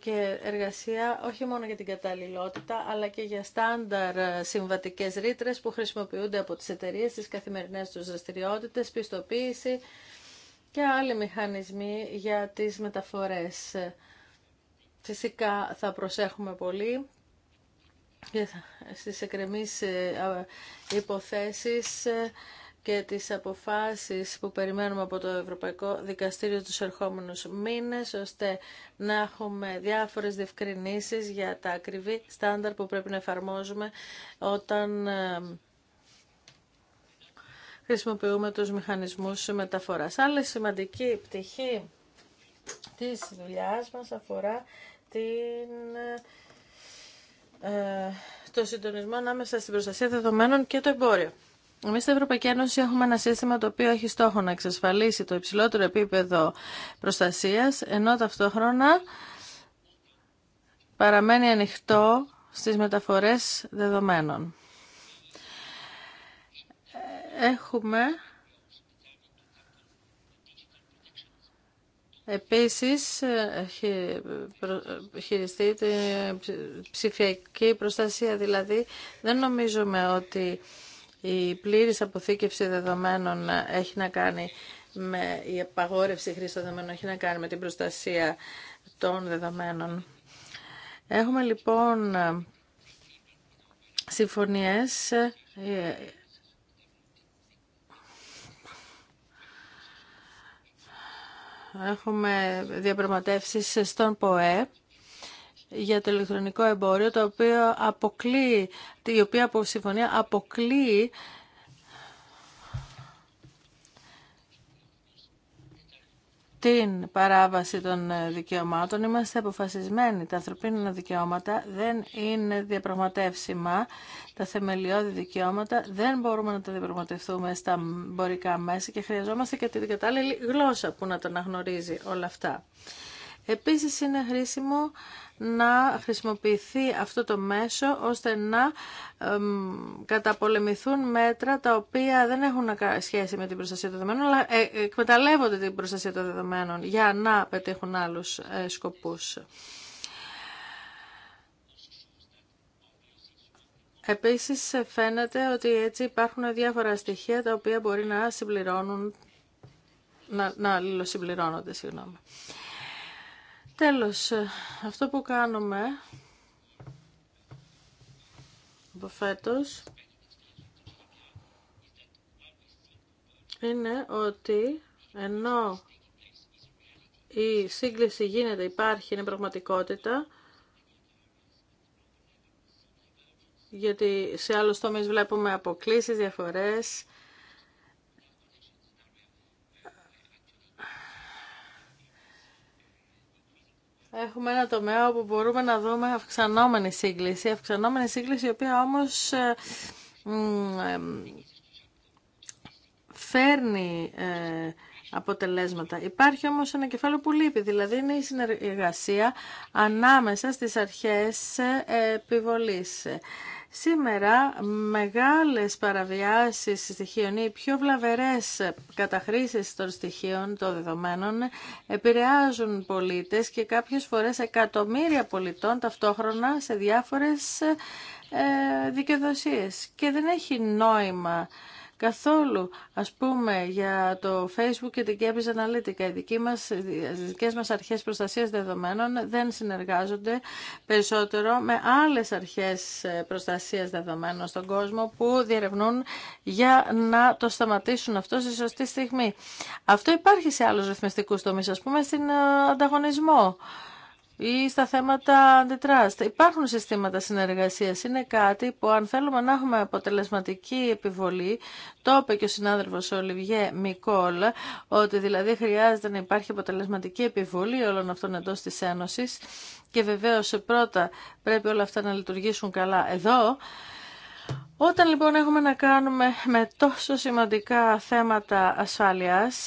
και εργασία όχι μόνο για την καταλληλότητα, αλλά και για στάνταρ συμβατικές ρήτρες που χρησιμοποιούνται από τις εταιρείες τις καθημερινές τους δραστηριότητες, πιστοποίηση, και άλλοι μηχανισμοί για τις μεταφορές. Φυσικά θα προσέχουμε πολύ στις εκκρεμείς ε, υποθέσεις ε, και τις αποφάσεις που περιμένουμε από το Ευρωπαϊκό Δικαστήριο τους ερχόμενους μήνες, ώστε να έχουμε διάφορες διευκρινήσεις για τα ακριβή στάνταρ που πρέπει να εφαρμόζουμε όταν ε, χρησιμοποιούμε τους μηχανισμούς μεταφοράς. Άλλη σημαντική πτυχή της δουλειάς μας αφορά την, ε, το συντονισμό ανάμεσα στην προστασία δεδομένων και το εμπόριο. Εμεί στην Ευρωπαϊκή Ένωση έχουμε ένα σύστημα το οποίο έχει στόχο να εξασφαλίσει το υψηλότερο επίπεδο προστασίας, ενώ ταυτόχρονα παραμένει ανοιχτό στις μεταφορές δεδομένων. Έχουμε Επίσης, ε, χειριστεί την ψηφιακή προστασία, δηλαδή δεν νομίζουμε ότι η πλήρης αποθήκευση δεδομένων έχει να κάνει με η απαγόρευση χρήση δεδομένων, έχει να κάνει με την προστασία των δεδομένων. Έχουμε λοιπόν συμφωνίες ε, Έχουμε διαπραγματεύσεις στον ΠΟΕ για το ηλεκτρονικό εμπόριο, το οποίο αποκλεί, η οποία συμφωνία αποκλεί την παράβαση των ε, δικαιωμάτων. Είμαστε αποφασισμένοι. Τα ανθρωπίνα δικαιώματα δεν είναι διαπραγματεύσιμα. Τα θεμελιώδη δικαιώματα δεν μπορούμε να τα διαπραγματευτούμε στα μπορικά μέσα και χρειαζόμαστε και την κατάλληλη γλώσσα που να τα αναγνωρίζει όλα αυτά. Επίσης είναι χρήσιμο να χρησιμοποιηθεί αυτό το μέσο ώστε να καταπολεμηθούν μέτρα τα οποία δεν έχουν σχέση με την προστασία των δεδομένων αλλά ε, εκμεταλλεύονται την προστασία των δεδομένων για να πετύχουν άλλους ε, σκοπούς. Επίσης φαίνεται ότι έτσι υπάρχουν διάφορα στοιχεία τα οποία μπορεί να συμπληρώνουν, να, να συγγνώμη. Τέλος, ε, αυτό που κάνουμε από φέτος είναι ότι ενώ η σύγκληση γίνεται, υπάρχει, είναι πραγματικότητα, γιατί σε άλλους τομείς βλέπουμε αποκλήσεις, διαφορές, Έχουμε ένα τομέα όπου μπορούμε να δούμε αυξανόμενη σύγκληση, αυξανόμενη σύγκληση η οποία όμως ε, ε, φέρνει ε, αποτελέσματα. Υπάρχει όμως ένα κεφάλαιο που λείπει, δηλαδή είναι η συνεργασία ανάμεσα στις αρχές επιβολής. Σήμερα μεγάλες παραβιάσεις στοιχείων ή πιο βλαβερές καταχρήσεις των στοιχείων των δεδομένων επηρεάζουν πολίτες και κάποιες φορές εκατομμύρια πολιτών ταυτόχρονα σε διάφορες ε, δικαιοδοσίες. Και δεν έχει νόημα καθόλου, ας πούμε, για το Facebook και την Cambridge Analytica. Οι δικές μας, οι δικές αρχές προστασίας δεδομένων δεν συνεργάζονται περισσότερο με άλλες αρχές ε, προστασίας δεδομένων στον κόσμο που διερευνούν για να το σταματήσουν αυτό στη σωστή στιγμή. Αυτό υπάρχει σε άλλους ρυθμιστικούς τομείς, ας πούμε, στην ε, ανταγωνισμό ή στα θέματα αντιτράστα. Υπάρχουν συστήματα συνεργασίας. Είναι κάτι που αν θέλουμε να έχουμε αποτελεσματική επιβολή, το είπε και ο συνάδελφος Ολιβιέ Μικόλ, ότι δηλαδή χρειάζεται να υπάρχει αποτελεσματική επιβολή όλων αυτών εντό τη Ένωση και βεβαίως πρώτα πρέπει όλα αυτά να λειτουργήσουν καλά εδώ, όταν λοιπόν έχουμε να κάνουμε με τόσο σημαντικά θέματα ασφάλειας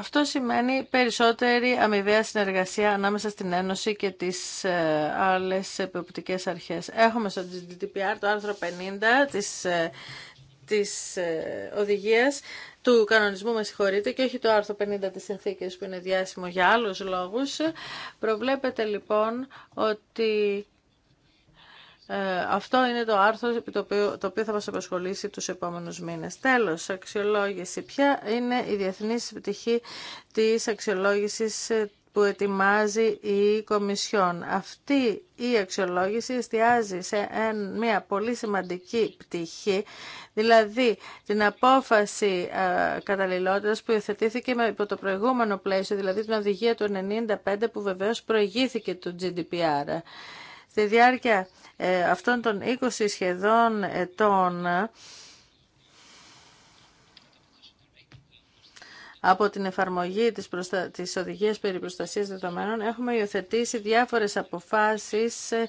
Αυτό σημαίνει περισσότερη αμοιβαία συνεργασία ανάμεσα στην Ένωση και τις ε, άλλες επιοπτικές αρχές. Έχουμε στο GDPR το άρθρο 50 της, ε, της ε, οδηγίας του κανονισμού, με συγχωρείτε, και όχι το άρθρο 50 της συνθήκης που είναι διάσημο για άλλους λόγους. Προβλέπετε λοιπόν ότι ε, αυτό είναι το άρθρο το οποίο, το οποίο θα μας απασχολήσει τους επόμενους μήνες. Τέλος, αξιολόγηση. Ποια είναι η διεθνής πτυχή της αξιολόγησης ε, που ετοιμάζει η Κομισιόν. Αυτή η αξιολόγηση εστιάζει σε μια πολύ σημαντική πτυχή, δηλαδή την απόφαση ε, καταλληλότητας που υιοθετήθηκε υπό το προηγούμενο πλαίσιο, δηλαδή την οδηγία του 1995 που βεβαίως προηγήθηκε του GDPR. Στη διάρκεια ε, αυτών των 20 σχεδόν ετών από την εφαρμογή της, προστα... της οδηγίας περί προστασίας δεδομένων έχουμε υιοθετήσει διάφορες αποφάσεις ε,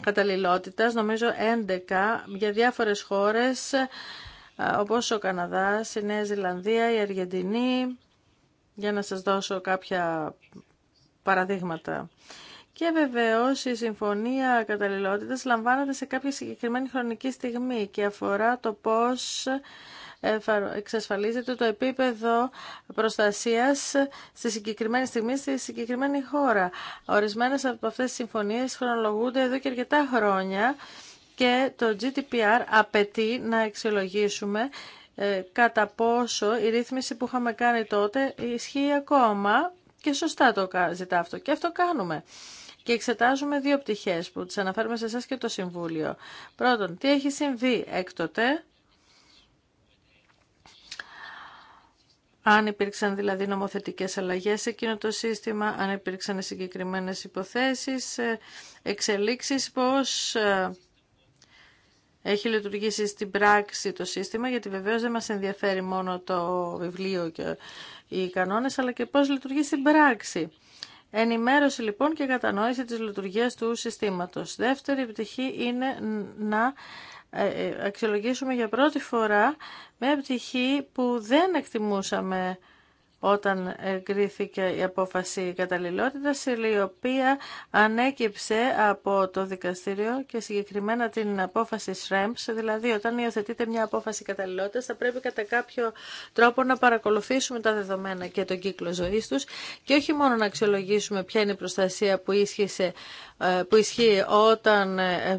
καταλληλότητας, νομίζω 11 για διάφορες χώρες ε, όπως ο Καναδάς, η Νέα Ζηλανδία, η Αργεντινή, για να σας δώσω κάποια παραδείγματα. Και βεβαίω η συμφωνία καταλληλότητα λαμβάνεται σε κάποια συγκεκριμένη χρονική στιγμή και αφορά το πώς ε, εξασφαλίζεται το επίπεδο προστασίας στη συγκεκριμένη στιγμή στη συγκεκριμένη χώρα. Ορισμένες από αυτές τις συμφωνίες χρονολογούνται εδώ και αρκετά χρόνια και το GDPR απαιτεί να αξιολογήσουμε ε, κατά πόσο η ρύθμιση που είχαμε κάνει τότε ισχύει ακόμα και σωστά το ζητά αυτό. Και αυτό κάνουμε και εξετάζουμε δύο πτυχές που τις αναφέρουμε σε εσά και το Συμβούλιο. Πρώτον, τι έχει συμβεί έκτοτε, αν υπήρξαν δηλαδή νομοθετικές αλλαγές σε εκείνο το σύστημα, αν υπήρξαν συγκεκριμένες υποθέσεις, ε, εξελίξεις, πώς ε, έχει λειτουργήσει στην πράξη το σύστημα, γιατί βεβαίως δεν μας ενδιαφέρει μόνο το βιβλίο και οι κανόνες, αλλά και πώς λειτουργεί στην πράξη. Ενημέρωση λοιπόν και κατανόηση της λειτουργίας του συστήματος. Δεύτερη επιτυχή είναι να ε, ε, αξιολογήσουμε για πρώτη φορά μια επιτυχή που δεν εκτιμούσαμε όταν εγκρίθηκε η απόφαση καταλληλότητας, η οποία ανέκυψε από το δικαστήριο και συγκεκριμένα την απόφαση ΣΡΕΜΣ, δηλαδή όταν υιοθετείται μια απόφαση καταλληλότητας θα πρέπει κατά κάποιο τρόπο να παρακολουθήσουμε τα δεδομένα και τον κύκλο ζωής τους και όχι μόνο να αξιολογήσουμε ποια είναι η προστασία που ίσχυσε που ισχύει όταν ε,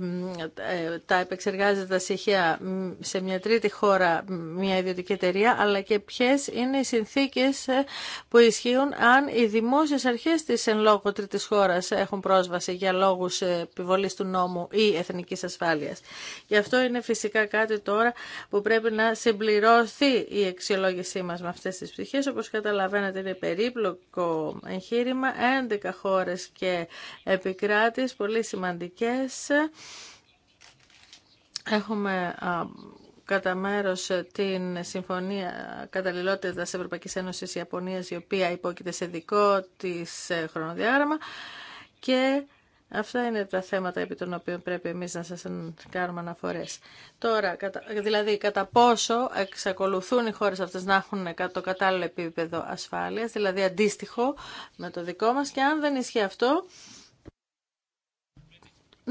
ε, τα επεξεργάζεται τα στοιχεία σε μια τρίτη χώρα μια ιδιωτική εταιρεία, αλλά και ποιες είναι οι συνθήκες ε, που ισχύουν αν οι δημόσιες αρχές της εν λόγω τρίτης χώρας έχουν πρόσβαση για λόγους επιβολής του νόμου ή εθνικής ασφάλειας. Γι' αυτό είναι φυσικά κάτι τώρα που πρέπει να συμπληρωθεί η αξιολόγησή μας με αυτές τις πτυχές. Όπως καταλαβαίνετε είναι περίπλοκο εγχείρημα, 11 χώρες και της, πολύ σημαντικές. Έχουμε κατά μέρο την Συμφωνία Καταλληλότητα Ευρωπαϊκή Ένωση Ιαπωνίας, η οποία υπόκειται σε δικό της ε, χρονοδιάγραμμα. Και αυτά είναι τα θέματα επί των οποίων πρέπει εμείς να σας κάνουμε αναφορές. Τώρα, δηλαδή κατά πόσο εξακολουθούν οι χώρες αυτές να έχουν το κατάλληλο επίπεδο ασφάλειας, δηλαδή αντίστοιχο με το δικό μας και αν δεν ισχύει αυτό,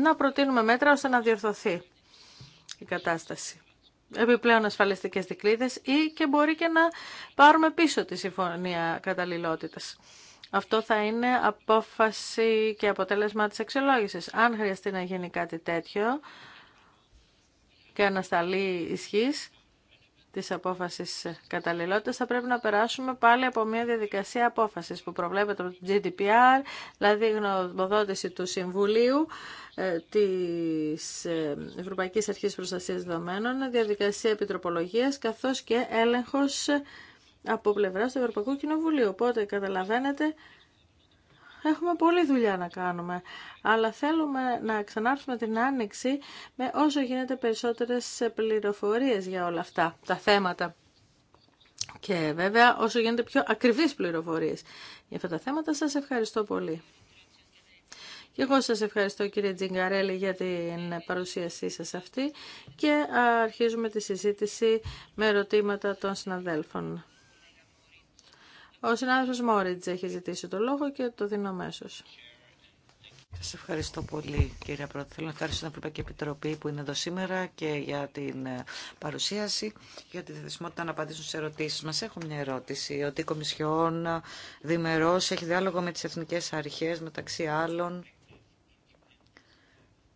να προτείνουμε μέτρα ώστε να διορθωθεί η κατάσταση. Επιπλέον ασφαλιστικές δικλείδες ή και μπορεί και να πάρουμε πίσω τη συμφωνία καταλληλότητας. Αυτό θα είναι απόφαση και αποτέλεσμα της αξιολόγησης. Αν χρειαστεί να γίνει κάτι τέτοιο και ανασταλεί ισχύς, της απόφασης καταλληλότητας θα πρέπει να περάσουμε πάλι από μια διαδικασία απόφασης που προβλέπεται από το GDPR, δηλαδή γνωμοδότηση του Συμβουλίου ε, της ε, Ευρωπαϊκής Αρχής Προστασίας Δεδομένων, διαδικασία επιτροπολογίας καθώς και έλεγχος από πλευρά του Ευρωπαϊκού Κοινοβουλίου. Οπότε καταλαβαίνετε Έχουμε πολλή δουλειά να κάνουμε, αλλά θέλουμε να ξανάρθουμε την άνοιξη με όσο γίνεται περισσότερες πληροφορίες για όλα αυτά τα θέματα. Και βέβαια όσο γίνεται πιο ακριβείς πληροφορίες για αυτά τα θέματα. Σας ευχαριστώ πολύ. Και εγώ σας ευχαριστώ κύριε Τζιγκαρέλη για την παρουσίασή σας αυτή και αρχίζουμε τη συζήτηση με ερωτήματα των συναδέλφων. Ο συνάδελφο Μόριτζ έχει ζητήσει το λόγο και το δίνω αμέσω. Σα ευχαριστώ πολύ κύριε Πρόεδρε. Θέλω να ευχαριστήσω την Ευρωπαϊκή Επιτροπή που είναι εδώ σήμερα και για την ε, παρουσίαση, για τη δεσμότητα να απαντήσουν σε ερωτήσει. Μα Έχω μια ερώτηση, ότι η Κομισιόν διμερώς έχει διάλογο με τι εθνικέ αρχέ μεταξύ άλλων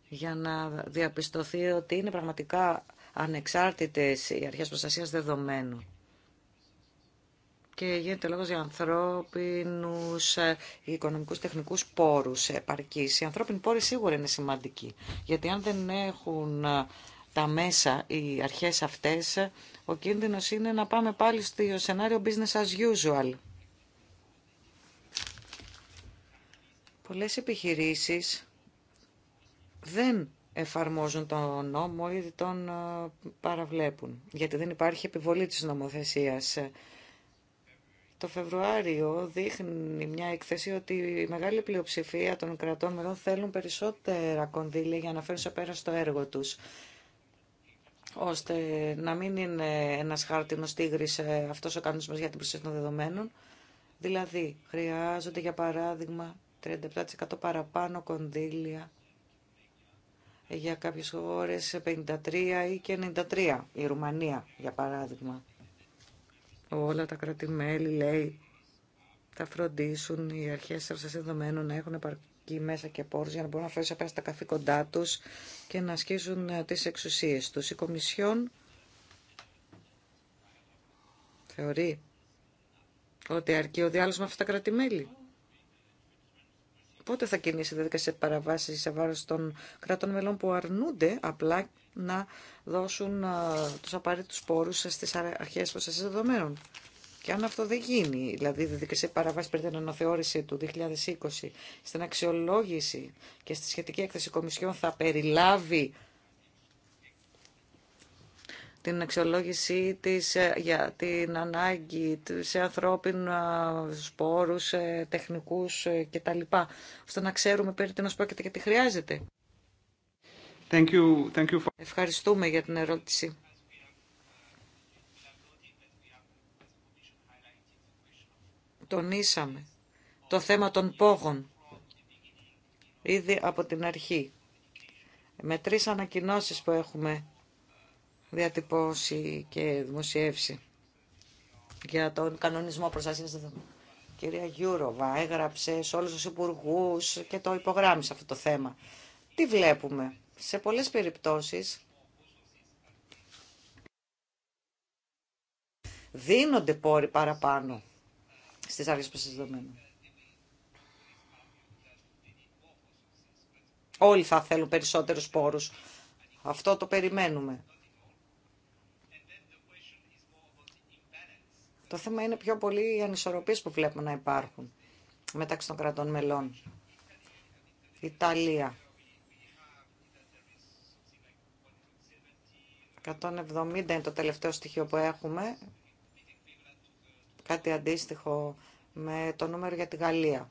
για να διαπιστωθεί ότι είναι πραγματικά ανεξάρτητες οι αρχές προστασίας δεδομένων και γίνεται λόγος για ανθρώπινους ε, οικονομικούς τεχνικούς πόρους επαρκής. Οι ανθρώπινοι πόροι σίγουρα είναι σημαντικοί, γιατί αν δεν έχουν ε, τα μέσα, οι αρχές αυτές, ο κίνδυνος είναι να πάμε πάλι στο σενάριο business as usual. Πολλές επιχειρήσεις δεν εφαρμόζουν τον νόμο ή τον ε, παραβλέπουν, γιατί δεν υπάρχει επιβολή της νομοθεσίας το Φεβρουάριο δείχνει μια έκθεση ότι η μεγάλη πλειοψηφία των κρατών μελών θέλουν περισσότερα κονδύλια για να φέρουν σε πέρα στο έργο τους ώστε να μην είναι ένας χάρτινος τίγρης ε, αυτός ο κανονισμός για την προσέγγιση των δεδομένων. Δηλαδή, χρειάζονται για παράδειγμα 37% παραπάνω κονδύλια για κάποιες χώρες 53 ή και 93, η Ρουμανία για παράδειγμα όλα τα κρατημέλη λέει θα φροντίσουν οι αρχέ σα δεδομένων να έχουν επαρκή μέσα και πόρου για να μπορούν να φέρουν πέρα στα καθήκοντά του και να ασκήσουν ε, τι εξουσίε. Του Η Κομισιόν θεωρεί ότι αρκεί ο διάλογο με αυτά τα κρατημέλη πότε θα κινήσει η διαδικασία παραβάσεις σε βάρος των κρατών μελών που αρνούνται απλά να δώσουν τους απαραίτητους πόρους στις αρχές προστασίας δεδομένων. Και αν αυτό δεν γίνει, δηλαδή η διαδικασία παραβάση πριν την αναθεώρηση του 2020, στην αξιολόγηση και στη σχετική έκθεση κομισιών θα περιλάβει την αξιολόγησή της ε, για την ανάγκη σε ανθρώπινους ε, σπόρους, ε, τεχνικούς κτλ. ώστε να ξέρουμε τι μας πρόκειται και τι χρειάζεται. Thank you. Thank you for... Ευχαριστούμε για την ερώτηση. Τονίσαμε το θέμα των πόγων ήδη από την αρχή. Με τρεις ανακοινώσεις που έχουμε διατυπώσει και δημοσιεύσει για τον κανονισμό προστασίας Κυρία Γιούροβα, έγραψε σε όλους τους υπουργούς και το υπογράμμισε αυτό το θέμα. Τι βλέπουμε. Σε πολλές περιπτώσεις δίνονται πόροι παραπάνω στις αρχές προστασίας δεδομένων. Όλοι θα θέλουν περισσότερους πόρους. Αυτό το περιμένουμε. Το θέμα είναι πιο πολύ οι ανισορροπίες που βλέπουμε να υπάρχουν μεταξύ των κρατών μελών. Ιταλία. 170 είναι το τελευταίο στοιχείο που έχουμε. Κάτι αντίστοιχο με το νούμερο για τη Γαλλία.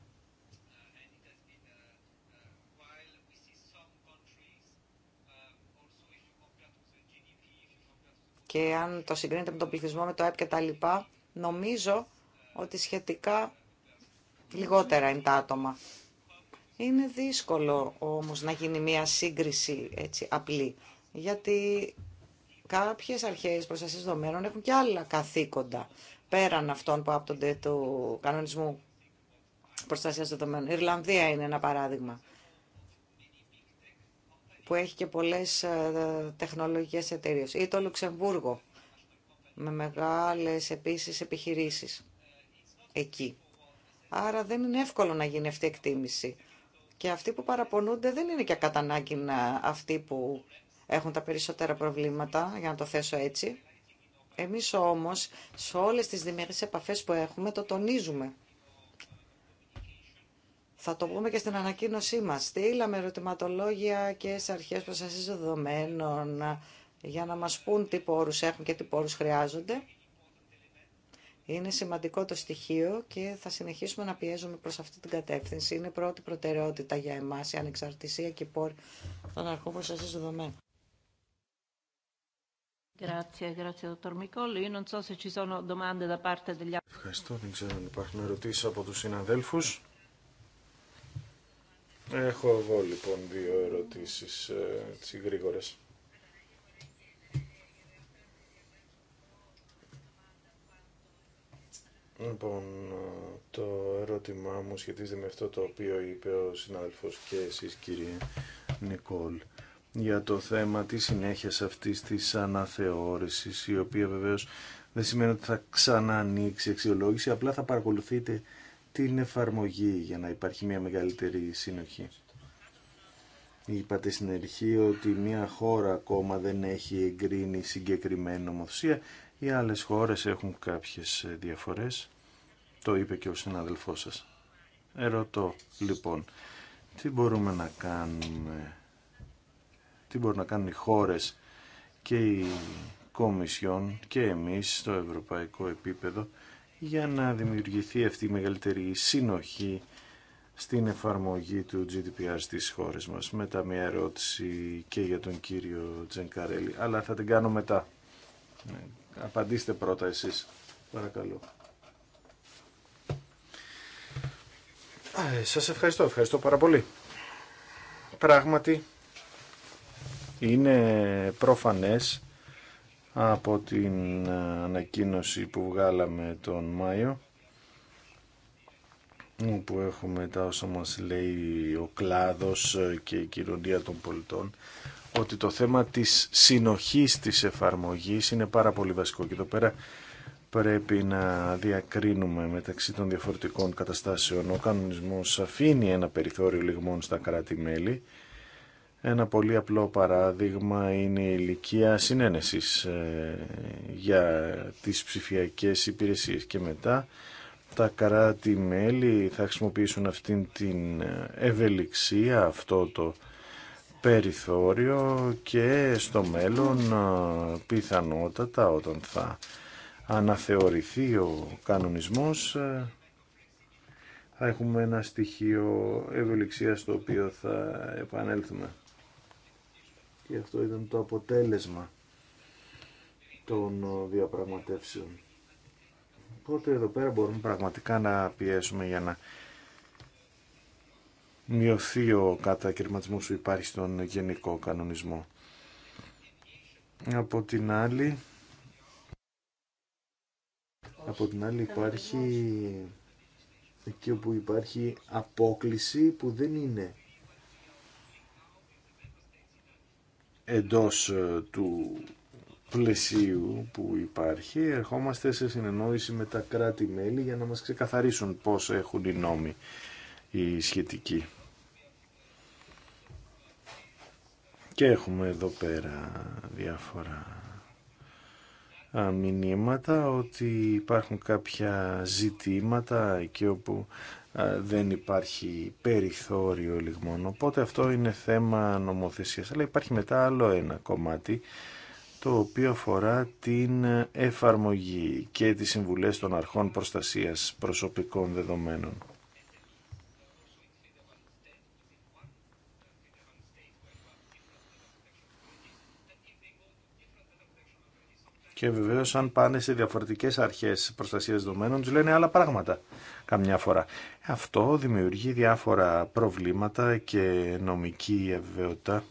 Και αν το συγκρίνετε με τον πληθυσμό, με το ΕΠ και τα λοιπά, Νομίζω ότι σχετικά λιγότερα είναι τα άτομα. Είναι δύσκολο όμως να γίνει μια σύγκριση έτσι απλή, γιατί κάποιες αρχές προστασίας δομένων έχουν και άλλα καθήκοντα πέραν αυτών που άπτονται του κανονισμού προστασίας δομένων. Η Ιρλανδία είναι ένα παράδειγμα που έχει και πολλές ε, τεχνολογικές εταιρείες ή το Λουξεμβούργο με μεγάλες επίσης επιχειρήσεις εκεί. Άρα δεν είναι εύκολο να γίνει αυτή η εκτίμηση. Και αυτοί που παραπονούνται δεν είναι και κατά ανάγκη αυτοί που έχουν τα περισσότερα προβλήματα, για να το θέσω έτσι. Εμείς όμως, σε όλες τις διμερείς επαφές που έχουμε, το τονίζουμε. Θα το πούμε και στην ανακοίνωσή μας. Στείλαμε ερωτηματολόγια και σε αρχές προστασίας δεδομένων, για να μας πούν τι πόρους έχουν και τι πόρους χρειάζονται. Είναι σημαντικό το στοιχείο και θα συνεχίσουμε να πιέζουμε προς αυτή την κατεύθυνση. Είναι πρώτη προτεραιότητα για εμάς η ανεξαρτησία και η πόρη των αρχών προστασίας δεδομένων. Ευχαριστώ. Δεν ξέρω αν υπάρχουν ερωτήσει από του συναδέλφου. Έχω εγώ λοιπόν δύο ερωτήσει ε, έτσι γρήγορε. Λοιπόν, το ερώτημά μου σχετίζεται με αυτό το οποίο είπε ο συνάδελφος και εσείς κύριε Νικόλ για το θέμα τη συνέχεια αυτής της αναθεώρησης η οποία βεβαίως δεν σημαίνει ότι θα ξανανοίξει η αξιολόγηση απλά θα παρακολουθείτε την εφαρμογή για να υπάρχει μια μεγαλύτερη συνοχή. Είπατε στην αρχή ότι μια χώρα ακόμα δεν έχει εγκρίνει συγκεκριμένη νομοθεσία οι άλλες χώρες έχουν κάποιες ε, διαφορές. Το είπε και ο συναδελφός σας. Ερωτώ λοιπόν, τι μπορούμε να κάνουμε, τι μπορούν να κάνουν οι χώρες και οι Κομισιόν και εμείς στο ευρωπαϊκό επίπεδο για να δημιουργηθεί αυτή η μεγαλύτερη συνοχή στην εφαρμογή του GDPR στις χώρες μας. Μετά μια ερώτηση και για τον κύριο Τζενκαρέλη, αλλά θα την κάνω μετά. Ναι. Απαντήστε πρώτα εσείς, παρακαλώ. Ε, σας ευχαριστώ, ευχαριστώ πάρα πολύ. Πράγματι, είναι προφανές από την ε, ανακοίνωση που βγάλαμε τον Μάιο που έχουμε τα όσα μας λέει ο κλάδος ε, και η κοινωνία των πολιτών ότι το θέμα της συνοχής της εφαρμογής είναι πάρα πολύ βασικό και εδώ πέρα πρέπει να διακρίνουμε μεταξύ των διαφορετικών καταστάσεων. Ο κανονισμός αφήνει ένα περιθώριο λιγμών στα κράτη-μέλη. Ένα πολύ απλό παράδειγμα είναι η ηλικία συνένεσης ε, για τις ψηφιακές υπηρεσίες και μετά τα κράτη-μέλη θα χρησιμοποιήσουν αυτήν την ε, ευελιξία, αυτό το περιθώριο και στο μέλλον πιθανότατα όταν θα αναθεωρηθεί ο κανονισμός θα έχουμε ένα στοιχείο ευελιξίας στο οποίο θα επανέλθουμε. Και αυτό ήταν το αποτέλεσμα των διαπραγματεύσεων. Οπότε εδώ πέρα μπορούμε πραγματικά να πιέσουμε για να μειωθεί ο κατακαιρματισμός που υπάρχει στον γενικό κανονισμό. Από την άλλη, από την άλλη υπάρχει εκεί όπου υπάρχει απόκληση που δεν είναι εντός ε, του πλαισίου που υπάρχει ερχόμαστε σε συνεννόηση με τα κράτη-μέλη για να μας ξεκαθαρίσουν πώς έχουν οι νόμοι η σχετική. Και έχουμε εδώ πέρα διάφορα μηνύματα ότι υπάρχουν κάποια ζητήματα εκεί όπου δεν υπάρχει περιθώριο λιγμών. Οπότε αυτό είναι θέμα νομοθεσίας. Αλλά υπάρχει μετά άλλο ένα κομμάτι το οποίο αφορά την εφαρμογή και τις συμβουλές των αρχών προστασίας προσωπικών δεδομένων. Και βεβαίω, αν πάνε σε διαφορετικέ αρχέ προστασία δεδομένων, του λένε άλλα πράγματα καμιά φορά. Αυτό δημιουργεί διάφορα προβλήματα και νομική αβεβαιότητα.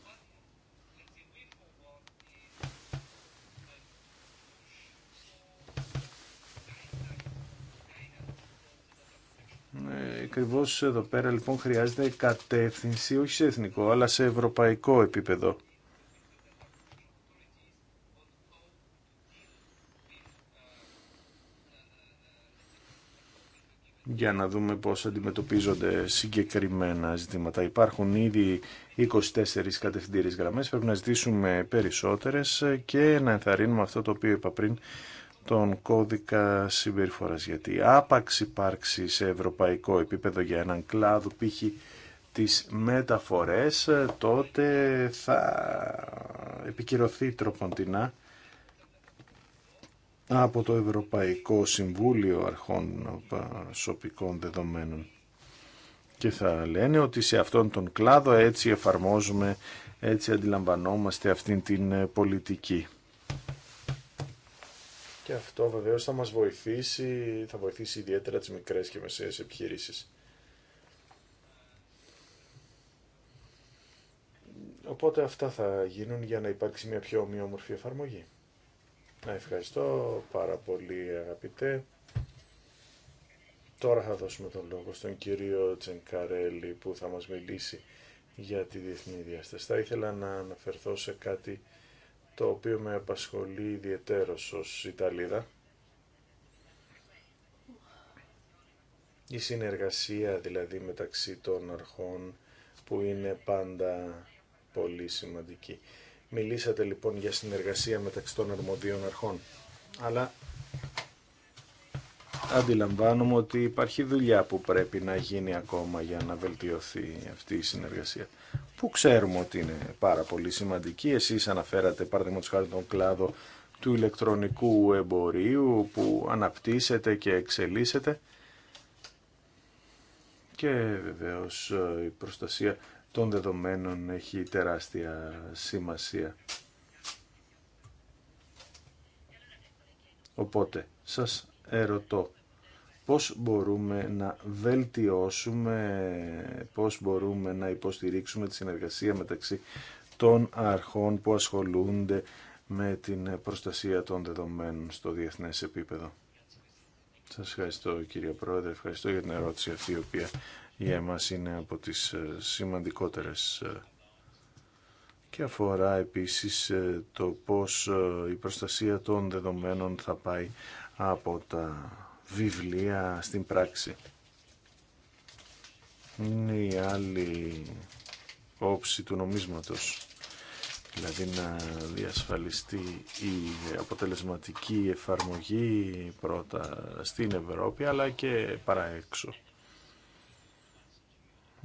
Ε, Ακριβώ εδώ πέρα λοιπόν χρειάζεται κατεύθυνση όχι σε εθνικό αλλά σε ευρωπαϊκό επίπεδο. για να δούμε πώς αντιμετωπίζονται συγκεκριμένα ζητήματα. Υπάρχουν ήδη 24 κατευθυντήριες γραμμές, πρέπει να ζητήσουμε περισσότερες και να ενθαρρύνουμε αυτό το οποίο είπα πριν, τον κώδικα συμπεριφοράς. Γιατί άπαξ υπάρξει σε ευρωπαϊκό επίπεδο για έναν κλάδο, π.χ. τις μεταφορές, τότε θα επικυρωθεί τροποντινά από το Ευρωπαϊκό Συμβούλιο Αρχών Σοπικών Δεδομένων. Και θα λένε ότι σε αυτόν τον κλάδο έτσι εφαρμόζουμε, έτσι αντιλαμβανόμαστε αυτήν την ε, πολιτική. Και αυτό βεβαίως θα μας βοηθήσει, θα βοηθήσει ιδιαίτερα τις μικρές και μεσαίες επιχειρήσεις. Οπότε αυτά θα γίνουν για να υπάρξει μια πιο ομοιόμορφη εφαρμογή. Ευχαριστώ πάρα πολύ αγαπητέ. Τώρα θα δώσουμε τον λόγο στον κύριο Τσενκαρέλη που θα μας μιλήσει για τη διεθνή διάσταση. Θα ήθελα να αναφερθώ σε κάτι το οποίο με απασχολεί ιδιαιτέρως ως Ιταλίδα. Η συνεργασία δηλαδή μεταξύ των αρχών που είναι πάντα πολύ σημαντική. Μιλήσατε λοιπόν για συνεργασία μεταξύ των αρμοδίων αρχών. Αλλά αντιλαμβάνομαι ότι υπάρχει δουλειά που πρέπει να γίνει ακόμα για να βελτιωθεί αυτή η συνεργασία. Που ξέρουμε ότι είναι πάρα πολύ σημαντική. Εσείς αναφέρατε παραδείγματος χάρη τον κλάδο του ηλεκτρονικού εμπορίου που αναπτύσσεται και εξελίσσεται και βεβαίως ε, η προστασία των δεδομένων έχει τεράστια σημασία. Οπότε, σας ερωτώ, πώς μπορούμε να βελτιώσουμε, πώς μπορούμε να υποστηρίξουμε τη συνεργασία μεταξύ των αρχών που ασχολούνται με την προστασία των δεδομένων στο διεθνές επίπεδο. Σας ευχαριστώ κύριε Πρόεδρε, ευχαριστώ για την ερώτηση αυτή η οποία για ε μας είναι από τις ε, σημαντικότερες ε, και αφορά επίσης το πώς η προστασία των δεδομένων θα πάει από τα βιβλία στην πράξη. Είναι η άλλη όψη του νομίσματος, δηλαδή να διασφαλιστεί η αποτελεσματική εφαρμογή πρώτα στην Ευρώπη αλλά και παρά έξω.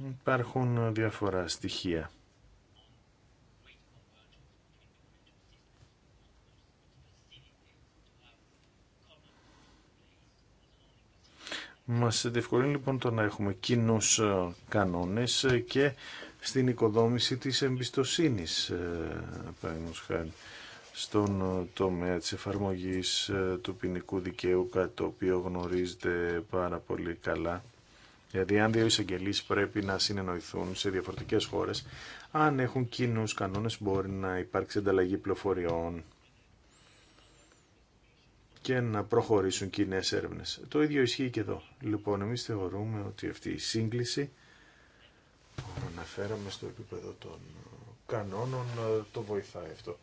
Υπάρχουν διάφορα στοιχεία. Μας διευκολύνει λοιπόν το να έχουμε κοινού ε, κανόνες ε, και στην οικοδόμηση της εμπιστοσύνης, ε, στον τομέα της εφαρμογής του ποινικού δικαίου, το οποίο γνωρίζετε πάρα πολύ καλά Δηλαδή, αν δύο εισαγγελεί πρέπει να συνεννοηθούν σε διαφορετικέ χώρε, αν έχουν κοινού κανόνε, μπορεί να υπάρξει ανταλλαγή πληροφοριών και να προχωρήσουν κοινέ έρευνε. Το ίδιο ισχύει και εδώ. Λοιπόν, εμεί θεωρούμε ότι αυτή η σύγκληση που αναφέραμε στο επίπεδο των κανόνων ε, το βοηθάει αυτό.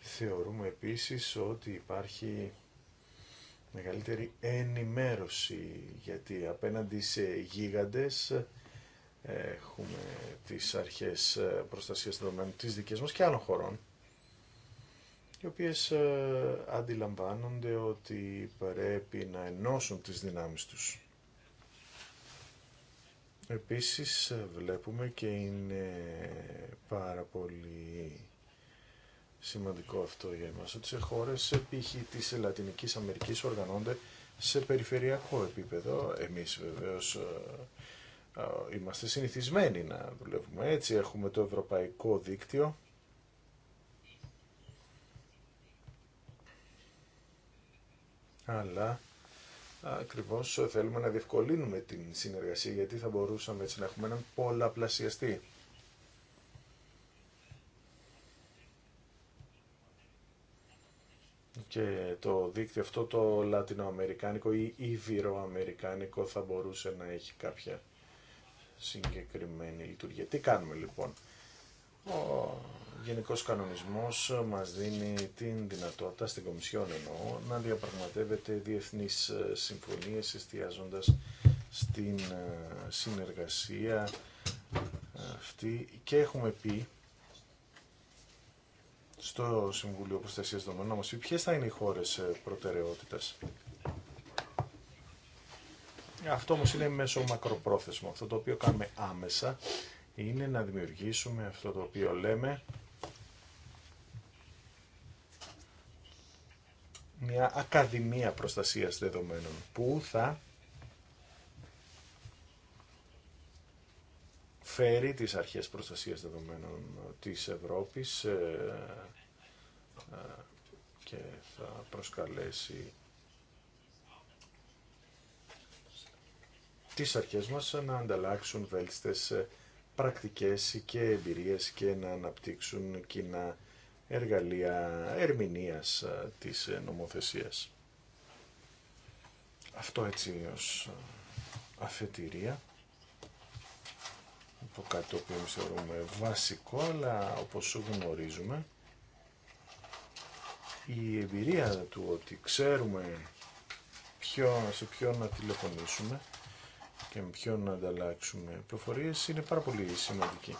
Θεωρούμε επίσης ότι υπάρχει μεγαλύτερη ενημέρωση γιατί απέναντι σε γίγαντες έχουμε τις αρχές ε, προστασίας δεδομένων της δικές μας και άλλων χωρών οι οποίες ε, αντιλαμβάνονται ότι πρέπει να ενώσουν τις δυνάμεις τους. Επίσης ε, βλέπουμε και είναι πάρα πολύ σημαντικό αυτό για εμάς, ότι σε χώρες π.χ. της Λατινικής Αμερικής οργανώνται σε περιφερειακό επίπεδο. Εμείς βεβαίως ε, ε, είμαστε συνηθισμένοι να δουλεύουμε έτσι. Έχουμε το Ευρωπαϊκό Δίκτυο. Αλλά ακριβώς θέλουμε να διευκολύνουμε την συνεργασία γιατί θα μπορούσαμε έτσι να έχουμε έναν πολλαπλασιαστή. Και το δίκτυο αυτό το λατινοαμερικάνικο ή ιβυροαμερικάνικο θα μπορούσε να έχει κάποια συγκεκριμένη λειτουργία. Τι κάνουμε λοιπόν. Ο Γενικός Κανονισμός μας δίνει την δυνατότητα στην Κομισιόν εννοώ να διαπραγματεύεται διεθνείς ε, συμφωνίες εστιάζοντας στην ε, συνεργασία ε, αυτή και έχουμε πει στο Συμβούλιο Προστασία Δεδομένων, να μα πει ποιε θα είναι οι χώρε προτεραιότητα. Αυτό όμω είναι μέσω μακροπρόθεσμο. Αυτό το οποίο κάνουμε άμεσα είναι να δημιουργήσουμε αυτό το οποίο λέμε μια ακαδημία προστασίας δεδομένων που θα φέρει τις αρχές προστασίας δεδομένων της Ευρώπης ε, ε, και θα προσκαλέσει τις αρχές μας να ανταλλάξουν βέλτιστες ε, πρακτικές και εμπειρίες και να αναπτύξουν κοινά εργαλεία ερμηνείας της νομοθεσίας. Αυτό έτσι ως αφετηρία από κάτι το οποίο εμείς θεωρούμε βασικό, αλλά όπως γνωρίζουμε, η εμπειρία του ότι ξέρουμε ποιο, σε ποιον να τηλεφωνήσουμε και με ποιον να ανταλλάξουμε πληροφορίες είναι πάρα πολύ σημαντική.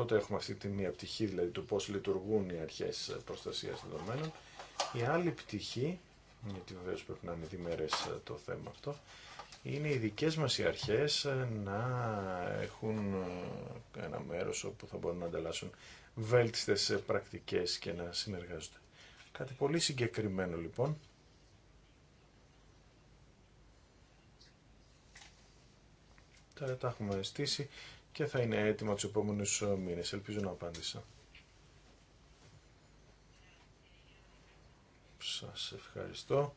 Τότε έχουμε αυτή τη μία πτυχή, δηλαδή του πώς λειτουργούν οι αρχές προστασίας δεδομένων. Η άλλη πτυχή, γιατί βεβαίω πρέπει να είναι διμερές ε, το θέμα αυτό, είναι οι δικές μας οι αρχές ε, να έχουν ε, ένα μέρος όπου θα μπορούν να ανταλλάσσουν βέλτιστες πρακτικές και να συνεργάζονται. Κάτι πολύ συγκεκριμένο λοιπόν. τώρα τα έχουμε στήσει, και θα είναι έτοιμα τους επόμενους ε, μήνες. Ελπίζω να απάντησα. Σας ευχαριστώ.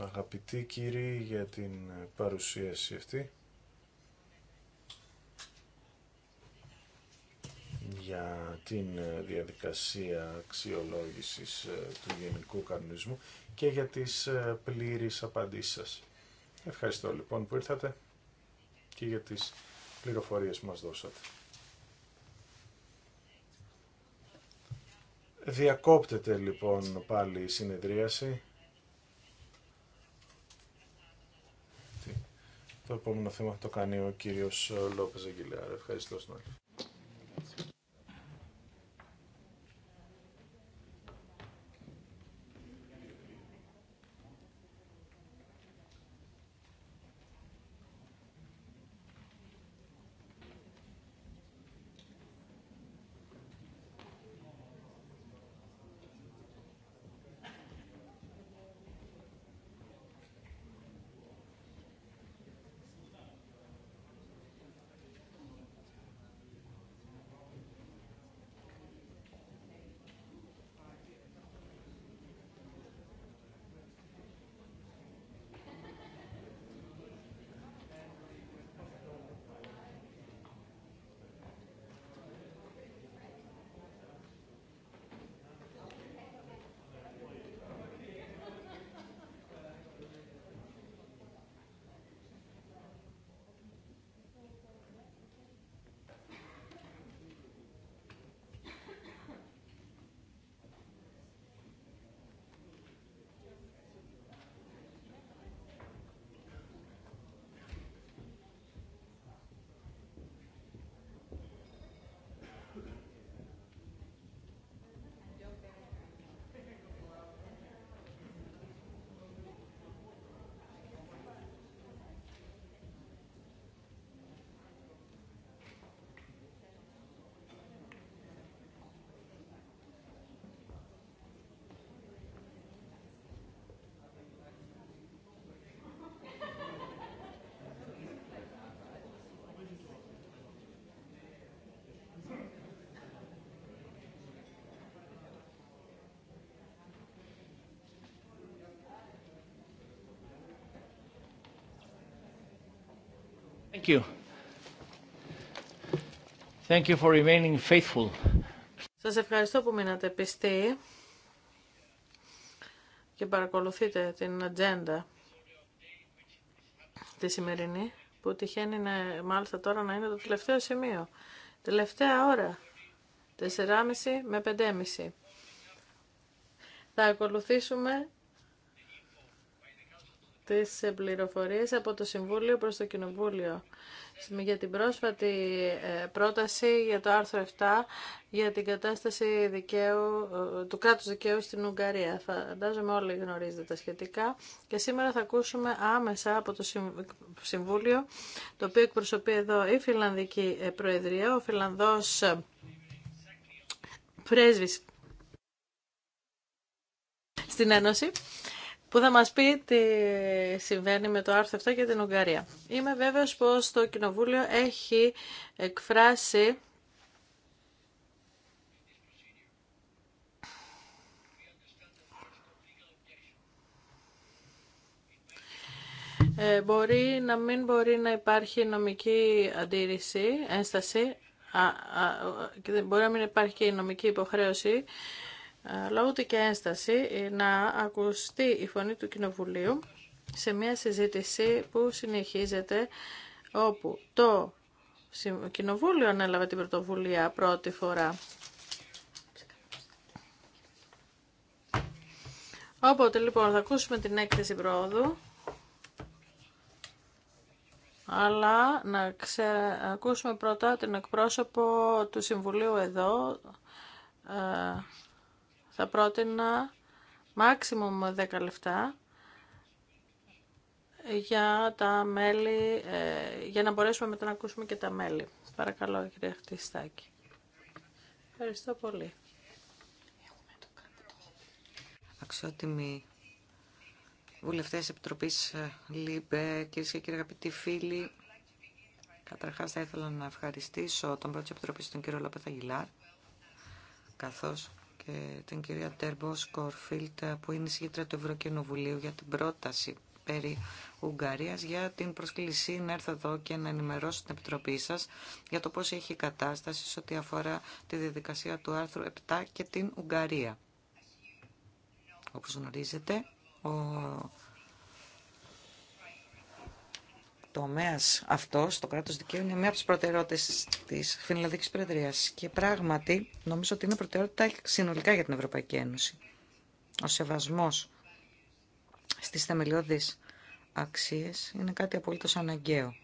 Αγαπητοί κύριοι για την παρουσίαση αυτή. για την διαδικασία αξιολόγησης ε, του Γενικού Κανονισμού και για τις ε, πλήρεις απαντήσεις σας. Ευχαριστώ λοιπόν που ήρθατε και για τις πληροφορίες που μας δώσατε. Διακόπτεται λοιπόν πάλι η συνεδρίαση. Το επόμενο θέμα το κάνει ο κύριος Λόπες Αγγιλιάρα. Ευχαριστώ, Thank you. for remaining faithful. Σας ευχαριστώ που μείνατε πιστοί και παρακολουθείτε την ατζέντα τη σημερινή που τυχαίνει να, μάλιστα τώρα να είναι το τελευταίο σημείο. Τελευταία ώρα. 4.30 με 5.30. Θα ακολουθήσουμε τις πληροφορίες από το Συμβούλιο προς το Κοινοβούλιο για την πρόσφατη ε, πρόταση για το άρθρο 7 για την κατάσταση δικαίου, ε, του κράτους δικαίου στην Ουγγαρία. Φαντάζομαι όλοι γνωρίζετε τα σχετικά και σήμερα θα ακούσουμε άμεσα από το Συμβούλιο το οποίο εκπροσωπεί εδώ η Φιλανδική ε, Προεδρία, ο Φιλανδός πρέσβης στην Ένωση που θα μας πει τι συμβαίνει με το άρθρο αυτό για την Ουγγαρία. Είμαι βέβαιος πως το Κοινοβούλιο έχει εκφράσει ε, μπορεί να μην μπορεί να υπάρχει νομική αντίρρηση, ένσταση, α, α, μπορεί να μην υπάρχει νομική υποχρέωση ε, λόγω του και ένσταση ε, να ακουστεί η φωνή του Κοινοβουλίου σε μια συζήτηση που συνεχίζεται όπου το Κοινοβούλιο ανέλαβε την πρωτοβουλία πρώτη φορά. Όποτε λοιπόν θα ακούσουμε την έκθεση πρόοδου, αλλά να ξε... ακούσουμε πρώτα την εκπρόσωπο του Συμβουλίου εδώ, ε, θα πρότεινα maximum 10 λεπτά για τα μέλη, ε, για να μπορέσουμε μετά να ακούσουμε και τα μέλη. Παρακαλώ, κύριε Χτιστάκη. Ευχαριστώ πολύ. Αξιότιμη βουλευτές Επιτροπής ε, ΛΥΜΠΕ, κυρίες και κύριοι αγαπητοί φίλοι, καταρχάς θα ήθελα να ευχαριστήσω τον πρώτο Επιτροπής, τον κύριο Λόπεθ καθώς και ε, την κυρία Τέρμπο Σκορφίλτ που είναι η συγκέντρα του Ευρωκοινοβουλίου για την πρόταση περί Ουγγαρίας για την προσκλησή να έρθω εδώ και να ενημερώσω την Επιτροπή σας για το πώς έχει η κατάσταση σε ό,τι αφορά τη διαδικασία του άρθρου 7 και την Ουγγαρία. Όπως γνωρίζετε, ο τομέα αυτό το κράτο δικαίου, είναι μία από τι προτεραιότητε τη Φινλανδική Προεδρία. και πράγματι νομίζω ότι είναι προτεραιότητα συνολικά για την Ευρωπαϊκή Ένωση. Ο σεβασμό στι θεμελιώδεις αξίε είναι κάτι απολύτω αναγκαίο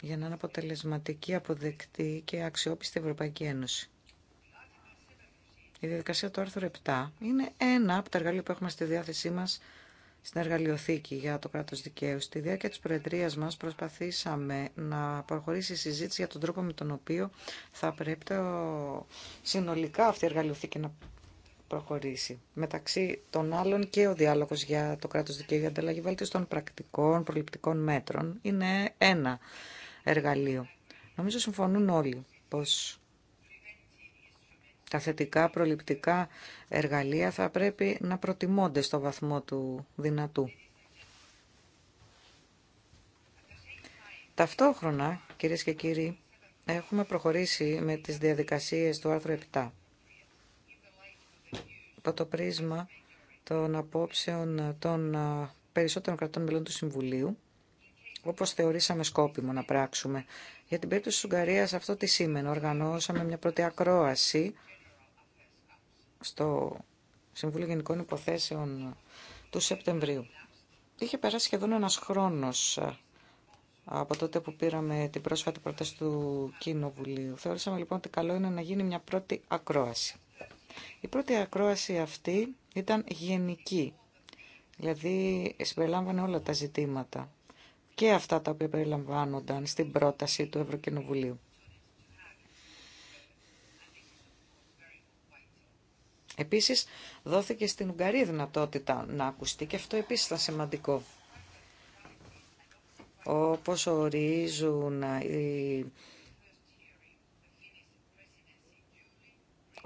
για να είναι αποτελεσματική, αποδεκτή και αξιόπιστη Ευρωπαϊκή Ένωση. Η διαδικασία του άρθρου 7 είναι ένα από τα εργαλεία που έχουμε στη διάθεσή μας στην εργαλειοθήκη για το κράτος δικαίου. Στη διάρκεια της Προεδρίας μας προσπαθήσαμε να προχωρήσει η συζήτηση για τον τρόπο με τον οποίο θα πρέπει το... συνολικά αυτή η εργαλειοθήκη να προχωρήσει. Μεταξύ των άλλων και ο διάλογος για το κράτος δικαίου για ανταλλαγή βέλτιση των πρακτικών προληπτικών μέτρων είναι ένα εργαλείο. Νομίζω συμφωνούν όλοι πως τα θετικά προληπτικά εργαλεία θα πρέπει να προτιμώνται στο βαθμό του δυνατού. Ταυτόχρονα, κυρίες και κύριοι, έχουμε προχωρήσει με τις διαδικασίες του άρθρου 7. Από το πρίσμα των απόψεων των ε, περισσότερων κρατών μελών του Συμβουλίου, όπως θεωρήσαμε σκόπιμο να πράξουμε. Για την περίπτωση της Ουγγαρίας αυτό τι σήμαινε. Οργανώσαμε μια πρώτη ακρόαση στο Συμβούλιο Γενικών Υποθέσεων του Σεπτεμβρίου. Είχε περάσει σχεδόν ένας χρόνος ε, από τότε που πήραμε την πρόσφατη πρόταση του Κοινοβουλίου. Θεώρησαμε λοιπόν ότι καλό είναι να γίνει μια πρώτη ακρόαση. Η πρώτη ακρόαση αυτή ήταν γενική, δηλαδή συμπεριλάμβανε όλα τα ζητήματα και αυτά τα οποία περιλαμβάνονταν στην πρόταση του Ευρωκοινοβουλίου. Επίσης δόθηκε στην Ουγγαρία δυνατότητα να ακουστεί και αυτό επίσης θα σημαντικό. Όπως ορίζουν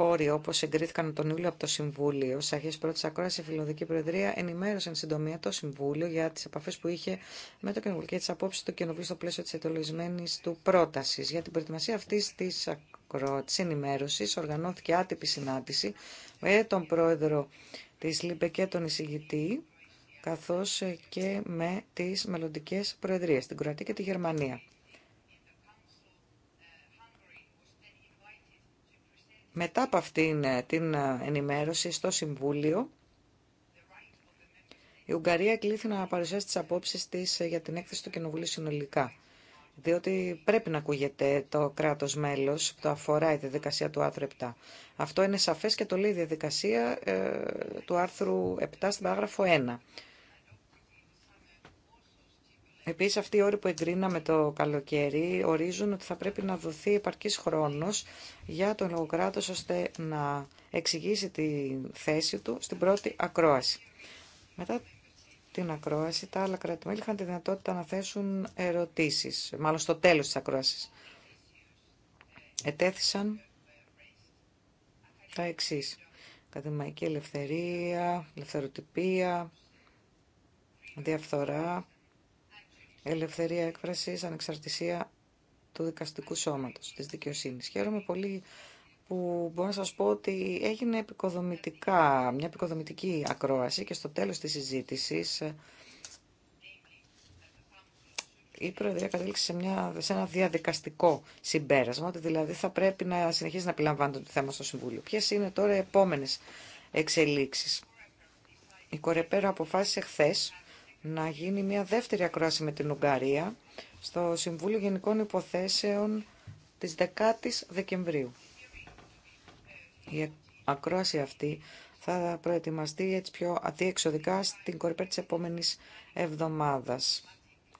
όριο, όπω εγκρίθηκαν τον Ιούλιο από το Συμβούλιο, στι αρχέ πρώτη ακρόαση, η Φιλοδική Προεδρία ενημέρωσε εν συντομία το Συμβούλιο για τι επαφέ που είχε με το Κοινοβούλιο και τι απόψει του Κοινοβουλίου στο πλαίσιο τη ετολογισμένη του πρόταση. Για την προετοιμασία αυτή τη ακρόαση ενημέρωση, οργανώθηκε άτυπη συνάντηση με τον πρόεδρο τη Λύπε και τον εισηγητή, καθώ και με τι μελλοντικέ προεδρίε, την Κροατία και τη Γερμανία. Μετά από αυτήν ε, την ε, ενημέρωση στο Συμβούλιο, η Ουγγαρία κλήθη να παρουσιάσει τις απόψεις της ε, για την έκθεση του Κοινοβουλίου συνολικά. Διότι πρέπει να ακούγεται το κράτος μέλος που το αφορά η διαδικασία του άρθρου 7. Αυτό είναι σαφές και το λέει η διαδικασία του άρθρου 7 στην παράγραφο 1. Επίση αυτοί οι όροι που εγκρίναμε το καλοκαίρι ορίζουν ότι θα πρέπει να δοθεί επαρκή χρόνος για τον λογοκράτο, ώστε να εξηγήσει τη θέση του στην πρώτη ακρόαση. Μετά την ακρόαση τα άλλα κρατημέλη είχαν τη δυνατότητα να θέσουν ερωτήσεις, μάλλον στο τέλος της ακρόασης. Ετέθησαν τα εξή. Ακαδημαϊκή ελευθερία, ελευθεροτυπία, διαφθορά, ελευθερία έκφρασης, ανεξαρτησία του δικαστικού σώματος, της δικαιοσύνης. Χαίρομαι πολύ που μπορώ να σας πω ότι έγινε επικοδομητικά, μια επικοδομητική ακρόαση και στο τέλος της συζήτησης ε, η Προεδρία κατέληξε σε, μια, σε ένα διαδικαστικό συμπέρασμα, ότι δηλαδή θα πρέπει να συνεχίσει να επιλαμβάνεται το θέμα στο Συμβούλιο. Ποιε είναι τώρα οι επόμενες εξελίξεις. Η Κορεπέρα αποφάσισε χθες να γίνει μια δεύτερη ακρόαση με την Ουγγαρία στο Συμβούλιο Γενικών Υποθέσεων της 10ης Δεκεμβρίου. Η ακρόαση αυτή θα προετοιμαστεί έτσι πιο αδιεξοδικά στην κορυφή της επόμενης εβδομάδας.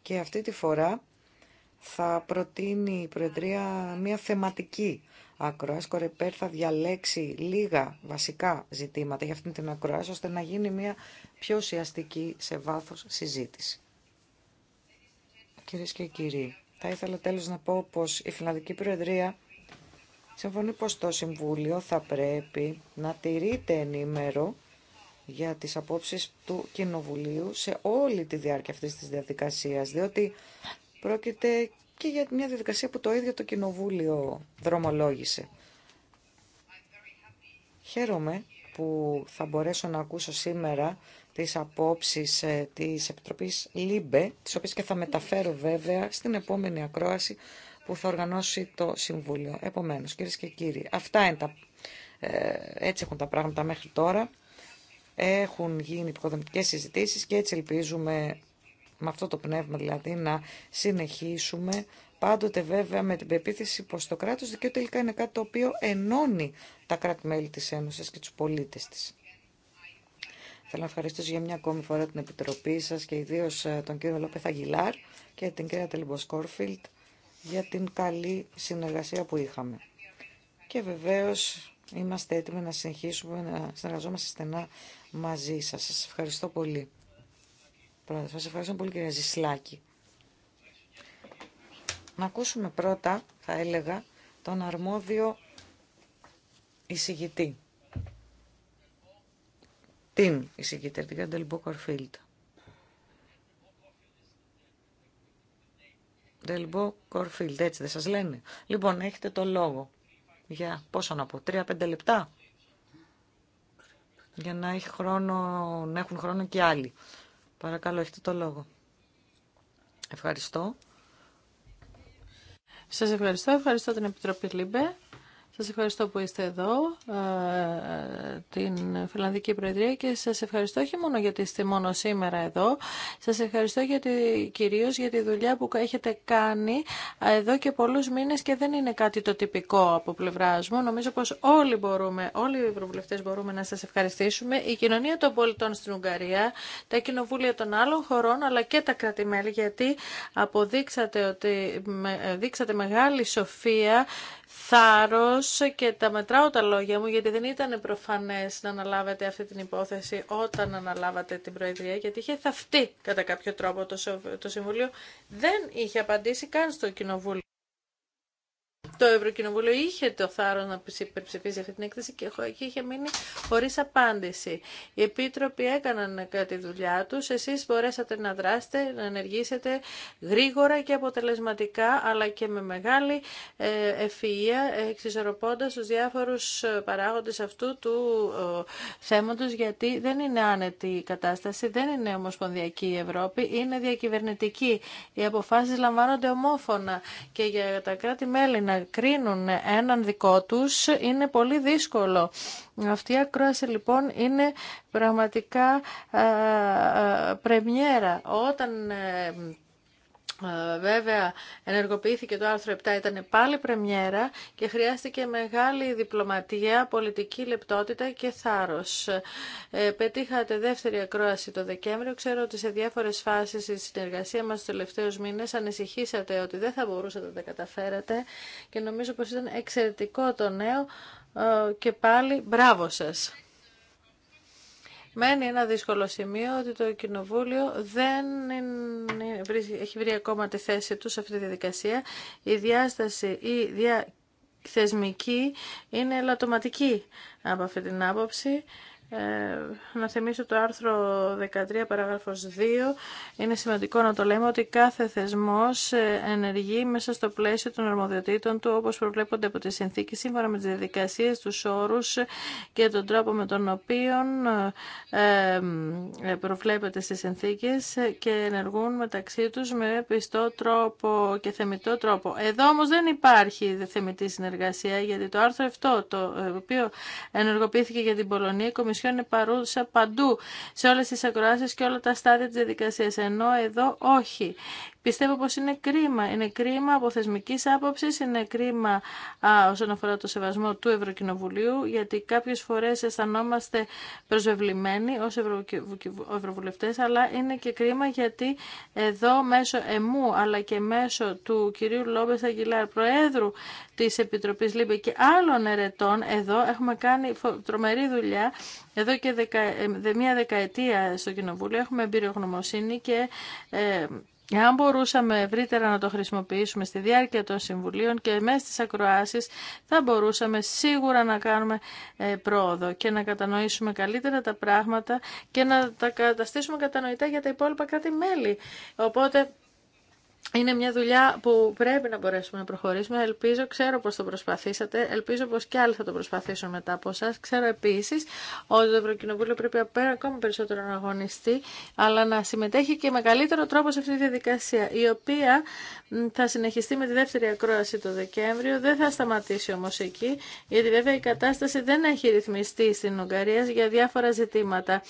Και αυτή τη φορά θα προτείνει η Προεδρία μια θεματική ακρόαση. Κορεπέρ θα διαλέξει λίγα βασικά ζητήματα για αυτήν την ακρόαση, ώστε να γίνει μια πιο ουσιαστική σε βάθος συζήτηση. Κυρίες και κύριοι, θα ήθελα τέλος να πω πως η Φιλανδική Προεδρία συμφωνεί πως το Συμβούλιο θα πρέπει να τηρείται ενήμερο για τις απόψεις του Κοινοβουλίου σε όλη τη διάρκεια αυτής της διαδικασίας, διότι πρόκειται και για μια διαδικασία που το ίδιο το Κοινοβούλιο δρομολόγησε. Χαίρομαι που θα μπορέσω να ακούσω σήμερα τις απόψεις ε, της Επιτροπής ΛΥΜΠΕ, τις οποίες και θα μεταφέρω βέβαια στην επόμενη ακρόαση που θα οργανώσει το Συμβούλιο. Επομένως, κυρίε και κύριοι, αυτά είναι τα, ε, έτσι έχουν τα πράγματα μέχρι τώρα. Έχουν γίνει υποδομικές συζητήσεις και έτσι ελπίζουμε με αυτό το πνεύμα δηλαδή να συνεχίσουμε, πάντοτε βέβαια με την πεποίθηση πως το κράτος δικαίου τελικά είναι κάτι το οποίο ενώνει τα κράτη-μέλη της Ένωσης και τους πολίτες της. Θέλω να ευχαριστήσω για μια ακόμη φορά την Επιτροπή σας και ιδίως ε, τον κύριο Λόπεθ Γιλάρ και την κυρία Τελμποσκόρφιλτ για την καλή συνεργασία που είχαμε. Και βεβαίως είμαστε έτοιμοι να συνεχίσουμε να συνεργαζόμαστε στενά μαζί σας. Σας ευχαριστώ πολύ. Πρόεδρε, σας ευχαριστώ πολύ κυρία Ζησλάκη. Να ακούσουμε πρώτα, θα έλεγα, τον αρμόδιο εισηγητή. Την εισηγητή, την Ντελμπο Κορφίλτ. Ντελμπό Κορφίλτ, έτσι δεν σας λένε. Λοιπόν, έχετε το λόγο. Για πόσο να πω, τρία-πέντε λεπτά. Για να, έχει χρόνο, να έχουν χρόνο και άλλοι Παρακαλώ, έχετε το λόγο. Ευχαριστώ. Σας ευχαριστώ. Ευχαριστώ την Επιτροπή Λίμπε σας ευχαριστώ που είστε εδώ, ε, την Φιλανδική Προεδρία και σας ευχαριστώ όχι μόνο γιατί είστε μόνο σήμερα εδώ, σας ευχαριστώ γιατί, κυρίως για τη δουλειά που έχετε κάνει εδώ και πολλούς μήνες και δεν είναι κάτι το τυπικό από πλευρά μου. Νομίζω πως όλοι μπορούμε, όλοι οι προβλεφτές μπορούμε να σας ευχαριστήσουμε. Η κοινωνία των πολιτών στην Ουγγαρία, τα κοινοβούλια των άλλων χωρών αλλά και τα κρατημέλη γιατί αποδείξατε ότι δείξατε μεγάλη σοφία, θάρρος, και τα μετράω τα λόγια μου γιατί δεν ήταν προφανές να αναλάβετε αυτή την υπόθεση όταν αναλάβατε την Προεδρία γιατί είχε θαυτεί κατά κάποιο τρόπο το Συμβούλιο. Δεν είχε απαντήσει καν στο Κοινοβούλιο το Ευρωκοινοβούλιο είχε το θάρρο να υπερψηφίσει αυτή την έκθεση και είχε μείνει χωρίς απάντηση. Οι επίτροποι έκαναν τη δουλειά του. Εσεί μπορέσατε να δράσετε, να ενεργήσετε γρήγορα και αποτελεσματικά, αλλά και με μεγάλη ε, ευφυα, εξισορροπώντα του διάφορου ε, παράγοντε αυτού του ε, θέματο, γιατί δεν είναι άνετη η κατάσταση, δεν είναι ομοσπονδιακή η Ευρώπη, είναι διακυβερνητική. Οι αποφάσει λαμβάνονται ομόφωνα και για τα κράτη-μέλη να κρίνουν έναν δικό τους είναι πολύ δύσκολο. Αυτή η ακρόαση λοιπόν είναι πραγματικά ε, ε, πρεμιέρα. Όταν ε, Βέβαια, ενεργοποιήθηκε το άρθρο 7, ήταν πάλι πρεμιέρα και χρειάστηκε μεγάλη διπλωματία, πολιτική λεπτότητα και θάρρος. Ε, πετύχατε δεύτερη ακρόαση το Δεκέμβριο. Ξέρω ότι σε διάφορες φάσεις η συνεργασία μας τους τελευταίους μήνες ανησυχήσατε ότι δεν θα μπορούσατε να τα καταφέρατε και νομίζω πως ήταν εξαιρετικό το νέο ε, και πάλι μπράβο σας. Μένει ένα δύσκολο σημείο ότι το Κοινοβούλιο δεν έχει βρει ακόμα τη θέση του σε αυτή τη διαδικασία. Η διάσταση ή δια... θεσμική είναι ελαττωματική από αυτή την άποψη. Ε, να θυμίσω το άρθρο 13 παράγραφος 2. Είναι σημαντικό να το λέμε ότι κάθε θεσμός ε, ενεργεί μέσα στο πλαίσιο των αρμοδιοτήτων του όπως προβλέπονται από τη συνθήκη σύμφωνα με τις διαδικασίες, του όρους και τον τρόπο με τον οποίο ε, προβλέπεται στις συνθήκες και ενεργούν μεταξύ τους με πιστό τρόπο και θεμητό τρόπο. Εδώ όμως δεν υπάρχει θεμητή συνεργασία γιατί το άρθρο 7 το οποίο ενεργοποιήθηκε για την Πολωνία είναι παρούσα παντού σε όλες τις ακροάσεις και όλα τα στάδια της διαδικασίας, ενώ εδώ όχι. Πιστεύω πως είναι κρίμα. Είναι κρίμα από θεσμική άποψη, είναι κρίμα α, όσον αφορά το σεβασμό του Ευρωκοινοβουλίου, γιατί κάποιες φορές αισθανόμαστε προσβεβλημένοι ως Ευρωβουλευτές, αλλά είναι και κρίμα γιατί εδώ μέσω εμού, αλλά και μέσω του κυρίου Λόμπες Αγγιλάρ, Προέδρου της Επιτροπής Λίμπε και άλλων ερετών, εδώ έχουμε κάνει τρομερή δουλειά εδώ και ε, μία δεκαετία στο Κοινοβούλιο έχουμε εμπειρογνωμοσύνη και ε, Εάν μπορούσαμε ευρύτερα να το χρησιμοποιήσουμε στη διάρκεια των συμβουλίων και μέσα στις ακροάσεις, θα μπορούσαμε σίγουρα να κάνουμε ε, πρόοδο και να κατανοήσουμε καλύτερα τα πράγματα και να τα καταστήσουμε κατανοητά για τα υπόλοιπα κράτη-μέλη. Οπότε είναι μια δουλειά που πρέπει να μπορέσουμε να προχωρήσουμε. Ελπίζω, ξέρω πως το προσπαθήσατε, ελπίζω πως και άλλοι θα το προσπαθήσουν μετά από εσά. Ξέρω επίση ότι το Ευρωκοινοβούλιο πρέπει απέρα ακόμα περισσότερο να αγωνιστεί, αλλά να συμμετέχει και με καλύτερο τρόπο σε αυτή τη διαδικασία, η οποία θα συνεχιστεί με τη δεύτερη ακρόαση το Δεκέμβριο. Δεν θα σταματήσει όμω εκεί, γιατί βέβαια η κατάσταση δεν έχει ρυθμιστεί στην Ουγγαρία για διάφορα ζητήματα.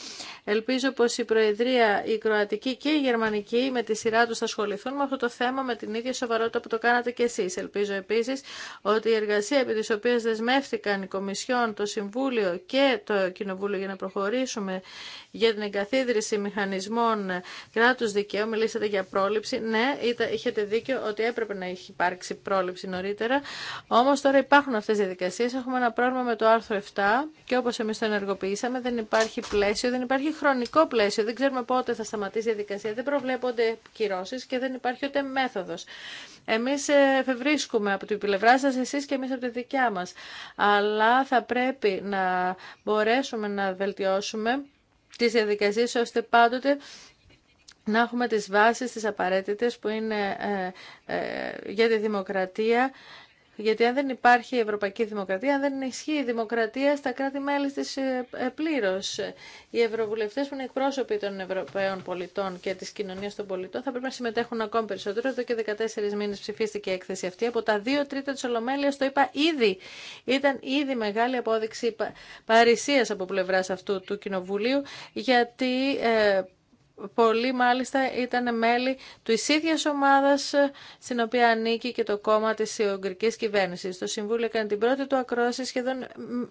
Ελπίζω πω η Προεδρία, η Κροατική και η Γερμανική με τη σειρά του θα ασχοληθούν με αυτό το θέμα με την ίδια σοβαρότητα που το κάνατε και εσείς. Ελπίζω επίσης ότι η εργασία επί της οποίας δεσμεύτηκαν οι Κομισιόν, το Συμβούλιο και το Κοινοβούλιο για να προχωρήσουμε για την εγκαθίδρυση μηχανισμών κράτους δικαίου, μιλήσατε για πρόληψη. Ναι, είχετε δίκιο ότι έπρεπε να έχει υπάρξει πρόληψη νωρίτερα, όμως τώρα υπάρχουν αυτές οι διαδικασίες. Έχουμε ένα πρόβλημα με το άρθρο 7 και όπως εμείς το ενεργοποιήσαμε δεν υπάρχει πλαίσιο, δεν υπάρχει χρονικό πλαίσιο, δεν ξέρουμε πότε θα σταματήσει η διαδικασία, δεν προβλέπονται κυρώσεις και δεν υπάρχει ούτε μέθοδος. Εμείς ε, εφευρίσκουμε από την πλευρά σα εσείς και εμείς από τη δικιά μας. Αλλά θα πρέπει να μπορέσουμε να βελτιώσουμε τις διαδικασίε ώστε πάντοτε να έχουμε τις βάσεις, τις απαραίτητες που είναι ε, ε, για τη δημοκρατία γιατί αν δεν υπάρχει η Ευρωπαϊκή Δημοκρατία, αν δεν ισχύει η δημοκρατία στα κράτη-μέλη τη ε, ε, πλήρω. Οι Ευρωβουλευτέ που είναι εκπρόσωποι των Ευρωπαίων πολιτών και τη κοινωνία των πολιτών θα πρέπει να συμμετέχουν ακόμη περισσότερο. Εδώ και 14 μήνες ψηφίστηκε η έκθεση αυτή. Από τα δύο τρίτα τη Ολομέλεια, το είπα ήδη. Ήταν ήδη μεγάλη απόδειξη παρησία από πλευρά αυτού του Κοινοβουλίου γιατί ε, Πολλοί μάλιστα ήταν μέλη του ίδια ομάδα ε, στην οποία ανήκει και το κόμμα τη Ουγγρική κυβέρνηση. Το Συμβούλιο έκανε την πρώτη του ακρόαση σχεδόν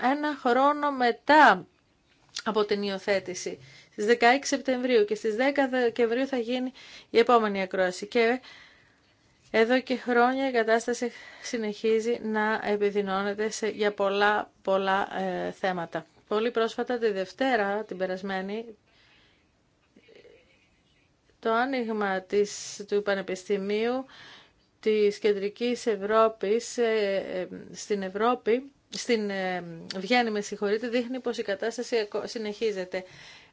ένα χρόνο μετά από την υιοθέτηση. Στις 16 Σεπτεμβρίου και στις 10 Δεκεμβρίου θα γίνει η επόμενη ακρόαση. Και εδώ και χρόνια η κατάσταση συνεχίζει να επιδεινώνεται για πολλά πολλά ε, θέματα. Πολύ πρόσφατα τη Δευτέρα, την περασμένη, το άνοιγμα της, του Πανεπιστημίου της Κεντρικής Ευρώπης ε, ε, στην Ευρώπη, στην ε, Βιέννη με συγχωρείτε, δείχνει πως η κατάσταση συνεχίζεται.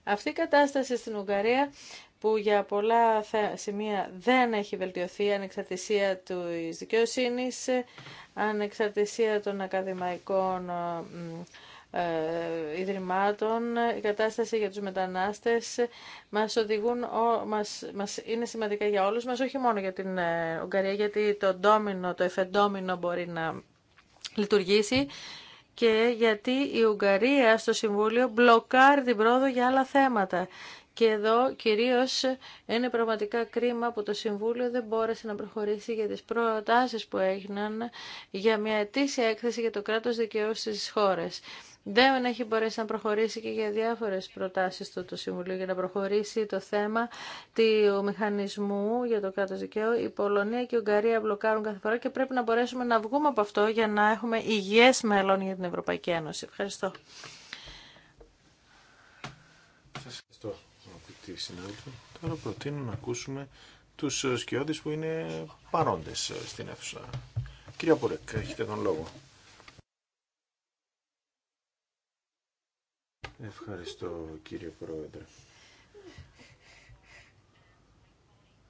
Αυτή η κατάσταση στην Ουγγαρία που για πολλά σημεία δεν έχει βελτιωθεί, ανεξαρτησία της δικαιοσύνης, ανεξαρτησία των ακαδημαϊκών ε, ιδρυμάτων, η κατάσταση για τους μετανάστες μας οδηγούν, μας, μας είναι σημαντικά για όλους μας, όχι μόνο για την ε, Ουγγαρία, γιατί το ντόμινο, το εφεντόμινο μπορεί να λειτουργήσει και γιατί η Ουγγαρία στο Συμβούλιο μπλοκάρει την πρόοδο για άλλα θέματα. Και εδώ κυρίως είναι πραγματικά κρίμα που το Συμβούλιο δεν μπόρεσε να προχωρήσει για τις προτάσεις που έγιναν για μια ετήσια έκθεση για το κράτος δικαιού στις χώρες δεν έχει μπορέσει να προχωρήσει και για διάφορες προτάσεις του το Συμβουλίου για να προχωρήσει το θέμα του μηχανισμού για το κράτος δικαίου. Η Πολωνία και η Ουγγαρία μπλοκάρουν κάθε φορά και πρέπει να μπορέσουμε να βγούμε από αυτό για να έχουμε υγιές μέλλον για την Ευρωπαϊκή Ένωση. Ευχαριστώ. Σας ευχαριστώ, αγαπητοί συνάδελφοι. Τώρα προτείνω να ακούσουμε τους σκιώδεις που είναι παρόντες στην αίθουσα. Κυρία Πουρέκ, έχετε τον λόγο. Ευχαριστώ κύριε Πρόεδρε.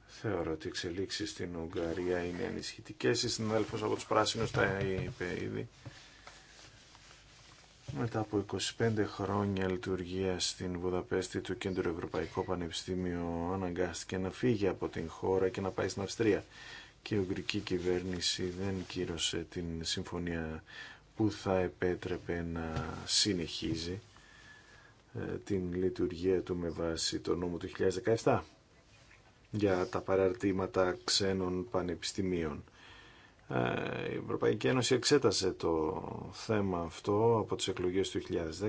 Θεωρώ ότι οι εξελίξεις στην Ουγγαρία είναι ενισχυτικές Η συνάδελφος από τους πράσινους τα είπε ήδη. Μετά από 25 χρόνια λειτουργία στην Βουδαπέστη του Κέντρο Ευρωπαϊκό Πανεπιστήμιο αναγκάστηκε να φύγει από την χώρα και να πάει στην Αυστρία. Και η Ουγγρική κυβέρνηση δεν κύρωσε την συμφωνία που θα επέτρεπε να συνεχίζει ε, την λειτουργία του με βάση το νόμο του 2017 για τα παραρτήματα ξένων πανεπιστημίων. Ε, η Ευρωπαϊκή Ένωση εξέτασε το θέμα αυτό από τις εκλογές του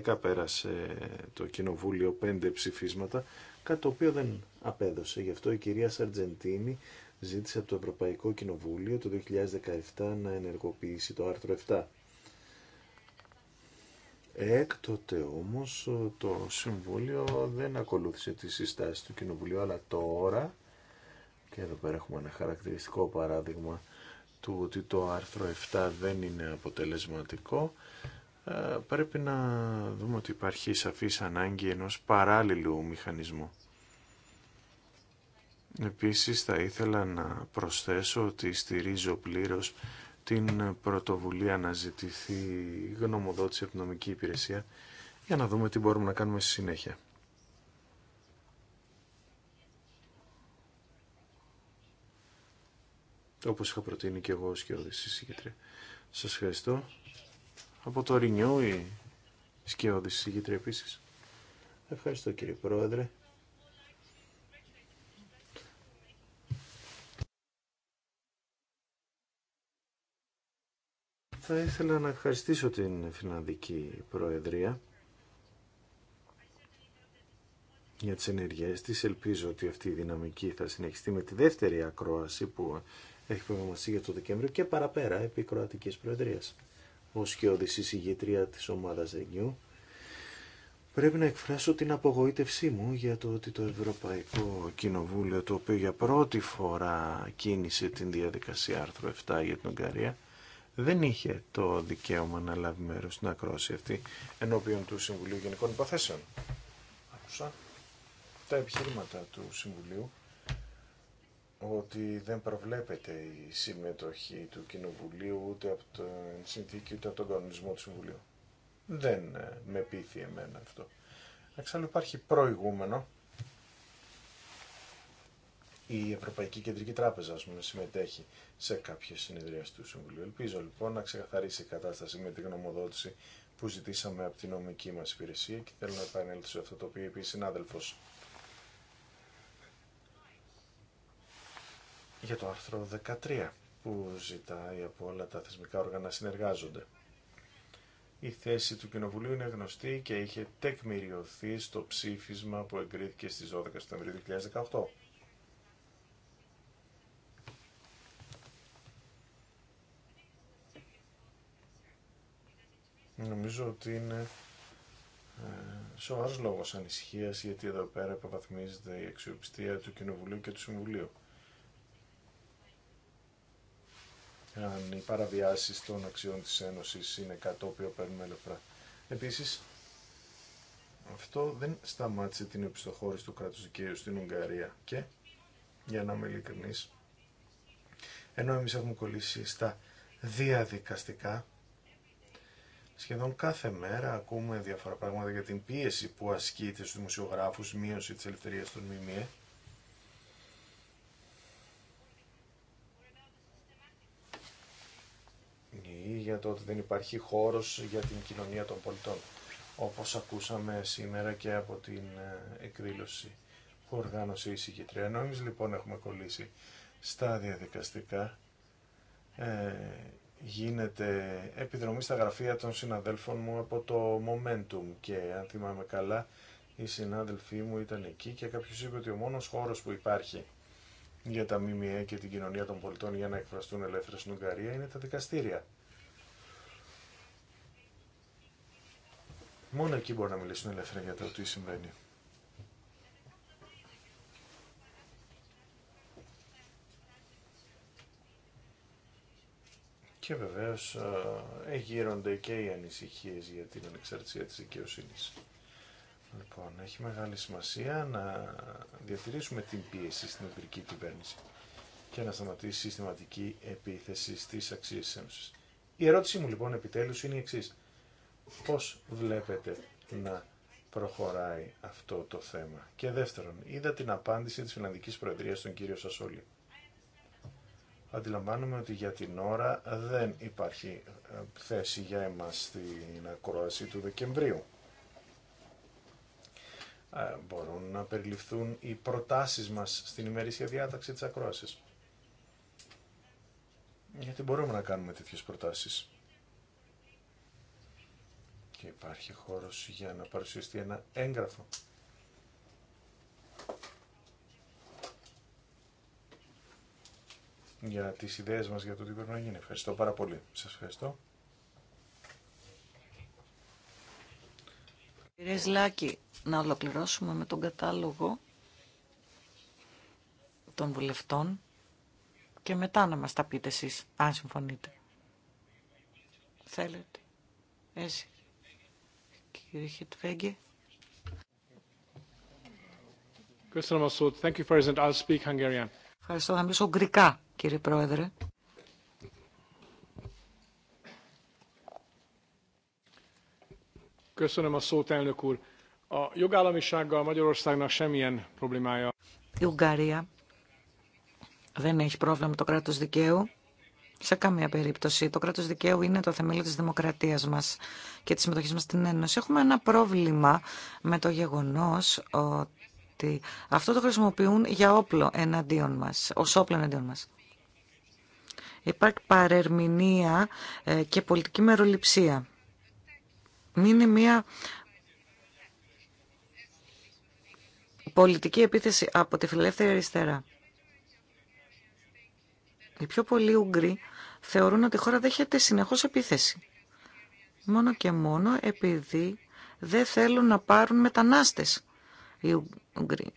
2010, πέρασε το Κοινοβούλιο πέντε ψηφίσματα, κάτι το οποίο δεν απέδωσε. Γι' αυτό η κυρία Σαρτζεντίνη ζήτησε από το Ευρωπαϊκό Κοινοβούλιο το 2017 να ενεργοποιήσει το άρθρο 7 Έκτοτε όμως ε, το Συμβούλιο δεν ακολούθησε τις συστάσεις του Κοινοβουλίου, αλλά τώρα, και εδώ πέρα έχουμε ένα χαρακτηριστικό παράδειγμα του ότι το άρθρο 7 δεν είναι αποτελεσματικό, ε, πρέπει να δούμε ότι υπάρχει σαφής ανάγκη ενός παράλληλου μηχανισμού. Επίσης θα ήθελα να προσθέσω ότι στηρίζω πλήρως την πρωτοβουλία να ζητηθεί γνωμοδότηση από την νομική υπηρεσία για να δούμε τι μπορούμε να κάνουμε στη συνέχεια. Όπως είχα προτείνει και εγώ ως και Σας ευχαριστώ. Από το Ρινιού η σκιώδηση συγκεκριά επίσης. Ευχαριστώ κύριε Πρόεδρε. Θα ήθελα να ευχαριστήσω την Φιλανδική Προεδρία για τις ενεργειές της. Ελπίζω ότι αυτή η δυναμική θα συνεχιστεί με τη δεύτερη ακρόαση που έχει προγραμματιστεί για το Δεκέμβριο και παραπέρα επί Κροατικής Προεδρίας. Ως και ηγετρία της ομάδας Ενιού, πρέπει να εκφράσω την απογοήτευσή μου για το ότι το Ευρωπαϊκό Κοινοβούλιο, το οποίο για πρώτη φορά κίνησε την διαδικασία άρθρο 7 για την Ουγγαρία, δεν είχε το δικαίωμα να λάβει μέρος στην ακρόαση αυτή ενώπιον του Συμβουλίου Γενικών Υποθέσεων. Άκουσα τα επιχείρηματα του Συμβουλίου ότι δεν προβλέπεται η συμμετοχή του Κοινοβουλίου ούτε από την συνθήκη ούτε από τον κανονισμό του Συμβουλίου. Δεν ε, με πείθει εμένα αυτό. Εξάλλου υπάρχει προηγούμενο η Ευρωπαϊκή Κεντρική Τράπεζα ας πούμε, συμμετέχει σε κάποιε συνεδρίες του Συμβουλίου. Ελπίζω λοιπόν να ξεκαθαρίσει η κατάσταση με τη γνωμοδότηση που ζητήσαμε από την νομική μας υπηρεσία και θέλω να επανέλθω σε αυτό το οποίο είπε η συνάδελφος. Για το άρθρο 13 που ζητάει από όλα τα θεσμικά όργανα να συνεργάζονται. Η θέση του Κοινοβουλίου είναι γνωστή και είχε τεκμηριωθεί στο ψήφισμα που εγκρίθηκε στις 12 Σεπτεμβρίου 2018. Νομίζω ότι είναι ε, σοβαρός λόγος ανησυχίας γιατί εδώ πέρα επαβαθμίζεται η αξιοπιστία του Κοινοβουλίου και του Συμβουλίου. Αν οι παραβιάσεις των αξιών της Ένωσης είναι κατόπιο παίρνουμε Επίσης, αυτό δεν σταμάτησε την επιστοχώρηση του κράτους δικαίου στην Ουγγαρία και, για να είμαι ειλικρινής, ενώ εμείς έχουμε κολλήσει στα διαδικαστικά, Σχεδόν κάθε μέρα ακούμε διάφορα πράγματα για την πίεση που ασκείται στους δημοσιογράφους, μείωση της ελευθερίας των ΜΜΕ. Ή για το ότι δεν υπάρχει χώρος για την κοινωνία των πολιτών. Όπως ακούσαμε σήμερα και από την ε, εκδήλωση που οργάνωσε η συγκεκριά. Ενώ λοιπόν έχουμε κολλήσει στα διαδικαστικά ε, γίνεται επιδρομή στα γραφεία των συναδέλφων μου από το Momentum και αν θυμάμαι καλά οι συνάδελφοί μου ήταν εκεί και κάποιος είπε ότι ο μόνος χώρος που υπάρχει για τα ΜΜΕ και την κοινωνία των πολιτών για να εκφραστούν ελεύθερα στην Ουγγαρία είναι τα δικαστήρια. Μόνο εκεί μπορεί να μιλήσουν ελεύθερα για το τι συμβαίνει. και βεβαίως ε, εγείρονται και οι ανησυχίες για την ανεξαρτησία της δικαιοσύνης. Λοιπόν, έχει μεγάλη σημασία να διατηρήσουμε την πίεση στην ευρική κυβέρνηση και να σταματήσει συστηματική επίθεση στις αξίες της Ένωσης. Η ερώτησή μου λοιπόν επιτέλους είναι η εξή. Πώς βλέπετε να προχωράει αυτό το θέμα. Και δεύτερον, είδα την απάντηση της Φιλανδικής Προεδρίας στον κύριο Σασόλη αντιλαμβάνομαι ότι για την ώρα δεν υπάρχει ε, θέση για εμάς στην ακρόαση του Δεκεμβρίου. Ε, μπορούν να περιληφθούν οι προτάσεις μας στην ημερήσια διάταξη της ακρόασης. Γιατί μπορούμε να κάνουμε τέτοιες προτάσεις. Και υπάρχει χώρος για να παρουσιαστεί ένα έγγραφο για τις ιδέες μας για το τι πρέπει να γίνει. Ευχαριστώ πάρα πολύ. Σας ευχαριστώ. Κύριε Ζλάκη, να ολοκληρώσουμε με τον κατάλογο των βουλευτών και μετά να μας τα πείτε εσείς, αν συμφωνείτε. Θέλετε. Έτσι. Κύριε Χιτβέγγε. Ευχαριστώ, θα μιλήσω γκρικά κύριε Πρόεδρε. Η Ουγγαρία δεν έχει πρόβλημα με το κράτος δικαίου. Σε καμία περίπτωση. Το κράτο δικαίου είναι το θεμέλιο τη δημοκρατία μα και τη συμμετοχή μα στην Ένωση. Έχουμε ένα πρόβλημα με το γεγονό ότι αυτό το χρησιμοποιούν για όπλο εναντίον μα, ω όπλο εναντίον μα υπάρχει παρερμηνία ε, και πολιτική μεροληψία. Είναι μια πολιτική επίθεση από τη φιλελεύθερη αριστερά. Οι πιο πολλοί Ούγγροι θεωρούν ότι η χώρα δέχεται συνεχώς επίθεση. Μόνο και μόνο επειδή δεν θέλουν να πάρουν μετανάστες.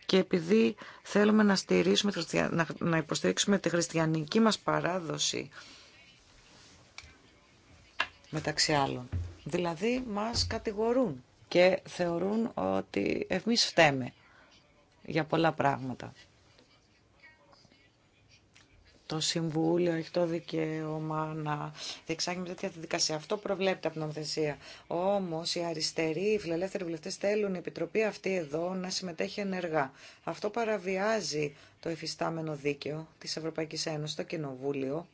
Και επειδή θέλουμε να, να υποστηρίξουμε τη χριστιανική μας παράδοση, μεταξύ άλλων. Δηλαδή μας κατηγορούν και θεωρούν ότι εμείς φταίμε για πολλά πράγματα το Συμβούλιο έχει το δικαίωμα να διεξάγει με τέτοια διαδικασία. Αυτό προβλέπεται από την νομοθεσία. Όμω οι αριστεροί, οι φιλελεύθεροι βουλευτέ θέλουν η Επιτροπή αυτή εδώ να συμμετέχει ενεργά. Αυτό παραβιάζει το εφιστάμενο δίκαιο τη Ευρωπαϊκή Ένωση, το Κοινοβούλιο.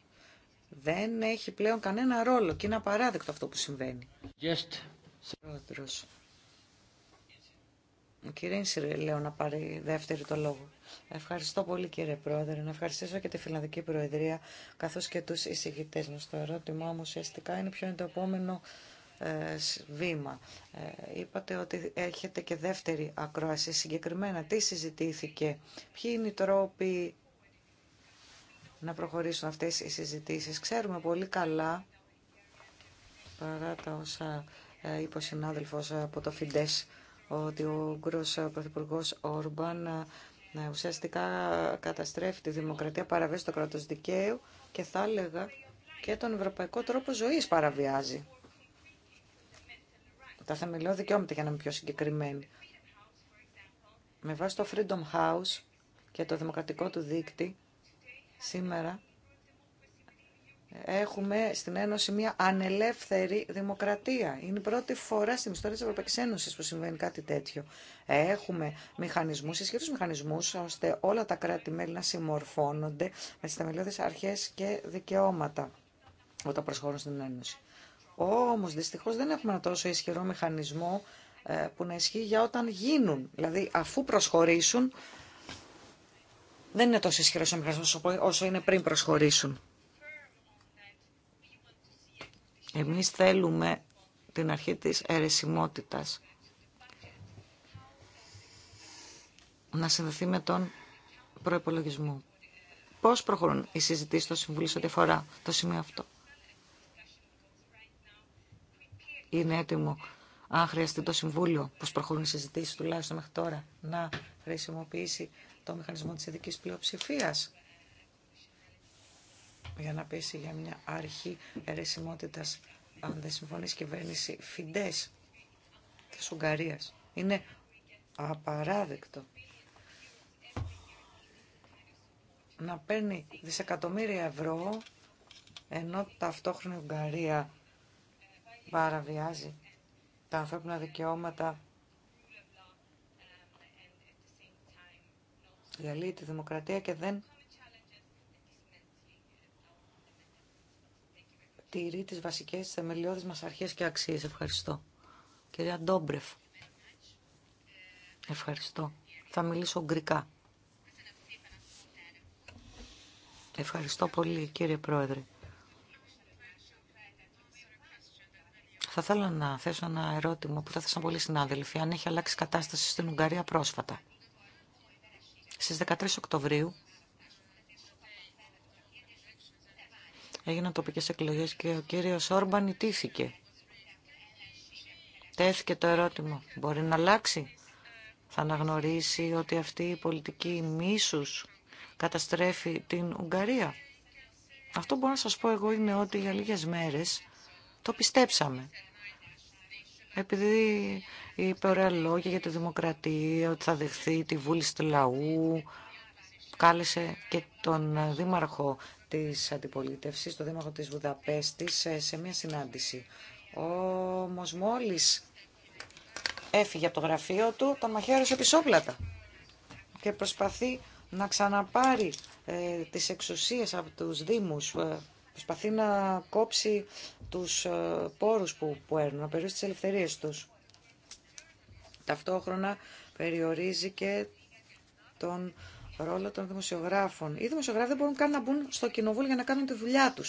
Δεν έχει πλέον κανένα ρόλο και είναι απαράδεκτο αυτό που συμβαίνει. Κύριε Ινσυρή, λέω να πάρει δεύτερη το λόγο. Ευχαριστώ πολύ κύριε Πρόεδρε. Να ευχαριστήσω και τη Φιλανδική Προεδρία καθώς και τους εισηγητέ μας. Το ερώτημά μου ουσιαστικά είναι ποιο είναι το επόμενο ε, βήμα. Ε, είπατε ότι έχετε και δεύτερη ακρόαση. Συγκεκριμένα τι συζητήθηκε, ποιοι είναι οι τρόποι να προχωρήσουν αυτές οι συζητήσεις. Ξέρουμε πολύ καλά, παρά τα όσα ε, είπε ο συνάδελφος από το Φιντές, ότι ο Ούγγρος Πρωθυπουργό Όρμπαν ε, ε, ουσιαστικά καταστρέφει τη δημοκρατία, παραβιάζει το κράτος δικαίου και θα έλεγα και τον ευρωπαϊκό τρόπο ζωής παραβιάζει. Τα θεμελιώδη δικαιώματα για να είμαι πιο συγκεκριμένη. Με βάση το Freedom House και το δημοκρατικό του δίκτυ, σήμερα έχουμε στην Ένωση μια ανελεύθερη δημοκρατία. Είναι η πρώτη φορά στην ιστορία της Ευρωπαϊκής Ένωσης που συμβαίνει κάτι τέτοιο. Έχουμε μηχανισμούς, ισχυρούς μηχανισμούς, ώστε όλα τα κράτη-μέλη να συμμορφώνονται με τις θεμελιώδεις αρχές και δικαιώματα όταν προσχωρούν στην Ένωση. Όμως, δυστυχώς, δεν έχουμε ένα τόσο ισχυρό μηχανισμό ε, που να ισχύει για όταν γίνουν. Δηλαδή, αφού προσχωρήσουν, δεν είναι τόσο ισχυρό ο όσο είναι πριν προσχωρήσουν. Εμείς θέλουμε την αρχή της αιρεσιμότητας να συνδεθεί με τον προϋπολογισμό. Πώς προχωρούν οι συζητήσεις στο Συμβούλιο σε ό,τι αφορά το σημείο αυτό. Είναι έτοιμο, αν χρειαστεί το Συμβούλιο, πώς προχωρούν οι συζητήσεις τουλάχιστον μέχρι τώρα, να χρησιμοποιήσει το μηχανισμό της ειδικής πλειοψηφίας για να πέσει για μια αρχή ερεσιμότητας, αν δεν συμφωνεί, κυβέρνηση Φιντέ τη Ουγγαρία. Είναι απαράδεκτο να παίρνει δισεκατομμύρια ευρώ ενώ ταυτόχρονα η Ουγγαρία παραβιάζει τα ανθρώπινα δικαιώματα διαλύει τη δημοκρατία και δεν τηρεί τις βασικές θεμελιώδεις μας αρχές και αξίες. Ευχαριστώ. Κυρία Ντόμπρεφ. Ευχαριστώ. Θα μιλήσω γκρικά. Ευχαριστώ πολύ κύριε Πρόεδρε. Θα θέλω να θέσω ένα ερώτημα που θα θέσαν πολλοί συνάδελφοι, αν έχει αλλάξει κατάσταση στην Ουγγαρία πρόσφατα. Στις 13 Οκτωβρίου έγιναν τοπικές εκλογές και ο κύριος Όρμπαν ιτήθηκε. Τέθηκε το ερώτημα, μπορεί να αλλάξει. Θα αναγνωρίσει ότι αυτή η πολιτική μίσους καταστρέφει την Ουγγαρία. Αυτό μπορώ να σας πω εγώ είναι ότι για λίγες μέρες το πιστέψαμε. Επειδή είπε ωραία λόγια για τη δημοκρατία, ότι θα δεχθεί τη βούληση του λαού, κάλεσε και τον δήμαρχο της αντιπολίτευσης το Δήμαρχο της Βουδαπέστης ε, σε μια συνάντηση. Ο μόλις έφυγε από το γραφείο του, τον μαχαίρωσε πισόπλατα και προσπαθεί να ξαναπάρει ε, τις εξουσίες από τους Δήμους. Ε, προσπαθεί να κόψει τους ε, πόρους που, που να περιορίσει τις ελευθερίες τους. Ταυτόχρονα περιορίζει και τον ρόλο των δημοσιογράφων. Οι δημοσιογράφοι δεν μπορούν καν να μπουν στο κοινοβούλιο για να κάνουν τη δουλειά του.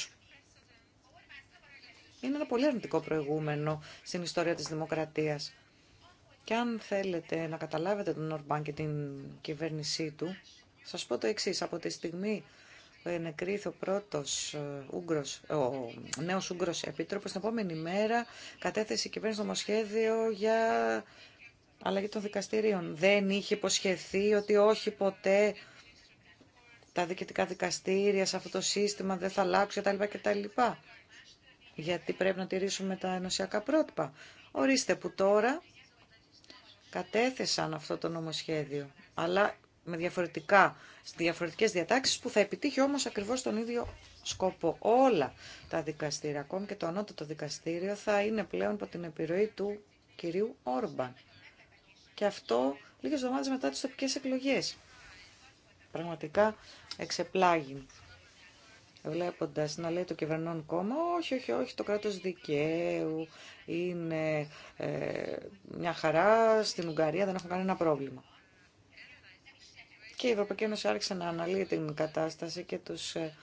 Είναι ένα πολύ αρνητικό προηγούμενο στην ιστορία της δημοκρατίας. Και αν θέλετε να καταλάβετε τον Ορμπάν και την κυβέρνησή του, σας πω το εξή. Από τη στιγμή που ενεκρίθη ο πρώτος ε, ο νέος Ούγκρος Επίτροπος, την επόμενη μέρα κατέθεσε η κυβέρνηση νομοσχέδιο για αλλαγή των δικαστηρίων. Δεν είχε υποσχεθεί ότι όχι ποτέ τα διοικητικά δικαστήρια σε αυτό το σύστημα δεν θα αλλάξουν κτλ. κτλ. Γιατί πρέπει να τηρήσουμε τα ενωσιακά πρότυπα. Ορίστε που τώρα κατέθεσαν αυτό το νομοσχέδιο, αλλά με διαφορετικά, διαφορετικές διατάξεις που θα επιτύχει όμως ακριβώς τον ίδιο σκόπο. Όλα τα δικαστήρια, ακόμη και το ανώτατο δικαστήριο, θα είναι πλέον υπό την επιρροή του κυρίου Όρμπαν και αυτό λίγες εβδομάδες μετά τις τοπικές εκλογές. Πραγματικά εξεπλάγει βλέποντα να λέει το κυβερνών κόμμα, όχι, όχι, όχι, το κράτο δικαίου είναι ε, μια χαρά στην Ουγγαρία, δεν έχουν κανένα πρόβλημα. Και η Ευρωπαϊκή Ένωση άρχισε να αναλύει την κατάσταση και τους ε,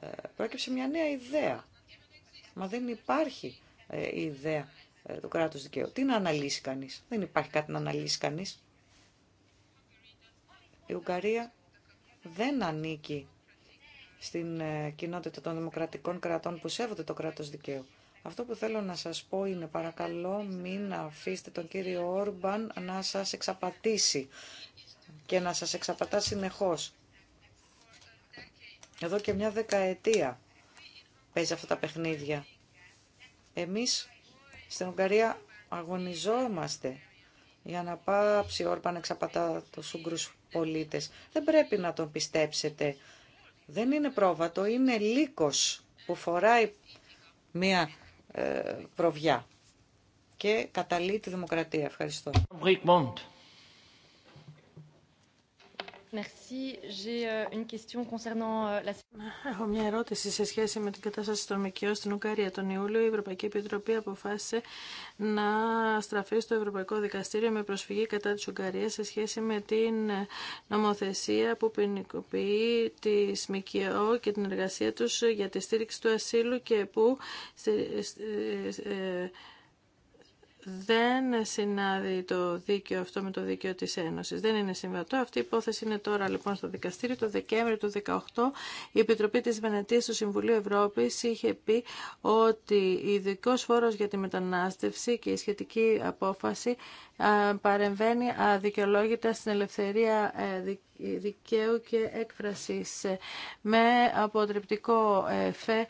ε πρόκειψε μια νέα ιδέα. Μα δεν υπάρχει ε, ιδέα ε, του κράτους δικαίου. Τι να αναλύσει κανεί. Δεν υπάρχει κάτι να αναλύσει κανεί. Η Ουγγαρία δεν ανήκει στην ε, κοινότητα των δημοκρατικών κρατών που σέβονται το κράτος δικαίου. Αυτό που θέλω να σας πω είναι παρακαλώ μην αφήσετε τον κύριο Όρμπαν να σας εξαπατήσει και να σας εξαπατά συνεχώς. Εδώ και μια δεκαετία παίζει αυτά τα παιχνίδια. Εμείς στην Ουγγαρία αγωνιζόμαστε για να πάψει ο Όρπα να εξαπατά τους Ούγγρους πολίτες. Δεν πρέπει να τον πιστέψετε. Δεν είναι πρόβατο, είναι λύκος που φοράει μία ε, προβιά και καταλύει τη δημοκρατία. Ευχαριστώ. Euh, euh, Έχω μια ερώτηση σε σχέση με την κατάσταση των ΜΚΟ στην Ουγγαρία. Τον Ιούλιο η Ευρωπαϊκή Επιτροπή αποφάσισε να στραφεί στο Ευρωπαϊκό Δικαστήριο με προσφυγή κατά της Ουγγαρίας σε σχέση με την νομοθεσία που ποινικοποιεί τη ΜΚΟ και την εργασία τους για τη στήριξη του ασύλου και που ε, δεν συνάδει το δίκαιο αυτό με το δίκαιο της Ένωσης. Δεν είναι συμβατό. Αυτή η υπόθεση είναι τώρα λοιπόν στο δικαστήριο. Το Δεκέμβριο του 2018 η Επιτροπή της Βενετίας του Συμβουλίου Ευρώπης είχε πει ότι ειδικό φόρος για τη μετανάστευση και η σχετική απόφαση παρεμβαίνει αδικαιολόγητα στην ελευθερία ε, δικαίου και έκφρασης ε, με αποτρεπτικό εφέ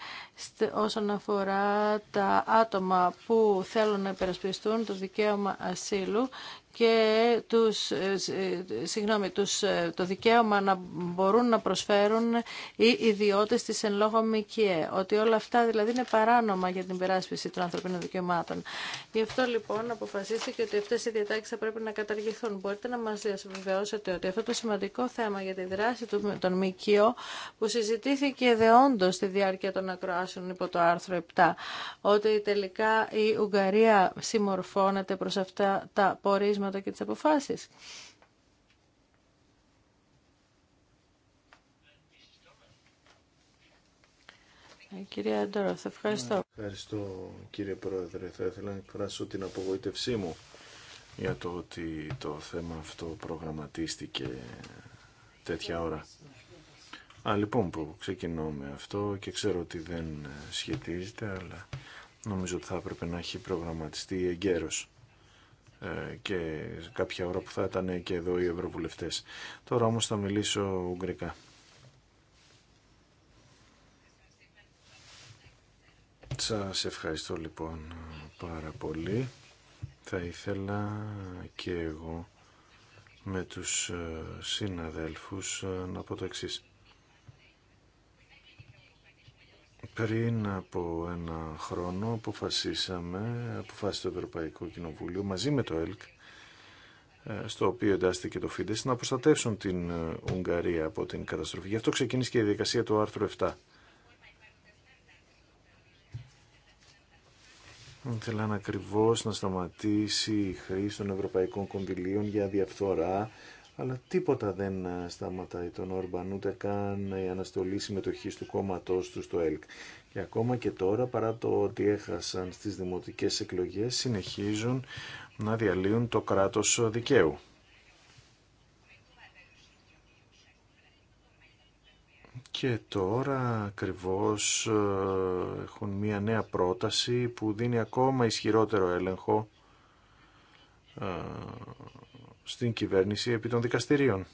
όσον αφορά τα άτομα που θέλουν να υπερασπιστούν το δικαίωμα ασύλου και τους, ε, συγγνώμη, τους, ε, το δικαίωμα να μπορούν να προσφέρουν οι ιδιώτες της εν λόγω ΜΚΕ. Ότι όλα αυτά δηλαδή είναι παράνομα για την περάσπιση των ανθρωπίνων δικαιωμάτων. Γι' αυτό λοιπόν αποφασίστηκε ότι αυτές οι διατάξεις θα πρέπει να καταργηθούν. Μπορείτε να μας διασυμβεβαιώσετε ότι αυτό το σημαντικό θέμα για τη δράση των ΜΚΟ που συζητήθηκε δεόντως στη διάρκεια των ακροάσεων υπό το άρθρο 7, ότι τελικά η Ουγγαρία συμμορφώνεται προς αυτά τα πορίσματα και τις αποφάσεις. Ε, κυρία θα ευχαριστώ. Ναι, ευχαριστώ κύριε Πρόεδρε. Θα ήθελα να εκφράσω την απογοήτευσή μου για το ότι το θέμα αυτό προγραμματίστηκε τέτοια ώρα. Α, λοιπόν που ξεκινώ με αυτό και ξέρω ότι δεν σχετίζεται, αλλά νομίζω ότι θα έπρεπε να έχει προγραμματιστεί εγκαίρως. Ε, και κάποια ώρα που θα ήταν και εδώ οι ευρωβουλευτές. Τώρα όμως θα μιλήσω ουγγρικά. Σας ευχαριστώ λοιπόν πάρα πολύ. Θα ήθελα και εγώ με τους ε, συναδέλφους ε, να πω το εξής. Πριν από ένα χρόνο αποφασίσαμε, αποφάσισε το Ευρωπαϊκό Κοινοβούλιο μαζί με το ΕΛΚ, ε, στο οποίο εντάστηκε το Φίντες, να προστατεύσουν την ε, Ουγγαρία από την καταστροφή. Γι' αυτό ξεκίνησε και η διαδικασία του άρθρου 7. Θέλανε ακριβώς να σταματήσει η χρήση των ευρωπαϊκών κονδυλίων για διαφθορά, αλλά τίποτα δεν ε, σταματάει τον Όρμπαν, ούτε καν η αναστολή συμμετοχή του κόμματό του στο ΕΛΚ. Και ακόμα και τώρα, παρά το ότι έχασαν στις δημοτικές εκλογές, συνεχίζουν να διαλύουν το κράτος δικαίου. Και τώρα ακριβώς ε, έχουν μία νέα πρόταση που δίνει ακόμα ισχυρότερο έλεγχο ε, στην κυβέρνηση επί των δικαστηρίων.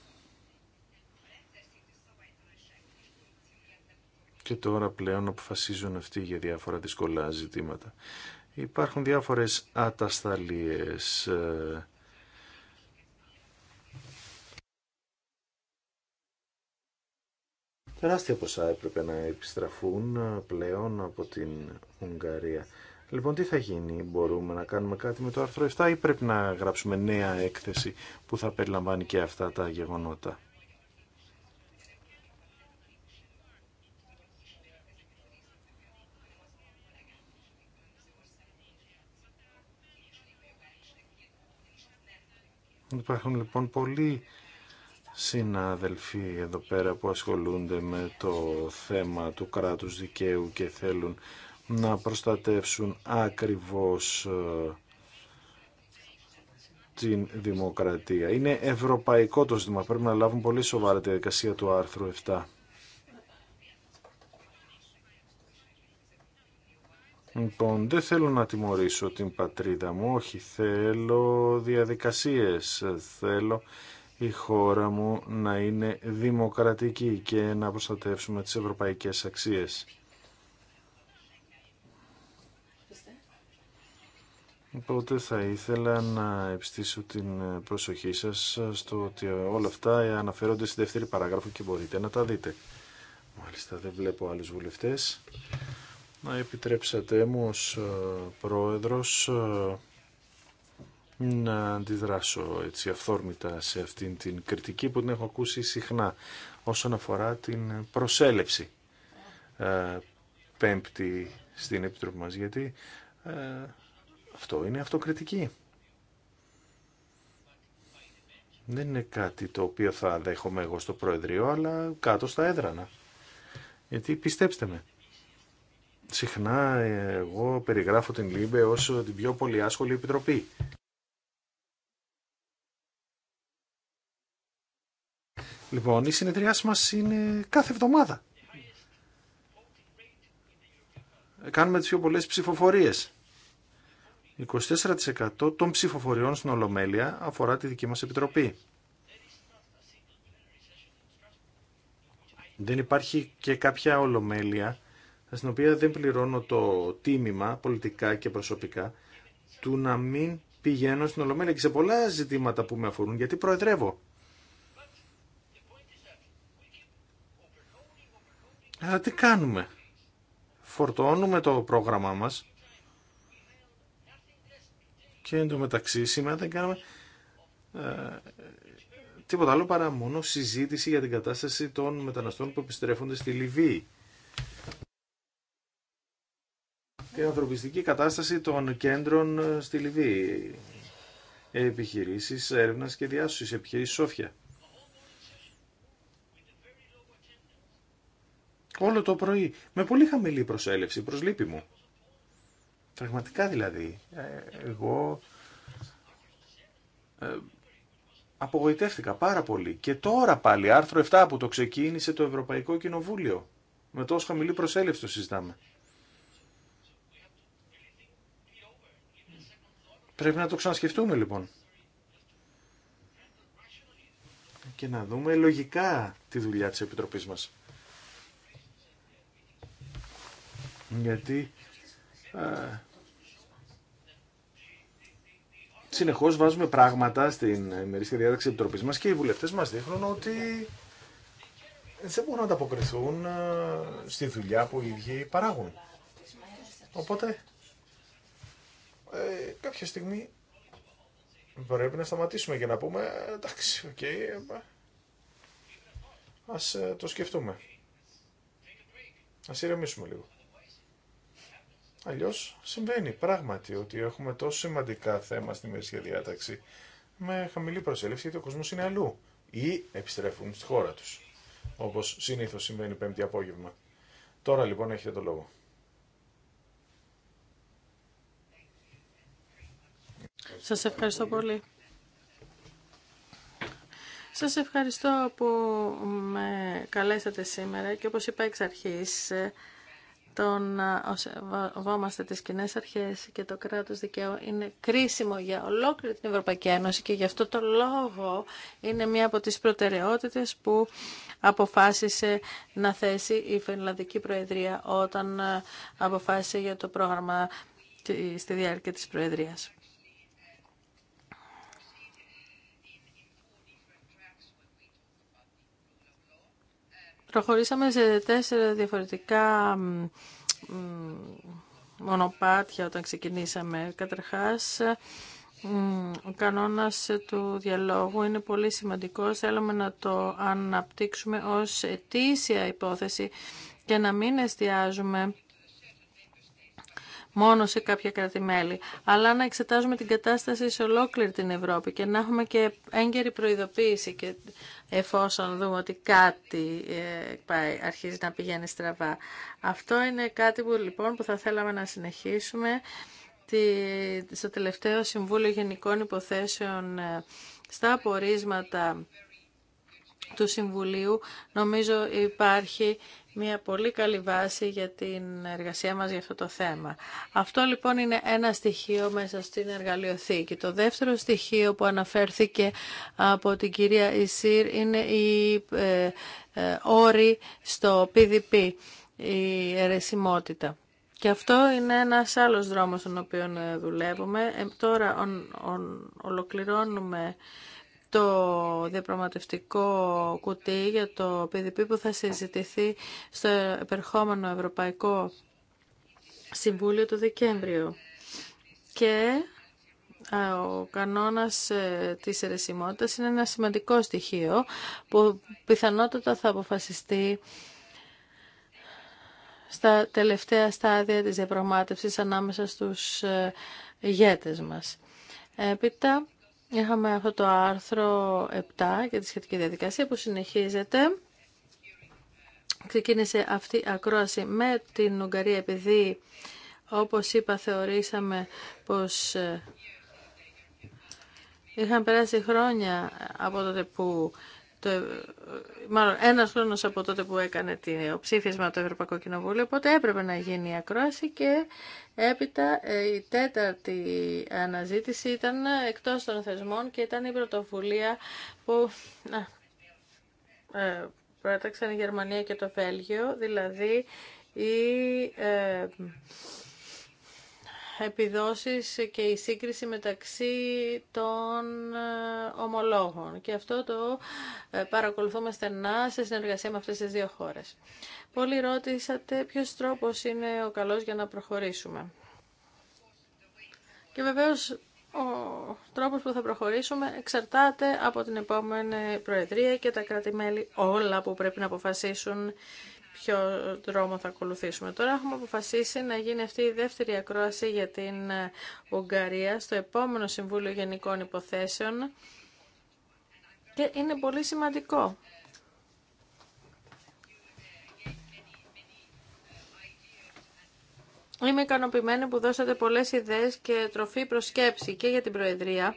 Και τώρα πλέον αποφασίζουν αυτοί για διάφορα δύσκολα ζητήματα. Υπάρχουν διάφορες ατασταλίες. Ε, τεράστια ποσά έπρεπε να επιστραφούν ε, πλέον από την Ουγγαρία. Λοιπόν, τι θα γίνει, μπορούμε να κάνουμε κάτι με το άρθρο 7 ή πρέπει να γράψουμε νέα έκθεση που θα περιλαμβάνει και αυτά τα γεγονότα. Υπάρχουν λοιπόν πολλοί συναδελφοί εδώ πέρα που ασχολούνται με το θέμα του κράτους δικαίου και θέλουν να προστατεύσουν ακριβώς ε, την δημοκρατία. Είναι ευρωπαϊκό το ζήτημα. Πρέπει να λάβουν πολύ σοβαρά τη διαδικασία του άρθρου 7. Λοιπόν, δεν θέλω να τιμωρήσω την πατρίδα μου, όχι, θέλω διαδικασίες, θέλω η χώρα μου να είναι δημοκρατική και να προστατεύσουμε τις ευρωπαϊκές αξίες. Οπότε θα ήθελα να επιστήσω την προσοχή σας στο ότι όλα αυτά αναφέρονται στη δεύτερη παράγραφο και μπορείτε να τα δείτε. Μάλιστα δεν βλέπω άλλους βουλευτές. Να επιτρέψατε μου ως ε, πρόεδρος ε, να αντιδράσω έτσι αυθόρμητα σε αυτήν την κριτική που την έχω ακούσει συχνά όσον αφορά την προσέλευση ε, πέμπτη στην Επιτροπή μας γιατί αυτό είναι αυτοκριτική. Δεν είναι κάτι το οποίο θα δέχομαι εγώ στο Προεδρείο, αλλά κάτω στα έδρανα. Γιατί πιστέψτε με, συχνά εγώ περιγράφω την ΛΥΜΠΕ ως την πιο πολύ άσχολη επιτροπή. Λοιπόν, η συνεδριά μας είναι κάθε εβδομάδα. Κάνουμε τις πιο πολλές ψηφοφορίες. 24% των ψηφοφοριών στην Ολομέλεια αφορά τη δική μας Επιτροπή. Δεν υπάρχει και κάποια Ολομέλεια στην οποία δεν πληρώνω το τίμημα πολιτικά και προσωπικά του να μην πηγαίνω στην Ολομέλεια και σε πολλά ζητήματα που με αφορούν γιατί προεδρεύω. Αλλά τι κάνουμε. Φορτώνουμε το πρόγραμμά μας και εντωμεταξύ σήμερα δεν κάναμε ε, τίποτα άλλο παρά μόνο συζήτηση για την κατάσταση των μεταναστών που επιστρέφονται στη Λιβύη. η ανθρωπιστική κατάσταση των κέντρων ε, στη Λιβύη. Επιχειρήσεις έρευνας και διάσωσης. Επιχειρήσεις Σόφια. Όλο το πρωί. Με πολύ χαμηλή προσέλευση. λύπη μου. Πραγματικά δηλαδή. Ε, εγώ ε, απογοητεύτηκα πάρα πολύ. Και τώρα πάλι άρθρο 7 που το ξεκίνησε το Ευρωπαϊκό Κοινοβούλιο. Με τόσο χαμηλή προσέλευση το συζητάμε. Πρέπει να το ξανασκεφτούμε λοιπόν. Και να δούμε λογικά τη δουλειά της Επιτροπής μας. Γιατί ε, συνεχώς βάζουμε πράγματα στην ημερήσια διάταξη επιτροπής μας και οι βουλευτέ μα δείχνουν ότι δεν μπορούν να ανταποκριθούν ε, στη δουλειά που οι ίδιοι παράγουν. Οπότε, ε, κάποια στιγμή πρέπει να σταματήσουμε και να πούμε ε, εντάξει, οκ, okay, ε, ας το σκεφτούμε. Ας ηρεμήσουμε λίγο. Αλλιώ συμβαίνει πράγματι ότι έχουμε τόσο σημαντικά θέματα στη μερική διάταξη με χαμηλή προσέλευση γιατί ο κόσμος είναι αλλού ή επιστρέφουν στη χώρα τους, Όπω συνήθω συμβαίνει πέμπτη απόγευμα. Τώρα λοιπόν έχετε το λόγο. Σας ευχαριστώ πολύ. Σας ευχαριστώ που με καλέσατε σήμερα και όπως είπα εξ αρχής, το να ε, ε, βόμαστε τις κοινέ αρχές και το κράτος δικαίου είναι κρίσιμο για ολόκληρη την Ευρωπαϊκή Ένωση και γι' αυτό το λόγο είναι μία από τις προτεραιότητες που αποφάσισε να θέσει η Φινλανδική Προεδρία όταν ε, αποφάσισε για το πρόγραμμα στη διάρκεια της Προεδρίας. Προχωρήσαμε σε τέσσερα διαφορετικά μονοπάτια όταν ξεκινήσαμε. Καταρχάς, ο κανόνας του διαλόγου είναι πολύ σημαντικός. Θέλουμε να το αναπτύξουμε ως ετήσια υπόθεση και να μην εστιάζουμε μόνο σε κάποια κρατημέλη, αλλά να εξετάζουμε την κατάσταση σε ολόκληρη την Ευρώπη και να έχουμε και έγκαιρη προειδοποίηση και εφόσον δούμε ότι κάτι ε, πάει, αρχίζει να πηγαίνει στραβά. Αυτό είναι κάτι που λοιπόν που θα θέλαμε να συνεχίσουμε στο τελευταίο Συμβούλιο Γενικών Υποθέσεων ε, στα απορίσματα του Συμβουλίου νομίζω υπάρχει μια πολύ καλή βάση για την εργασία μας για αυτό το θέμα. Αυτό λοιπόν είναι ένα στοιχείο μέσα στην εργαλειοθήκη. Το δεύτερο στοιχείο που αναφέρθηκε από την κυρία Ισίρ είναι οι ε, ε, όροι στο PDP, η αιρεσιμότητα. Και αυτό είναι ένας άλλος δρόμος στον οποίο δουλεύουμε. Ε, τώρα ο, ολοκληρώνουμε το διαπραγματευτικό κουτί για το PDP που θα συζητηθεί στο επερχόμενο Ευρωπαϊκό Συμβούλιο του Δεκέμβριο. Και ο κανόνας ε, της ερεσιμότητας είναι ένα σημαντικό στοιχείο που πιθανότατα θα αποφασιστεί στα τελευταία στάδια της διαπραγμάτευσης ανάμεσα στους ε, ηγέτες μας. Έπειτα, Είχαμε αυτό το άρθρο 7 για τη σχετική διαδικασία που συνεχίζεται. Ξεκίνησε αυτή η ακρόαση με την Ουγγαρία επειδή, όπως είπα, θεωρήσαμε πως ε, είχαν περάσει χρόνια από τότε που το, μάλλον ένας χρόνος από τότε που έκανε το ψήφισμα το Ευρωπαϊκό Κοινοβούλιο, οπότε έπρεπε να γίνει η ακρόαση και έπειτα ε, η τέταρτη αναζήτηση ήταν εκτό των θεσμών και ήταν η πρωτοβουλία που να, ε, πρόταξαν η Γερμανία και το Βέλγιο, δηλαδή η... Ε, επιδόσεις και η σύγκριση μεταξύ των ε, ομολόγων. Και αυτό το ε, παρακολουθούμε στενά σε συνεργασία με αυτές τις δύο χώρες. Πολύ ρώτησατε ποιος τρόπος είναι ο καλός για να προχωρήσουμε. Και βεβαίως ο τρόπος που θα προχωρήσουμε εξαρτάται από την επόμενη Προεδρία και τα κράτη-μέλη όλα που πρέπει να αποφασίσουν ποιο δρόμο θα ακολουθήσουμε. Τώρα έχουμε αποφασίσει να γίνει αυτή η δεύτερη ακρόαση για την ε, Ουγγαρία στο επόμενο Συμβούλιο Γενικών Υποθέσεων και είναι πολύ σημαντικό. Είμαι ικανοποιημένη που δώσατε πολλές ιδέες και τροφή προσκέψη και για την Προεδρία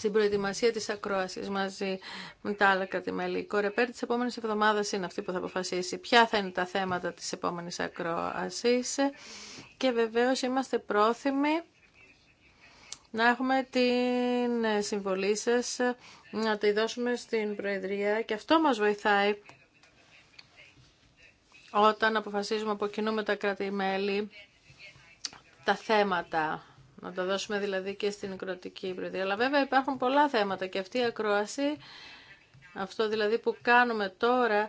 στην προετοιμασία της ακρόασης μαζί με τα άλλα κρατημέλη. Η κορεπέρ της επόμενης εβδομάδας είναι αυτή που θα αποφασίσει ποια θα είναι τα θέματα της επόμενης ακρόασης και βεβαίως είμαστε πρόθυμοι να έχουμε την συμβολή σας, να τη δώσουμε στην Προεδρία και αυτό μας βοηθάει όταν αποφασίζουμε από κοινού με τα κράτη-μέλη τα θέματα να τα δώσουμε δηλαδή και στην κροτική προεδρία. Αλλά βέβαια υπάρχουν πολλά θέματα και αυτή η ακρόαση, αυτό δηλαδή που κάνουμε τώρα,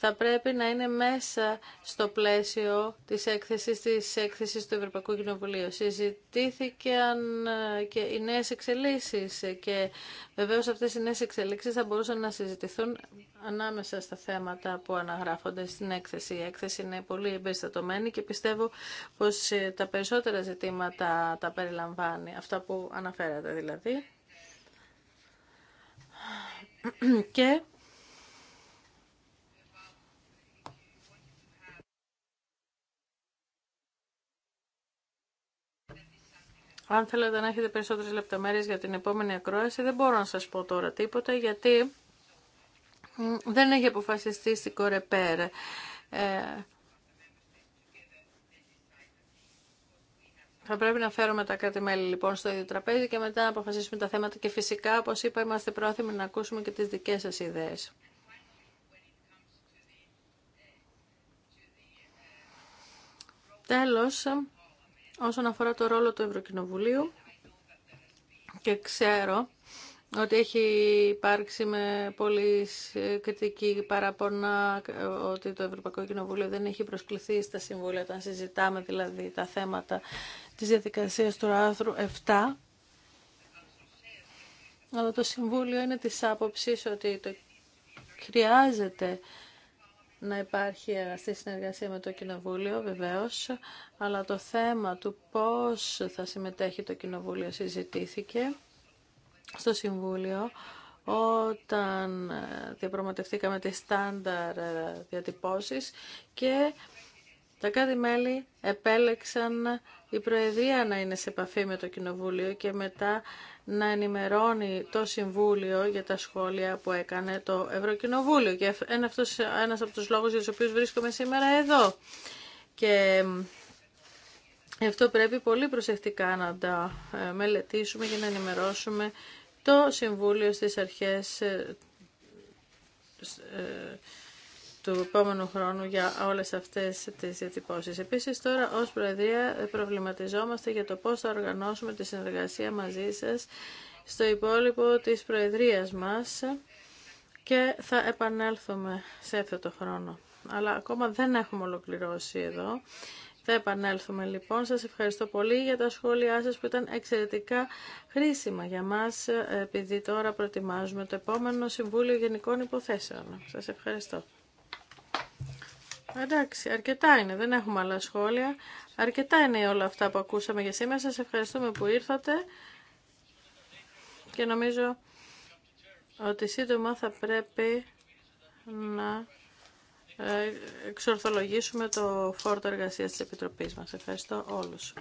θα πρέπει να είναι μέσα στο πλαίσιο της έκθεσης, της έκθεσης του Ευρωπαϊκού Κοινοβουλίου. Συζητήθηκαν ε, και οι νέες εξελίξεις ε, και βεβαίως αυτές οι νέες εξελίξεις θα μπορούσαν να συζητηθούν ανάμεσα στα θέματα που αναγράφονται στην έκθεση. Η έκθεση είναι πολύ εμπεριστατωμένη και πιστεύω πως ε, τα περισσότερα ζητήματα τα περιλαμβάνει, αυτά που αναφέρατε δηλαδή. Και Αν θέλετε να έχετε περισσότερες λεπτομέρειες για την επόμενη ακρόαση, δεν μπορώ να σας πω τώρα τίποτα, γιατί δεν έχει αποφασιστεί στην Κορεπέρ. Ε, θα πρέπει να φέρουμε τα κράτη-μέλη λοιπόν στο ίδιο τραπέζι και μετά να αποφασίσουμε τα θέματα και φυσικά, όπως είπα, είμαστε πρόθυμοι να ακούσουμε και τις δικές σας ιδέες. Τέλος, όσον αφορά το ρόλο του Ευρωκοινοβουλίου και ξέρω ότι έχει υπάρξει με πολύ κριτική παραπονά ότι το Ευρωπαϊκό Κοινοβούλιο δεν έχει προσκληθεί στα συμβούλια όταν συζητάμε δηλαδή τα θέματα της διαδικασίας του άρθρου 7 αλλά το Συμβούλιο είναι της άποψης ότι το χρειάζεται να υπάρχει αγαστή συνεργασία με το Κοινοβούλιο, βεβαίως, αλλά το θέμα του πώς θα συμμετέχει το Κοινοβούλιο συζητήθηκε στο Συμβούλιο όταν ε, διαπραγματευτήκαμε τις στάνταρ ε, διατυπώσεις και τα κάτι μέλη επέλεξαν η Προεδρία να είναι σε επαφή με το Κοινοβούλιο και μετά να ενημερώνει το Συμβούλιο για τα σχόλια που έκανε το Ευρωκοινοβούλιο. Και ένα αυτός ένας από τους λόγους για τους οποίους βρίσκομαι σήμερα εδώ. Και αυτό πρέπει πολύ προσεκτικά να τα ε, μελετήσουμε για να ενημερώσουμε το Συμβούλιο στις αρχές ε, ε, του επόμενου χρόνου για όλες αυτές τις διατυπώσεις. Επίσης τώρα ως Προεδρία προβληματιζόμαστε για το πώς θα οργανώσουμε τη συνεργασία μαζί σας στο υπόλοιπο της Προεδρίας μας και θα επανέλθουμε σε αυτό το χρόνο. Αλλά ακόμα δεν έχουμε ολοκληρώσει εδώ. Θα επανέλθουμε λοιπόν. Σας ευχαριστώ πολύ για τα σχόλιά σας που ήταν εξαιρετικά χρήσιμα για μας επειδή τώρα προετοιμάζουμε το επόμενο Συμβούλιο Γενικών Υποθέσεων. Σας ευχαριστώ. Εντάξει, αρκετά είναι, δεν έχουμε άλλα σχόλια. Αρκετά είναι όλα αυτά που ακούσαμε για σήμερα. Σας ευχαριστούμε που ήρθατε και νομίζω ότι σύντομα θα πρέπει να ε, εξορθολογήσουμε το φόρτο εργασίας της Επιτροπής μας. Ευχαριστώ όλους.